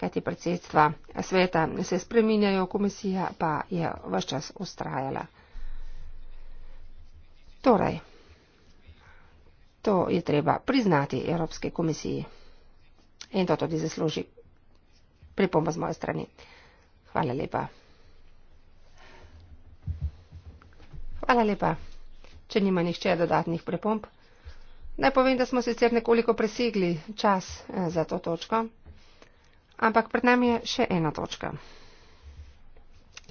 Kajti, predsedstva sveta se spreminjajo, komisija pa je vse čas ustrajala. Torej, to je treba priznati Evropske komisiji in to tudi zasluži pripomba z moje strani. Hvala lepa. Hvala lepa. Če nima nihče dodatnih pripomb, naj povem, da smo sicer nekoliko presegli čas eh, za to točko, ampak pred nami je še ena točka.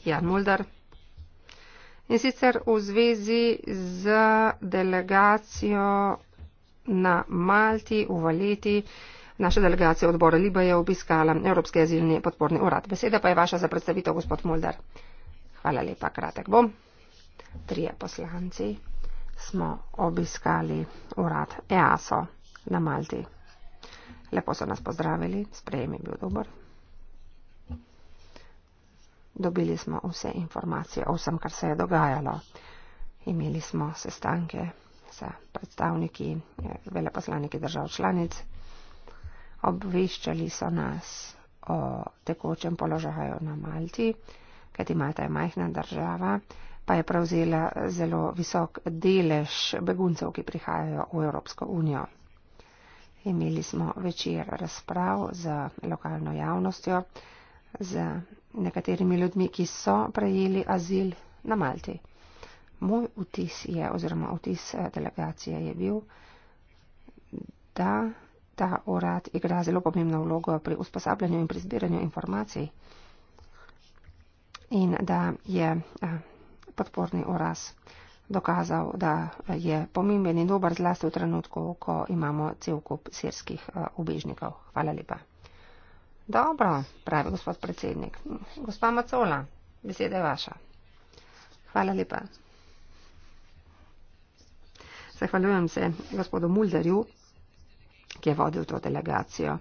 Jan Mulder in sicer v zvezi z delegacijo na Malti v Valeti. Naša delegacija odbora Liba je obiskala Evropski azilni podporni urad. Beseda pa je vaša za predstavitev, gospod Mulder. Hvala lepa, kratek bom. Trije poslanci smo obiskali urad EASO na Malti. Lepo so nas pozdravili, sprejem je bil dober. Dobili smo vse informacije o vsem, kar se je dogajalo. Imeli smo sestanke s predstavniki, eh, veleposlaniki držav članic. Obveščali so nas o tekočem položaju na Malti, kajti Malta je majhna država, pa je prevzela zelo visok delež beguncev, ki prihajajo v Evropsko unijo. Imeli smo večer razprav z lokalno javnostjo z nekaterimi ljudmi, ki so prejeli azil na Malti. Moj vtis je, oziroma vtis eh, delegacije je bil, da ta urad igra zelo pomembno vlogo pri usposabljanju in pri zbiranju informacij in da je eh, podporni uraz dokazal, da je pomemben in dober zlasti v trenutku, ko imamo cel kup sirskih eh, ubežnikov. Hvala lepa. Dobro, pravi gospod predsednik. Gospa Macola, beseda je vaša. Hvala lepa. Zahvaljujem se gospodu Mulderju, ki je vodil to delegacijo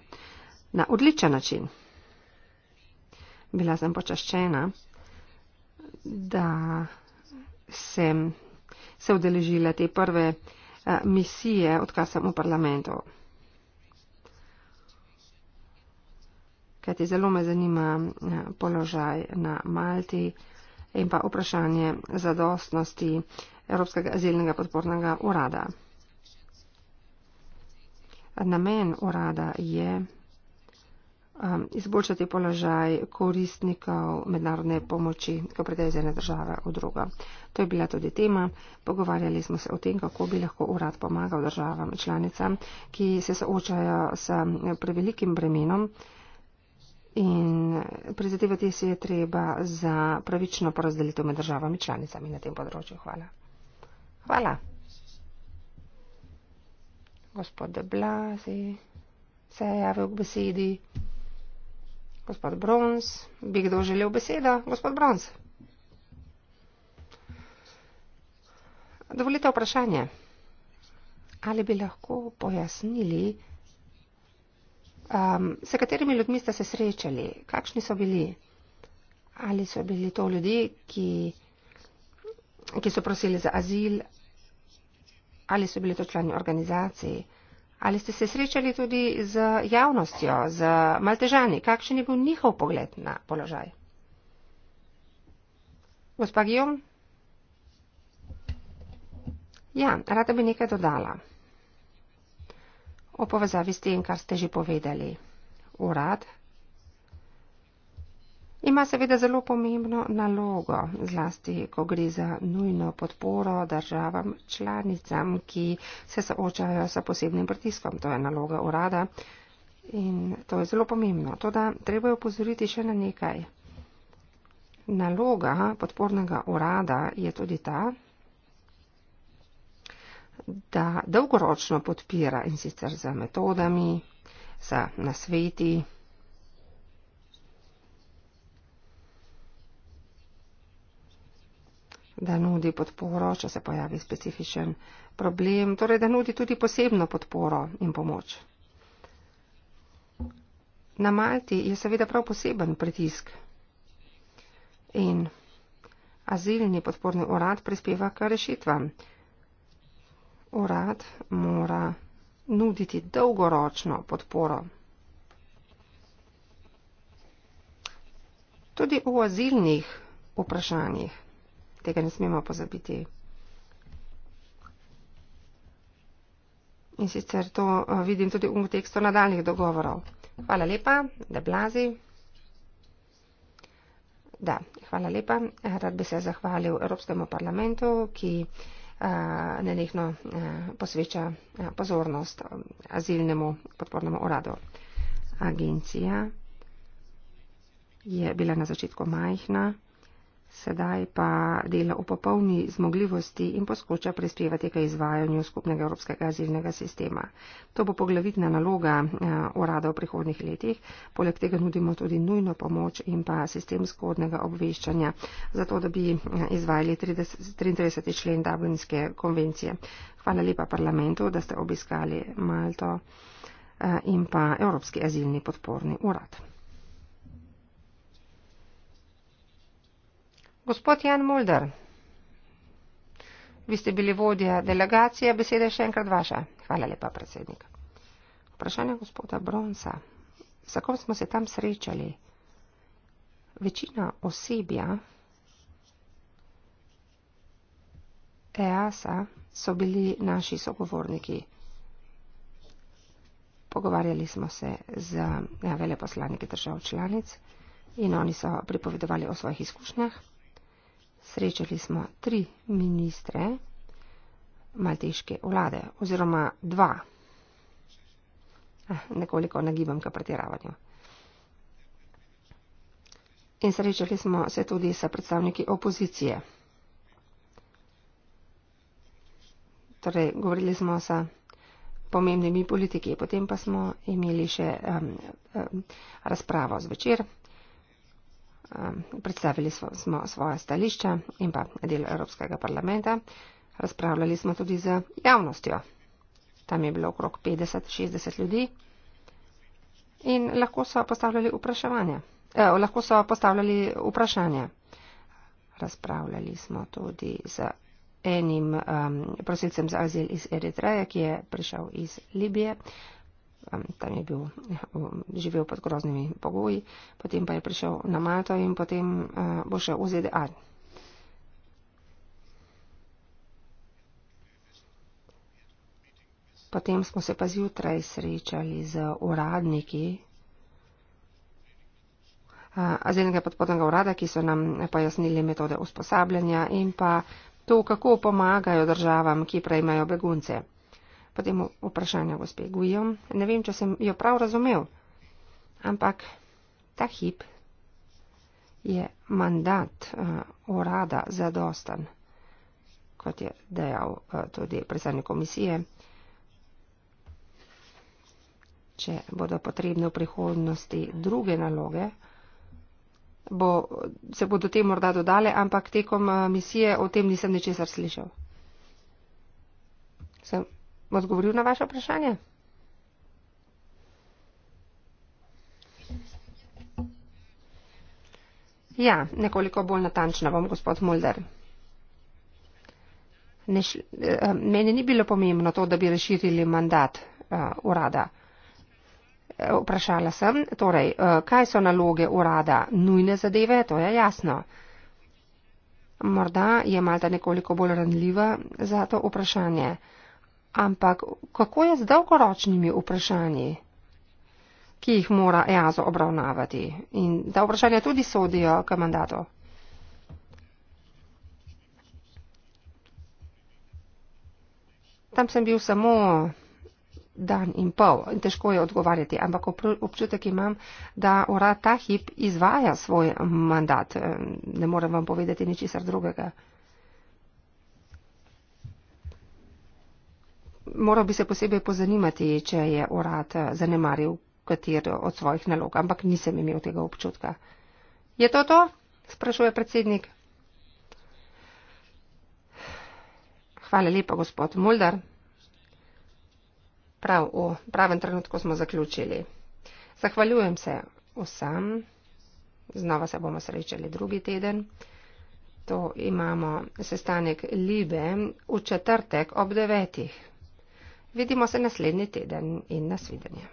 na odličen način. Bila sem počaščena, da sem se udeležila te prve eh, misije, odkar sem v parlamentu. kajti zelo me zanima eh, položaj na Malti in pa vprašanje zadostnosti Evropskega azilnega podpornega urada. Namen urada je um, izboljšati položaj koristnikov mednarodne pomoči, ko pride iz ene države v drugo. To je bila tudi tema. Pogovarjali smo se o tem, kako bi lahko urad pomagal državam članicam, ki se soočajo s prevelikim bremenom. Uh, in prizadevati se je treba za pravično porazdelitev med državami članicami na tem področju. Hvala. Hvala. Gospod Blasi se je javil k besedi. Gospod Brons, bi kdo želel besedo? Gospod Brons. Dovolite vprašanje. Ali bi lahko pojasnili, Um, s katerimi ljudmi ste se srečali? Kakšni so bili? Ali so bili to ljudi, ki, ki so prosili za azil? Ali so bili to člani organizacij? Ali ste se srečali tudi z javnostjo, z maltežani? Kakšen je bil njihov pogled na položaj? Gospa Gijom? Ja, rada bi nekaj dodala o povezavi s tem, kar ste že povedali. Urad ima seveda zelo pomembno nalogo, zlasti, ko gre za nujno podporo državam članicam, ki se soočajo s posebnim pritiskom. To je naloga urada in to je zelo pomembno. To, da treba je upozoriti še na nekaj. Naloga podpornega urada je tudi ta, da dolgoročno podpira in sicer za metodami, za nasveti. da nudi podporo, če se pojavi specifičen problem, torej da nudi tudi posebno podporo in pomoč. Na Malti je seveda prav poseben pritisk in azilni podporni urad prispeva k rešitvam urad mora nuditi dolgoročno podporo. Tudi v azilnih vprašanjih tega ne smemo pozabiti. In sicer to eh, vidim tudi v tekstu nadaljnih dogovorov. Hvala lepa, da blazi. Da, hvala lepa. Rad bi se zahvalil Evropskemu parlamentu, ki. Eh, nenehno eh, posveča eh, pozornost azilnemu podpornemu uradu. Agencija je bila na začetku majhna. Sedaj pa dela v popolni zmogljivosti in poskuša prispevati k izvajanju skupnega evropskega azilnega sistema. To bo poglavitna naloga eh, urada v prihodnih letih. Poleg tega nudimo tudi nujno pomoč in pa sistem skodnega obveščanja, zato da bi eh, izvajali 30, 33. člen Dublinske konvencije. Hvala lepa parlamentu, da ste obiskali Malto eh, in pa Evropski azilni podporni urad. Gospod Jan Mulder, vi ste bili vodja delegacije, beseda je še enkrat vaša. Hvala lepa, predsednik. Vprašanje gospoda Bronsa. Za kom smo se tam srečali? Večina osebja EASA so bili naši sogovorniki. Pogovarjali smo se z ja, veleposlaniki držav članic in oni so pripovedovali o svojih izkušnjah srečali smo tri ministre malteške vlade oziroma dva. Eh, nekoliko nagibam k pretiravanju. In srečali smo se tudi s predstavniki opozicije. Torej, govorili smo s pomembnimi politiki, potem pa smo imeli še um, um, razpravo zvečer. Um, predstavili smo svoje stališče in pa del Evropskega parlamenta. Razpravljali smo tudi z javnostjo. Tam je bilo okrog 50-60 ljudi in lahko so postavljali vprašanja. Eh, lahko so postavljali vprašanja. Razpravljali smo tudi z enim um, prosilcem za azil iz Eritreje, ki je prišel iz Libije. Uh, tam je bil ja, živel pod groznimi pogoji, potem pa je prišel na Malto in potem eh, bo šel v ZDA. Potem smo se pa zjutraj srečali z uradniki eh, azilnega podpornega urada, ki so nam pojasnili metode usposabljanja in pa to, kako pomagajo državam, ki prejmajo begunce. Potem vprašanja gospe Gujom. Ne vem, če sem jo prav razumel, ampak ta hip je mandat uh, urada zadostan, kot je dejal uh, tudi predsednik komisije. Če bodo potrebne v prihodnosti druge naloge, bo, se bodo te morda dodale, ampak tekom uh, misije o tem nisem ničesar slišal. Sem Bo odgovoril na vaše vprašanje? Ja, nekoliko bolj natančno bom, gospod Mulder. Ne šli, eh, meni ni bilo pomembno to, da bi razširili mandat uh, urada. Eh, vprašala sem, torej, uh, kaj so naloge urada, nujne zadeve, to je jasno. Morda je Malta nekoliko bolj ranljiva za to vprašanje. Uh, Ampak kako je z dolgoročnimi vprašanji, ki jih mora EASO obravnavati? In ta vprašanja tudi sodijo k mandatu. Tam sem bil samo dan in pol in težko je odgovarjati, ampak občutek imam, da urad ta hip izvaja svoj mandat. Ne morem vam povedati ničesar drugega. moral bi se posebej pozanimati, če je urad eh, zanemaril katero od svojih nalog, ampak nisem imel tega občutka. Je to to? sprašuje predsednik. Hvala lepa, gospod Mulder. Prav v pravem trenutku smo zaključili. Zahvaljujem se vsem. Znova se bomo srečali drugi teden. To imamo sestanek Libe v četrtek ob devetih. Vidimo se naslednji teden in nasvidenje.